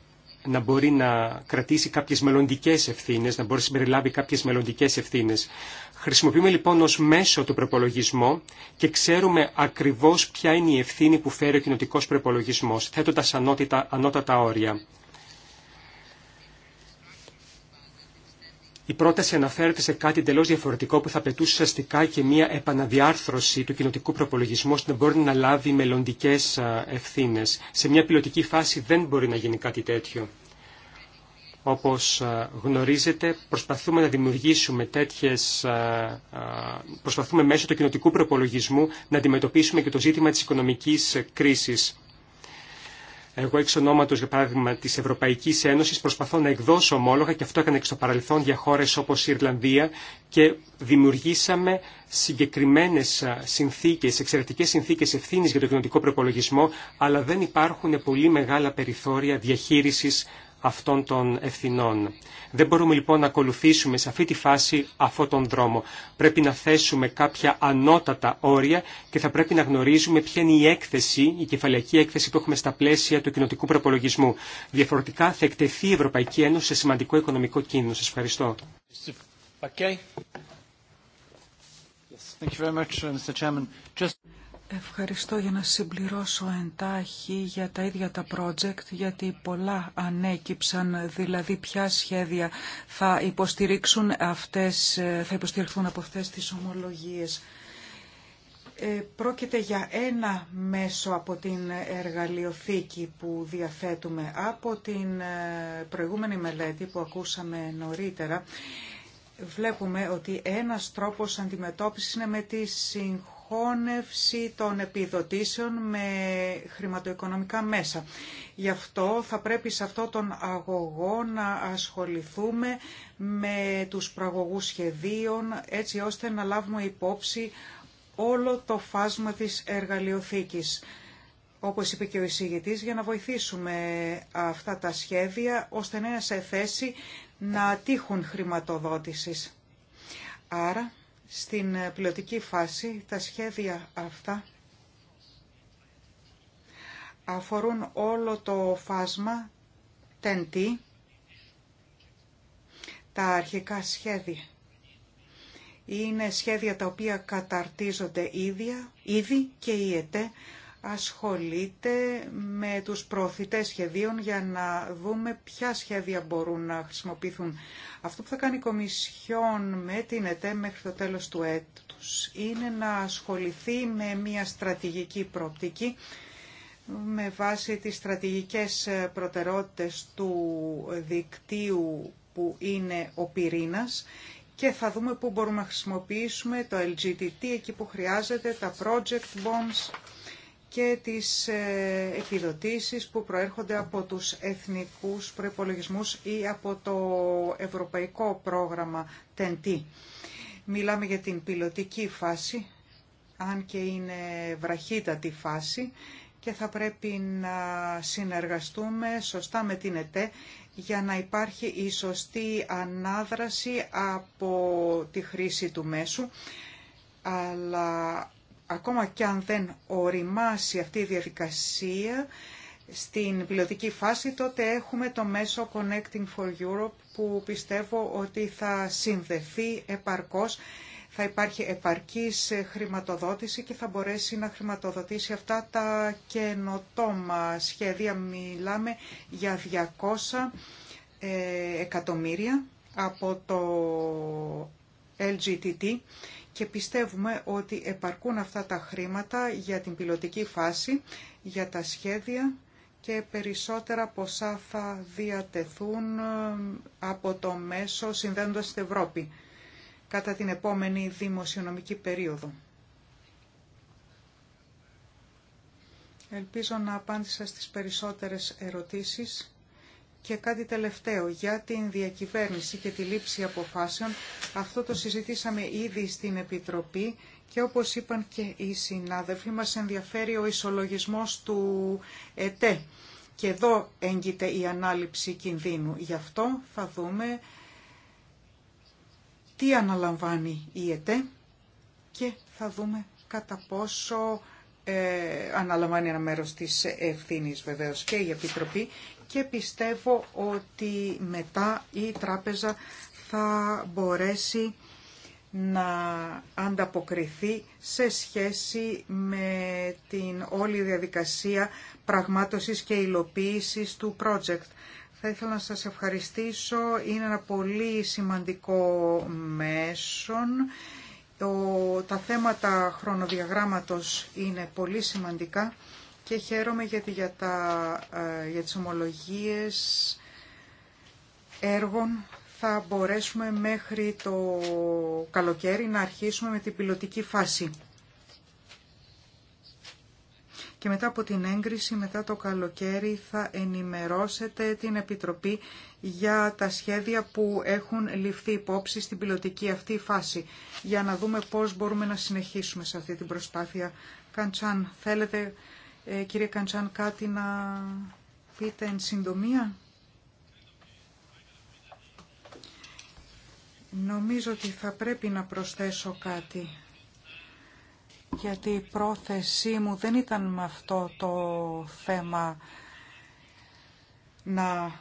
Speaker 4: να μπορεί να κρατήσει κάποιες μελλοντικέ ευθύνε, να μπορεί να συμπεριλάβει κάποιες μελλοντικέ ευθύνε. Χρησιμοποιούμε λοιπόν ως μέσο του προπολογισμό και ξέρουμε ακριβώς ποια είναι η ευθύνη που φέρει ο κοινοτικό προπολογισμό, θέτοντας ανώτατα όρια. η πρόταση αναφέρεται σε κάτι εντελώ διαφορετικό που θα πετούσε ουσιαστικά και μια επαναδιάρθρωση του κοινοτικού προπολογισμού ώστε να μπορεί να λάβει μελλοντικέ ευθύνε. Σε μια πιλωτική φάση δεν μπορεί να γίνει κάτι τέτοιο. Όπω γνωρίζετε, προσπαθούμε να δημιουργήσουμε τέτοιες Προσπαθούμε μέσω του κοινοτικού προπολογισμού να αντιμετωπίσουμε και το ζήτημα τη οικονομική ε, κρίση. Εγώ εξ ονόματος, για παράδειγμα, της Ευρωπαϊκής Ένωσης προσπαθώ να εκδώσω ομόλογα και αυτό έκανε και στο παρελθόν για χώρες όπως η Ιρλανδία και δημιουργήσαμε συγκεκριμένες συνθήκες, εξαιρετικές συνθήκες ευθύνης για τον κοινωνικό προπολογισμό αλλά δεν υπάρχουν πολύ μεγάλα περιθώρια διαχείρισης αυτών των ευθυνών. Δεν μπορούμε λοιπόν να ακολουθήσουμε σε αυτή τη φάση αυτόν τον δρόμο. Πρέπει να θέσουμε κάποια ανώτατα όρια και θα πρέπει να γνωρίζουμε ποια είναι η έκθεση, η κεφαλαϊκή έκθεση που έχουμε στα πλαίσια του κοινοτικού προπολογισμού. Διαφορετικά θα εκτεθεί η Ευρωπαϊκή Ένωση σε σημαντικό οικονομικό κίνδυνο. Σα ευχαριστώ.
Speaker 3: Okay. Yes,
Speaker 1: thank you very much, uh, Mr.
Speaker 2: Ευχαριστώ για να συμπληρώσω εντάχει για τα ίδια τα project, γιατί πολλά ανέκυψαν, δηλαδή ποια σχέδια θα, υποστηρίξουν αυτές, θα υποστηριχθούν από αυτές τις ομολογίες. Ε, πρόκειται για ένα μέσο από την εργαλειοθήκη που διαθέτουμε. Από την ε, προηγούμενη μελέτη που ακούσαμε νωρίτερα, βλέπουμε ότι ένας τρόπος αντιμετώπισης είναι με τη συγχωρία των επιδοτήσεων με χρηματοοικονομικά μέσα. Γι' αυτό θα πρέπει σε αυτό τον αγωγό να ασχοληθούμε με τους πραγωγούς σχεδίων έτσι ώστε να λάβουμε υπόψη όλο το φάσμα της εργαλειοθήκης όπως είπε και ο εισηγητής, για να βοηθήσουμε αυτά τα σχέδια, ώστε να είναι σε θέση να τύχουν χρηματοδότησης. Άρα στην ε, πιλωτική φάση τα σχέδια αυτά αφορούν όλο το φάσμα TNT, τα αρχικά σχέδια. Είναι σχέδια τα οποία καταρτίζονται ίδια, ήδη και η ασχολείται με τους προωθητές σχεδίων για να δούμε ποια σχέδια μπορούν να χρησιμοποιηθούν. Αυτό που θα κάνει η Κομισιόν με την ΕΤΕ μέχρι το τέλος του έτους είναι να ασχοληθεί με μια στρατηγική προοπτική με βάση τις στρατηγικές προτερότητες του δικτύου που είναι ο πυρήνας και θα δούμε πού μπορούμε να χρησιμοποιήσουμε το LGTT εκεί που χρειάζεται, τα project bonds και τις ε, επιδοτήσεις που προέρχονται από τους εθνικούς προϋπολογισμούς ή από το ευρωπαϊκό πρόγραμμα TEN-T. Μιλάμε για την πιλωτική φάση, αν και είναι βραχύτατη φάση και θα πρέπει να συνεργαστούμε σωστά με την ΕΤΕ για να υπάρχει η σωστή ανάδραση από τη χρήση του μέσου αλλά ακόμα και αν δεν οριμάσει αυτή η διαδικασία στην πιλωτική φάση, τότε έχουμε το μέσο Connecting for Europe που πιστεύω ότι θα συνδεθεί επαρκώς, θα υπάρχει επαρκής χρηματοδότηση και θα μπορέσει να χρηματοδοτήσει αυτά τα καινοτόμα σχέδια. Μιλάμε για 200 ε, εκατομμύρια από το LGTT και πιστεύουμε ότι επαρκούν αυτά τα χρήματα για την πιλωτική φάση, για τα σχέδια και περισσότερα ποσά θα διατεθούν ε, από το μέσο συνδέοντας την Ευρώπη κατά την επόμενη δημοσιονομική περίοδο. Ελπίζω να απάντησα στις περισσότερες ερωτήσεις και κάτι τελευταίο, για την διακυβέρνηση και τη λήψη αποφάσεων, αυτό το συζητήσαμε ήδη στην Επιτροπή και όπως είπαν και οι συνάδελφοι, μας ενδιαφέρει ο ισολογισμός του ΕΤΕ. Και εδώ έγκυται η ανάληψη κινδύνου. Γι' αυτό θα δούμε τι αναλαμβάνει η ΕΤΕ και θα δούμε κατά πόσο ε, αναλαμβάνει ένα μέρος της ευθύνης βεβαίως και η Επιτροπή και πιστεύω ότι μετά η τράπεζα θα μπορέσει να ανταποκριθεί σε σχέση με την όλη διαδικασία πραγμάτωσης και υλοποίησης του project. Θα ήθελα να σας ευχαριστήσω. Είναι ένα πολύ σημαντικό μέσον. Τα θέματα χρονοδιαγράμματος είναι πολύ σημαντικά και χαίρομαι γιατί για, τα, ε, για τις ομολογίες έργων θα μπορέσουμε μέχρι το καλοκαίρι να αρχίσουμε με την πιλωτική φάση. Και μετά από την έγκριση, μετά το καλοκαίρι, θα ενημερώσετε την Επιτροπή για τα σχέδια που έχουν ληφθεί υπόψη στην πιλωτική αυτή φάση, για να δούμε πώς μπορούμε να συνεχίσουμε σε αυτή την προσπάθεια. Καντσάν, θέλετε ε, κύριε Καντσάν, κάτι να πείτε εν συντομία. Νομίζω ότι θα πρέπει να προσθέσω κάτι, γιατί η πρόθεσή μου δεν ήταν με αυτό το θέμα να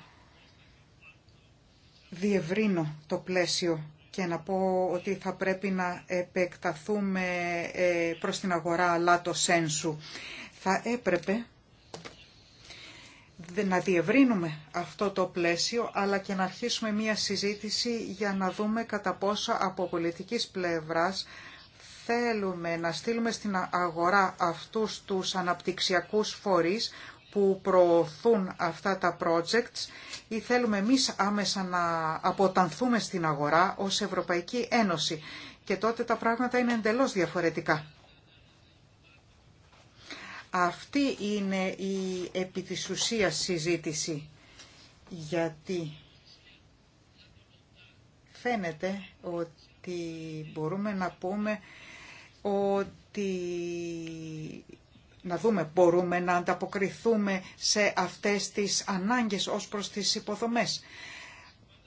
Speaker 2: διευρύνω το πλαίσιο και να πω ότι θα πρέπει να επεκταθούμε ε, προς την αγορά αλλά το σένσου θα έπρεπε να διευρύνουμε αυτό το πλαίσιο, αλλά και να αρχίσουμε μία συζήτηση για να δούμε κατά πόσο από πολιτικής πλευράς θέλουμε να στείλουμε στην αγορά αυτούς τους αναπτυξιακούς φορείς που προωθούν αυτά τα projects ή θέλουμε εμείς άμεσα να αποτανθούμε στην αγορά ως Ευρωπαϊκή Ένωση και τότε τα πράγματα είναι εντελώς διαφορετικά. Αυτή είναι η επί της συζήτηση, γιατί φαίνεται ότι μπορούμε να πούμε ότι να δούμε, μπορούμε να ανταποκριθούμε σε αυτές τις ανάγκες ως προς τις υποδομές.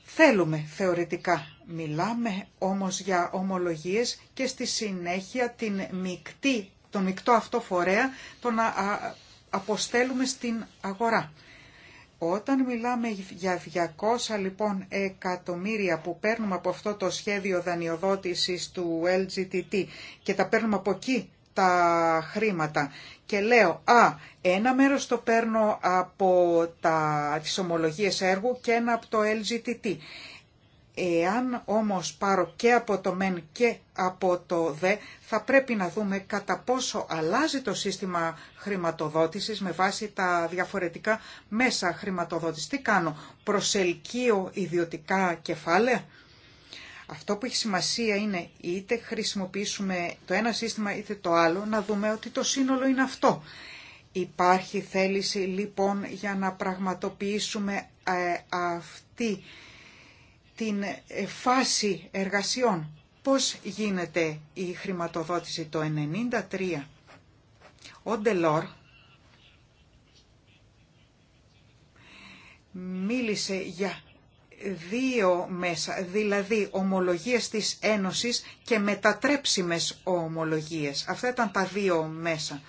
Speaker 2: Θέλουμε θεωρητικά, μιλάμε όμως για ομολογίες και στη συνέχεια την μεικτή το μεικτό αυτό φορέα να αποστέλουμε στην αγορά. Όταν μιλάμε για 200 λοιπόν εκατομμύρια που παίρνουμε από αυτό το σχέδιο δανειοδότησης του LGTT και τα παίρνουμε από εκεί τα χρήματα και λέω «Α, ένα μέρος το παίρνω από τα, τις ομολογίες έργου και ένα από το LGTT». Εάν όμως πάρω και από το μεν και από το δε, θα πρέπει να δούμε κατά πόσο αλλάζει το σύστημα χρηματοδότησης με βάση τα διαφορετικά μέσα χρηματοδότησης. Τι κάνω, προσελκύω ιδιωτικά κεφάλαια. Αυτό που έχει σημασία είναι είτε χρησιμοποιήσουμε το ένα σύστημα είτε το άλλο, να δούμε ότι το σύνολο είναι αυτό. Υπάρχει θέληση λοιπόν για να πραγματοποιήσουμε ε, αυτή την ε, φάση εργασιών. Πώς γίνεται η χρηματοδότηση το 1993. Ο Ντελόρ μίλησε για δύο μέσα, δηλαδή ομολογίες της Ένωσης και μετατρέψιμες ομολογίες. Αυτά ήταν τα δύο μέσα.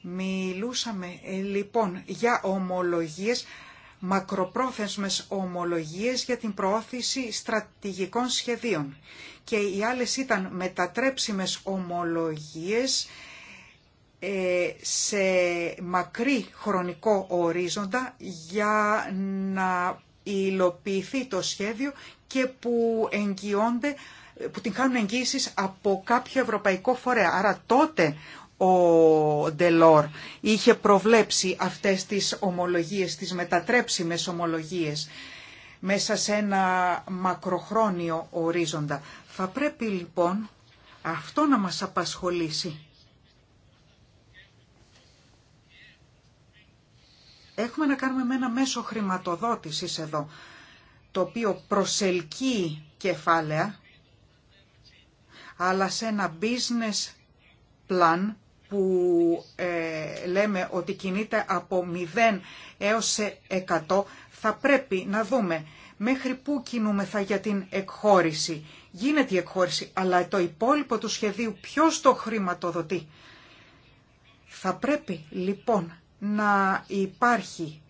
Speaker 2: Μιλούσαμε ε, λοιπόν για ομολογίες μακροπρόθεσμες ομολογίες για την προώθηση στρατηγικών σχεδίων και οι άλλες ήταν μετατρέψιμες ομολογίες ε, σε μακρύ χρονικό ορίζοντα για να υλοποιηθεί το σχέδιο και που που την κάνουν εγγύησεις από κάποιο ευρωπαϊκό φορέα. Άρα τότε ο Ντελόρ είχε προβλέψει αυτές τις ομολογίες, τις μετατρέψιμες ομολογίες μέσα σε ένα μακροχρόνιο ορίζοντα. Θα πρέπει λοιπόν αυτό να μας απασχολήσει. Έχουμε να κάνουμε με ένα μέσο χρηματοδότησης εδώ, το οποίο προσελκύει κεφάλαια, αλλά σε ένα business plan που ε, λέμε ότι κινείται από 0 έως 100, θα πρέπει να δούμε μέχρι πού κινούμεθα για την εκχώρηση. Γίνεται η εκχώρηση, αλλά το υπόλοιπο του σχεδίου ποιος το χρηματοδοτεί. Θα πρέπει λοιπόν να υπάρχει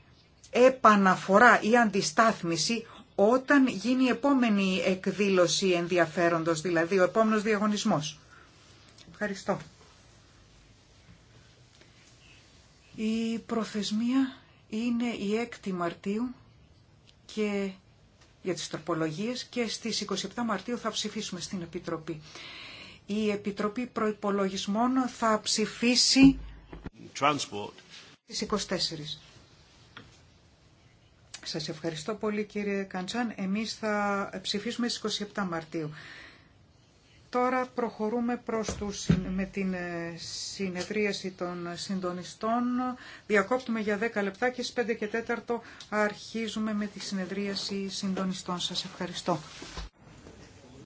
Speaker 2: επαναφορά ή αντιστάθμιση όταν γίνει η επόμενη εκδήλωση ενδιαφέροντος, δηλαδή ο επόμενος διαγωνισμός. Ευχαριστώ. Η προθεσμία είναι η 6η Μαρτίου και για τις τροπολογίες και στις 27 Μαρτίου θα ψηφίσουμε στην Επιτροπή. Η Επιτροπή Προϋπολογισμών θα ψηφίσει Transport. στις 24. Σας ευχαριστώ πολύ κύριε Καντσάν. Εμείς θα ψηφίσουμε στις 27 Μαρτίου. Τώρα προχωρούμε προς τους, με την ε, συνεδρίαση των συντονιστών. Διακόπτουμε για 10 λεπτά και στις 5 και 4 αρχίζουμε με τη συνεδρίαση συντονιστών. Σας ευχαριστώ.